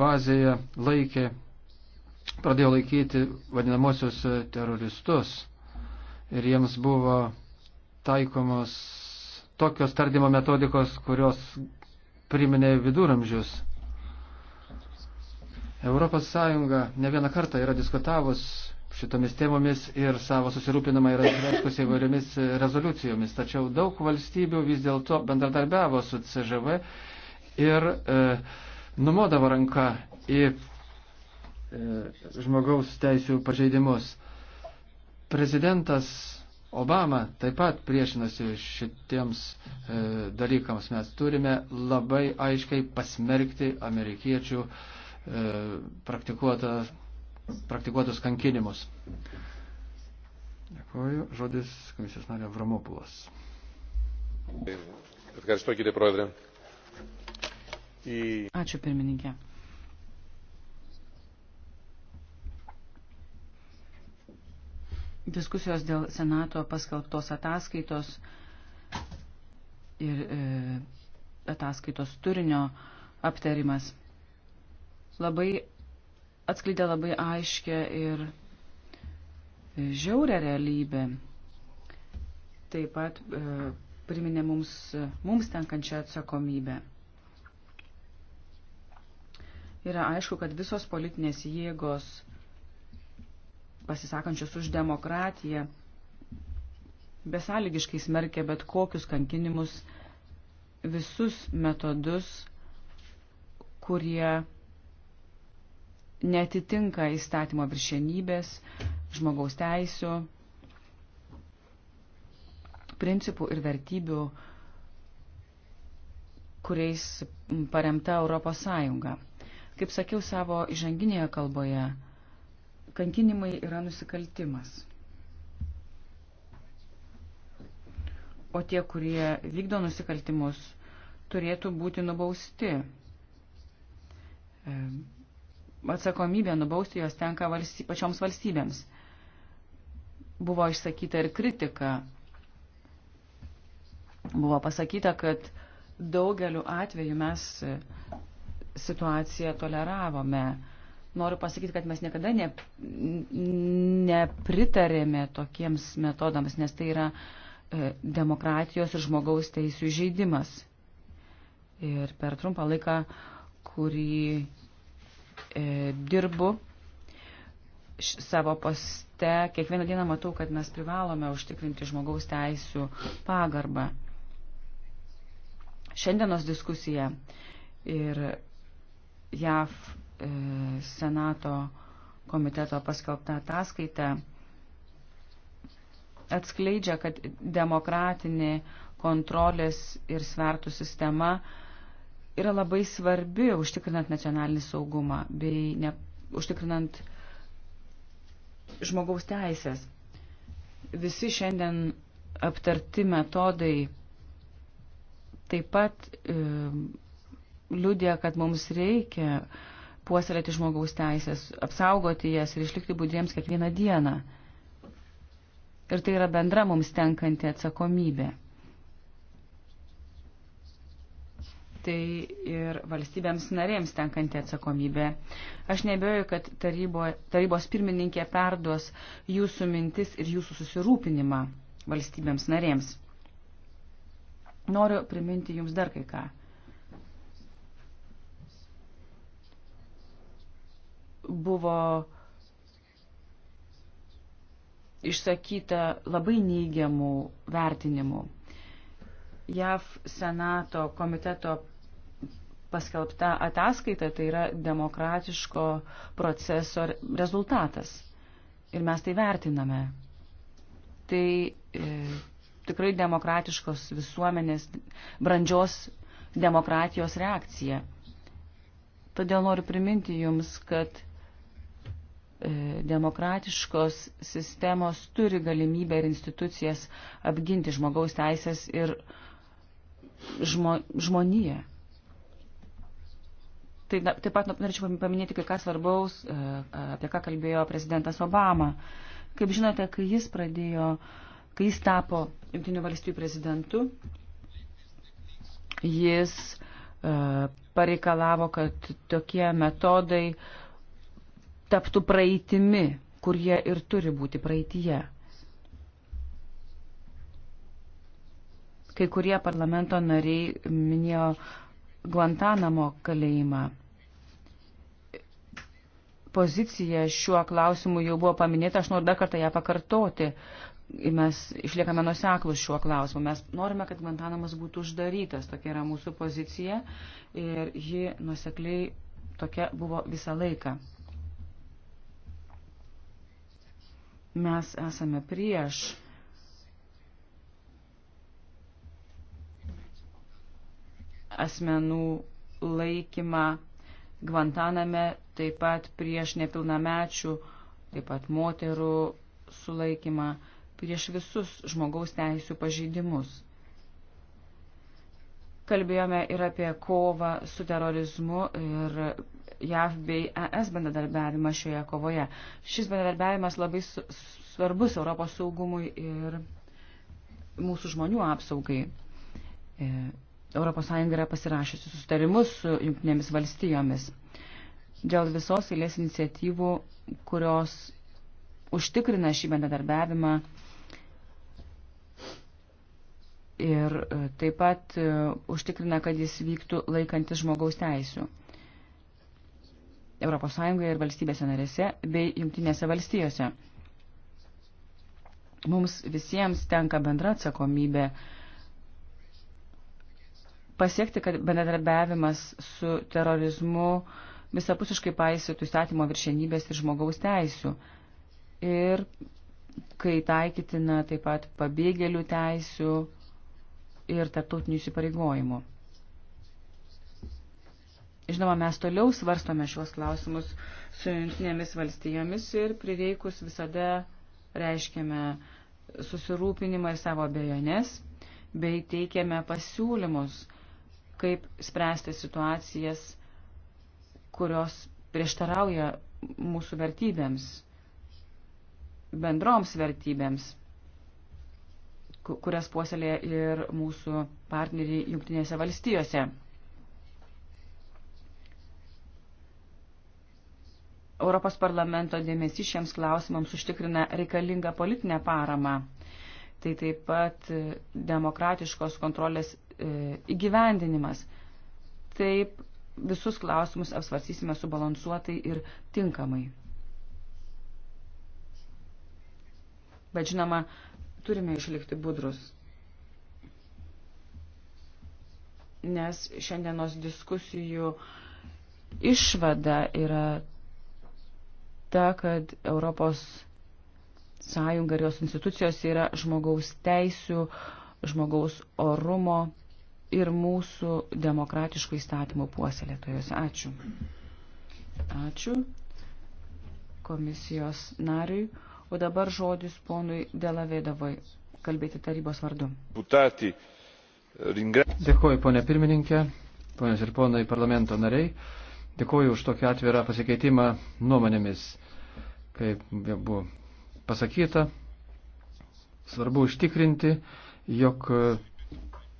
bazėje laikė, pradėjo laikyti vadinamosius e, teroristus ir jiems buvo taikomos tokios tardymo metodikos, kurios priminė viduramžius. Europos Sąjunga ne vieną kartą yra diskutavus šitomis temomis ir savo susirūpinimą yra išreiškusi įvairiomis rezoliucijomis. Tačiau daug valstybių vis dėlto bendradarbiavo su CŽV ir e, numodavo ranką į e, žmogaus teisų pažeidimus. Prezidentas Obama taip pat priešinasi šitiems e, dalykams. Mes turime labai aiškiai pasmerkti amerikiečių e, praktikuotus kankinimus. Dėkuoju. Žodis komisijos nario Vramopulas. Ευχαριστώ κύριε Πρόεδρε į. Ačiū pirmininkė. Diskusijos dėl Senato paskelbtos ataskaitos ir e, ataskaitos turinio aptarimas labai atskleidė labai aiškę ir žiaurę realybę. Taip pat e, priminė mums, mums tenkančią atsakomybę yra aišku, kad visos politinės jėgos pasisakančios už demokratiją besąlygiškai smerkia bet kokius kankinimus, visus metodus, kurie netitinka įstatymo viršienybės, žmogaus teisų, principų ir vertybių, kuriais paremta Europos Sąjunga. Kaip sakiau savo įžanginėje kalboje, kankinimai yra nusikaltimas. O tie, kurie vykdo nusikaltimus, turėtų būti nubausti. E, Atsakomybė nubausti jos tenka valsty, pačioms valstybėms. Buvo išsakyta ir kritika. Buvo pasakyta, kad daugeliu atveju mes situaciją toleravome. Noriu pasakyti, kad mes niekada ne, nepritarėme tokiems metodams, nes tai yra e, demokratijos ir žmogaus teisų žaidimas. Ir per trumpą laiką, kurį e, dirbu š, savo poste, kiekvieną dieną matau, kad mes privalome užtikrinti žmogaus teisų pagarbą. Šiandienos diskusija ir JAV e, Senato komiteto paskelbta ataskaita atskleidžia, kad demokratinė kontrolės ir svertų sistema yra labai svarbi užtikrinant nacionalinį saugumą bei ne, užtikrinant žmogaus teisės. Visi šiandien aptarti metodai taip pat e, liudė, kad mums reikia puoselėti žmogaus teisės, apsaugoti jas ir išlikti būdiems kiekvieną dieną. Ir tai yra bendra mums tenkanti atsakomybė. Tai ir valstybėms narėms tenkanti atsakomybė. Aš nebejoju, kad tarybo, tarybos pirmininkė perduos jūsų mintis ir jūsų susirūpinimą valstybėms narėms. Noriu priminti jums dar kai ką. buvo išsakyta labai neigiamų vertinimų. JAV Senato komiteto paskelbta ataskaita tai yra demokratiško proceso rezultatas. Ir mes tai vertiname. Tai e, tikrai demokratiškos visuomenės, brandžios demokratijos reakcija. Todėl noriu priminti Jums, kad E, demokratiškos sistemos turi galimybę ir institucijas apginti žmogaus teisės ir žmo, žmoniją. Tai, taip pat norėčiau paminėti kai ką svarbaus, e, apie ką kalbėjo prezidentas Obama. Kaip žinote, kai jis pradėjo, kai jis tapo Junktinių valstybių prezidentu, jis e, pareikalavo, kad tokie metodai taptų praeitimi, kur jie ir turi būti praeitie. Kai kurie parlamento nariai minėjo Guantanamo kalėjimą. Pozicija šiuo klausimu jau buvo paminėta, aš noriu dar kartą ją pakartoti. Mes išliekame nuseklus šiuo klausimu. Mes norime, kad Guantanamas būtų uždarytas. Tokia yra mūsų pozicija ir ji nusekliai tokia buvo visą laiką. mes esame prieš. asmenų laikymą Gvantaname, taip pat prieš nepilnamečių, taip pat moterų sulaikymą, prieš visus žmogaus teisų pažeidimus. Kalbėjome ir apie kovą su terorizmu ir JAV bei ES bendradarbiavimą šioje kovoje. Šis bendradarbiavimas labai svarbus Europos saugumui ir mūsų žmonių apsaugai. ES yra pasirašysi sustarimus su jungtinėmis valstijomis dėl visos eilės iniciatyvų, kurios užtikrina šį bendradarbiavimą ir e, taip pat e, užtikrina, kad jis vyktų laikantis žmogaus teisų. ES ir valstybėse narėse bei jungtinėse valstijose. Mums visiems tenka bendra atsakomybė pasiekti, kad bendradarbiavimas su terorizmu visapusiškai paisytų įstatymo viršenybės ir žmogaus teisių. Ir kai taikytina taip pat pabėgėlių teisių ir tarptautinių įsipareigojimų. Žinoma, mes toliau svarstome šios klausimus su jungtinėmis valstijomis ir prireikus visada reiškiame susirūpinimą ir savo bejonės, bei teikiame pasiūlymus, kaip spręsti situacijas, kurios prieštarauja mūsų vertybėms, bendroms vertybėms, kurias puoselė ir mūsų partneriai jungtinėse valstijose. Europos parlamento dėmesys šiems klausimams užtikrina reikalingą politinę paramą. Tai taip pat e, demokratiškos kontrolės e, įgyvendinimas. Taip visus klausimus apsvarsysime subalansuotai ir tinkamai. Bet žinoma, turime išlikti budrus. Nes šiandienos diskusijų išvada yra ta, kad Europos sąjunga ir jos institucijos yra žmogaus teisių, žmogaus orumo ir mūsų demokratiškų įstatymų puoselėtojos. Ačiū. Ačiū komisijos nariui. O dabar žodis ponui Delavedovui kalbėti tarybos vardu. Deputati, ringra... Dėkuoju, ponė pirmininkė, ponės ir ponai parlamento nariai. Dėkuoju už tokį atvirą pasikeitimą nuomonėmis, kaip buvo pasakyta. Svarbu užtikrinti, jog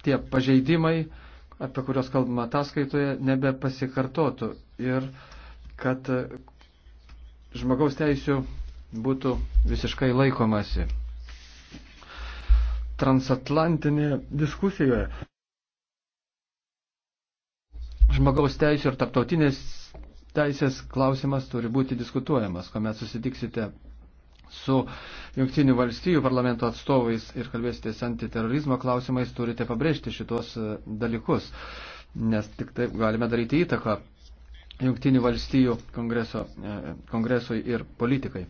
tie pažeidimai, apie kuriuos kalbama ataskaitoje, nebepasikartotų ir kad žmogaus teisių būtų visiškai laikomasi. Transatlantinėje diskusijoje žmogaus teisų ir tarptautinės teisės klausimas turi būti diskutuojamas, kuomet susitiksite su Junktinių valstybių parlamento atstovais ir kalbėsitės antiterorizmo klausimais, turite pabrėžti šitos e, dalykus, nes tik taip galime daryti įtaką Junktinių valstybių kongreso, e, kongresui ir politikai.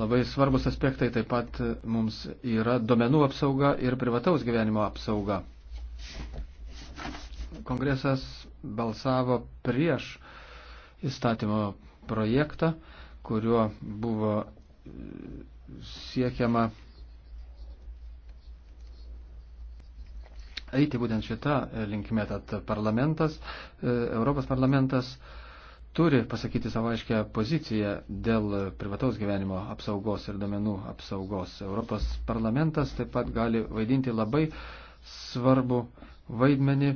Labai svarbus aspektai taip pat mums yra domenų apsauga ir privataus gyvenimo apsauga kongresas balsavo prieš įstatymo projektą, kuriuo buvo e, siekiama eiti būtent šitą e, linkme, tad parlamentas, e, Europos parlamentas turi pasakyti savo aiškę poziciją dėl privataus gyvenimo apsaugos ir domenų apsaugos. Europos parlamentas taip pat gali vaidinti labai svarbu vaidmenį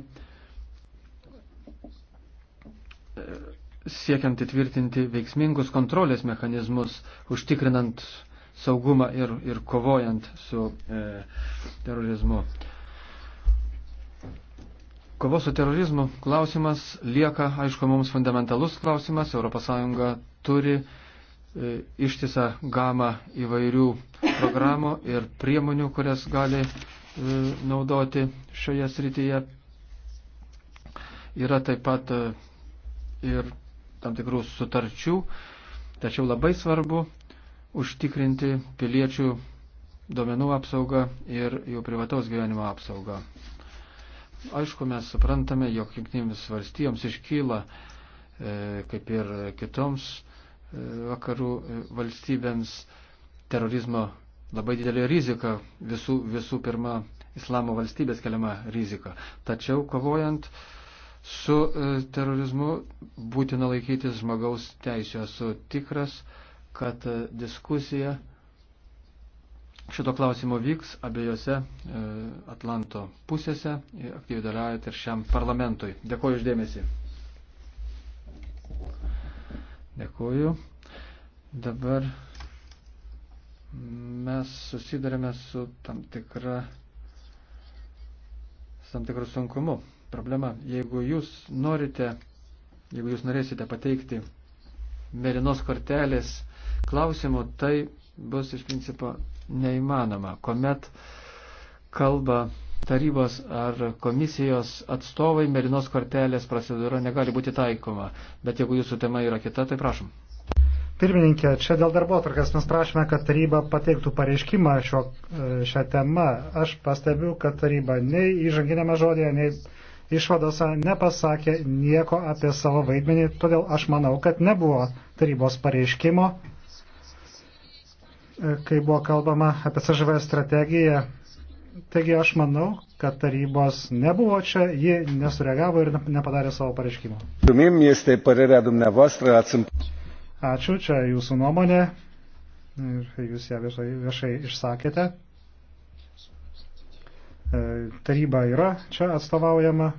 siekiant įtvirtinti veiksmingus kontrolės mechanizmus, užtikrinant saugumą ir, ir kovojant su e, terorizmu. Kovos su terorizmu klausimas lieka, aišku, mums fundamentalus klausimas. ES turi e, ištisą gamą įvairių programų ir priemonių, kurias gali e, naudoti šioje srityje. Yra taip pat e, ir tam tikrų sutarčių, tačiau labai svarbu užtikrinti piliečių duomenų apsaugą ir jų privataus gyvenimo apsaugą. Aišku, mes suprantame, jog jungtinėms valstijoms iškyla, e, kaip ir kitoms e, vakarų e, valstybėms, terorizmo labai didelė rizika, visų, visų pirma, islamo valstybės keliama rizika. Tačiau kovojant su e, terorizmu būtina laikytis žmogaus teisų. Esu tikras, kad e, diskusija šito klausimo vyks abiejose e, Atlanto pusėse. Aktyviai dalyvaujate ir šiam parlamentui. Dėkuoju uždėmesi. Dėkuoju. Dabar mes susidarėme su tam tikra tam tikrų sunkumu problema. Jeigu jūs norite, jeigu jūs norėsite pateikti mėlynos kortelės klausimų, tai bus iš principo neįmanoma. Komet kalba tarybos ar komisijos atstovai, mėlynos kortelės procedūra negali būti taikoma. Bet jeigu jūsų tema yra kita, tai prašom. Pirmininkė, čia dėl darbo atvarkės mes prašome, kad taryba pateiktų pareiškimą šio, e, šią temą. Aš pastebiu, kad taryba nei įžanginėme žodėje, nei išvadose nepasakė nieko apie savo vaidmenį, todėl aš manau, kad nebuvo tarybos pareiškimo, e, kai buvo kalbama apie CŽV strategiją. Taigi aš manau, kad tarybos nebuvo čia, ji nesureagavo ir nepadarė savo pareiškimo. Ačiū, čia jūsų nuomonė ir jūs ją viešai, viešai išsakėte. E, taryba yra čia atstovaujama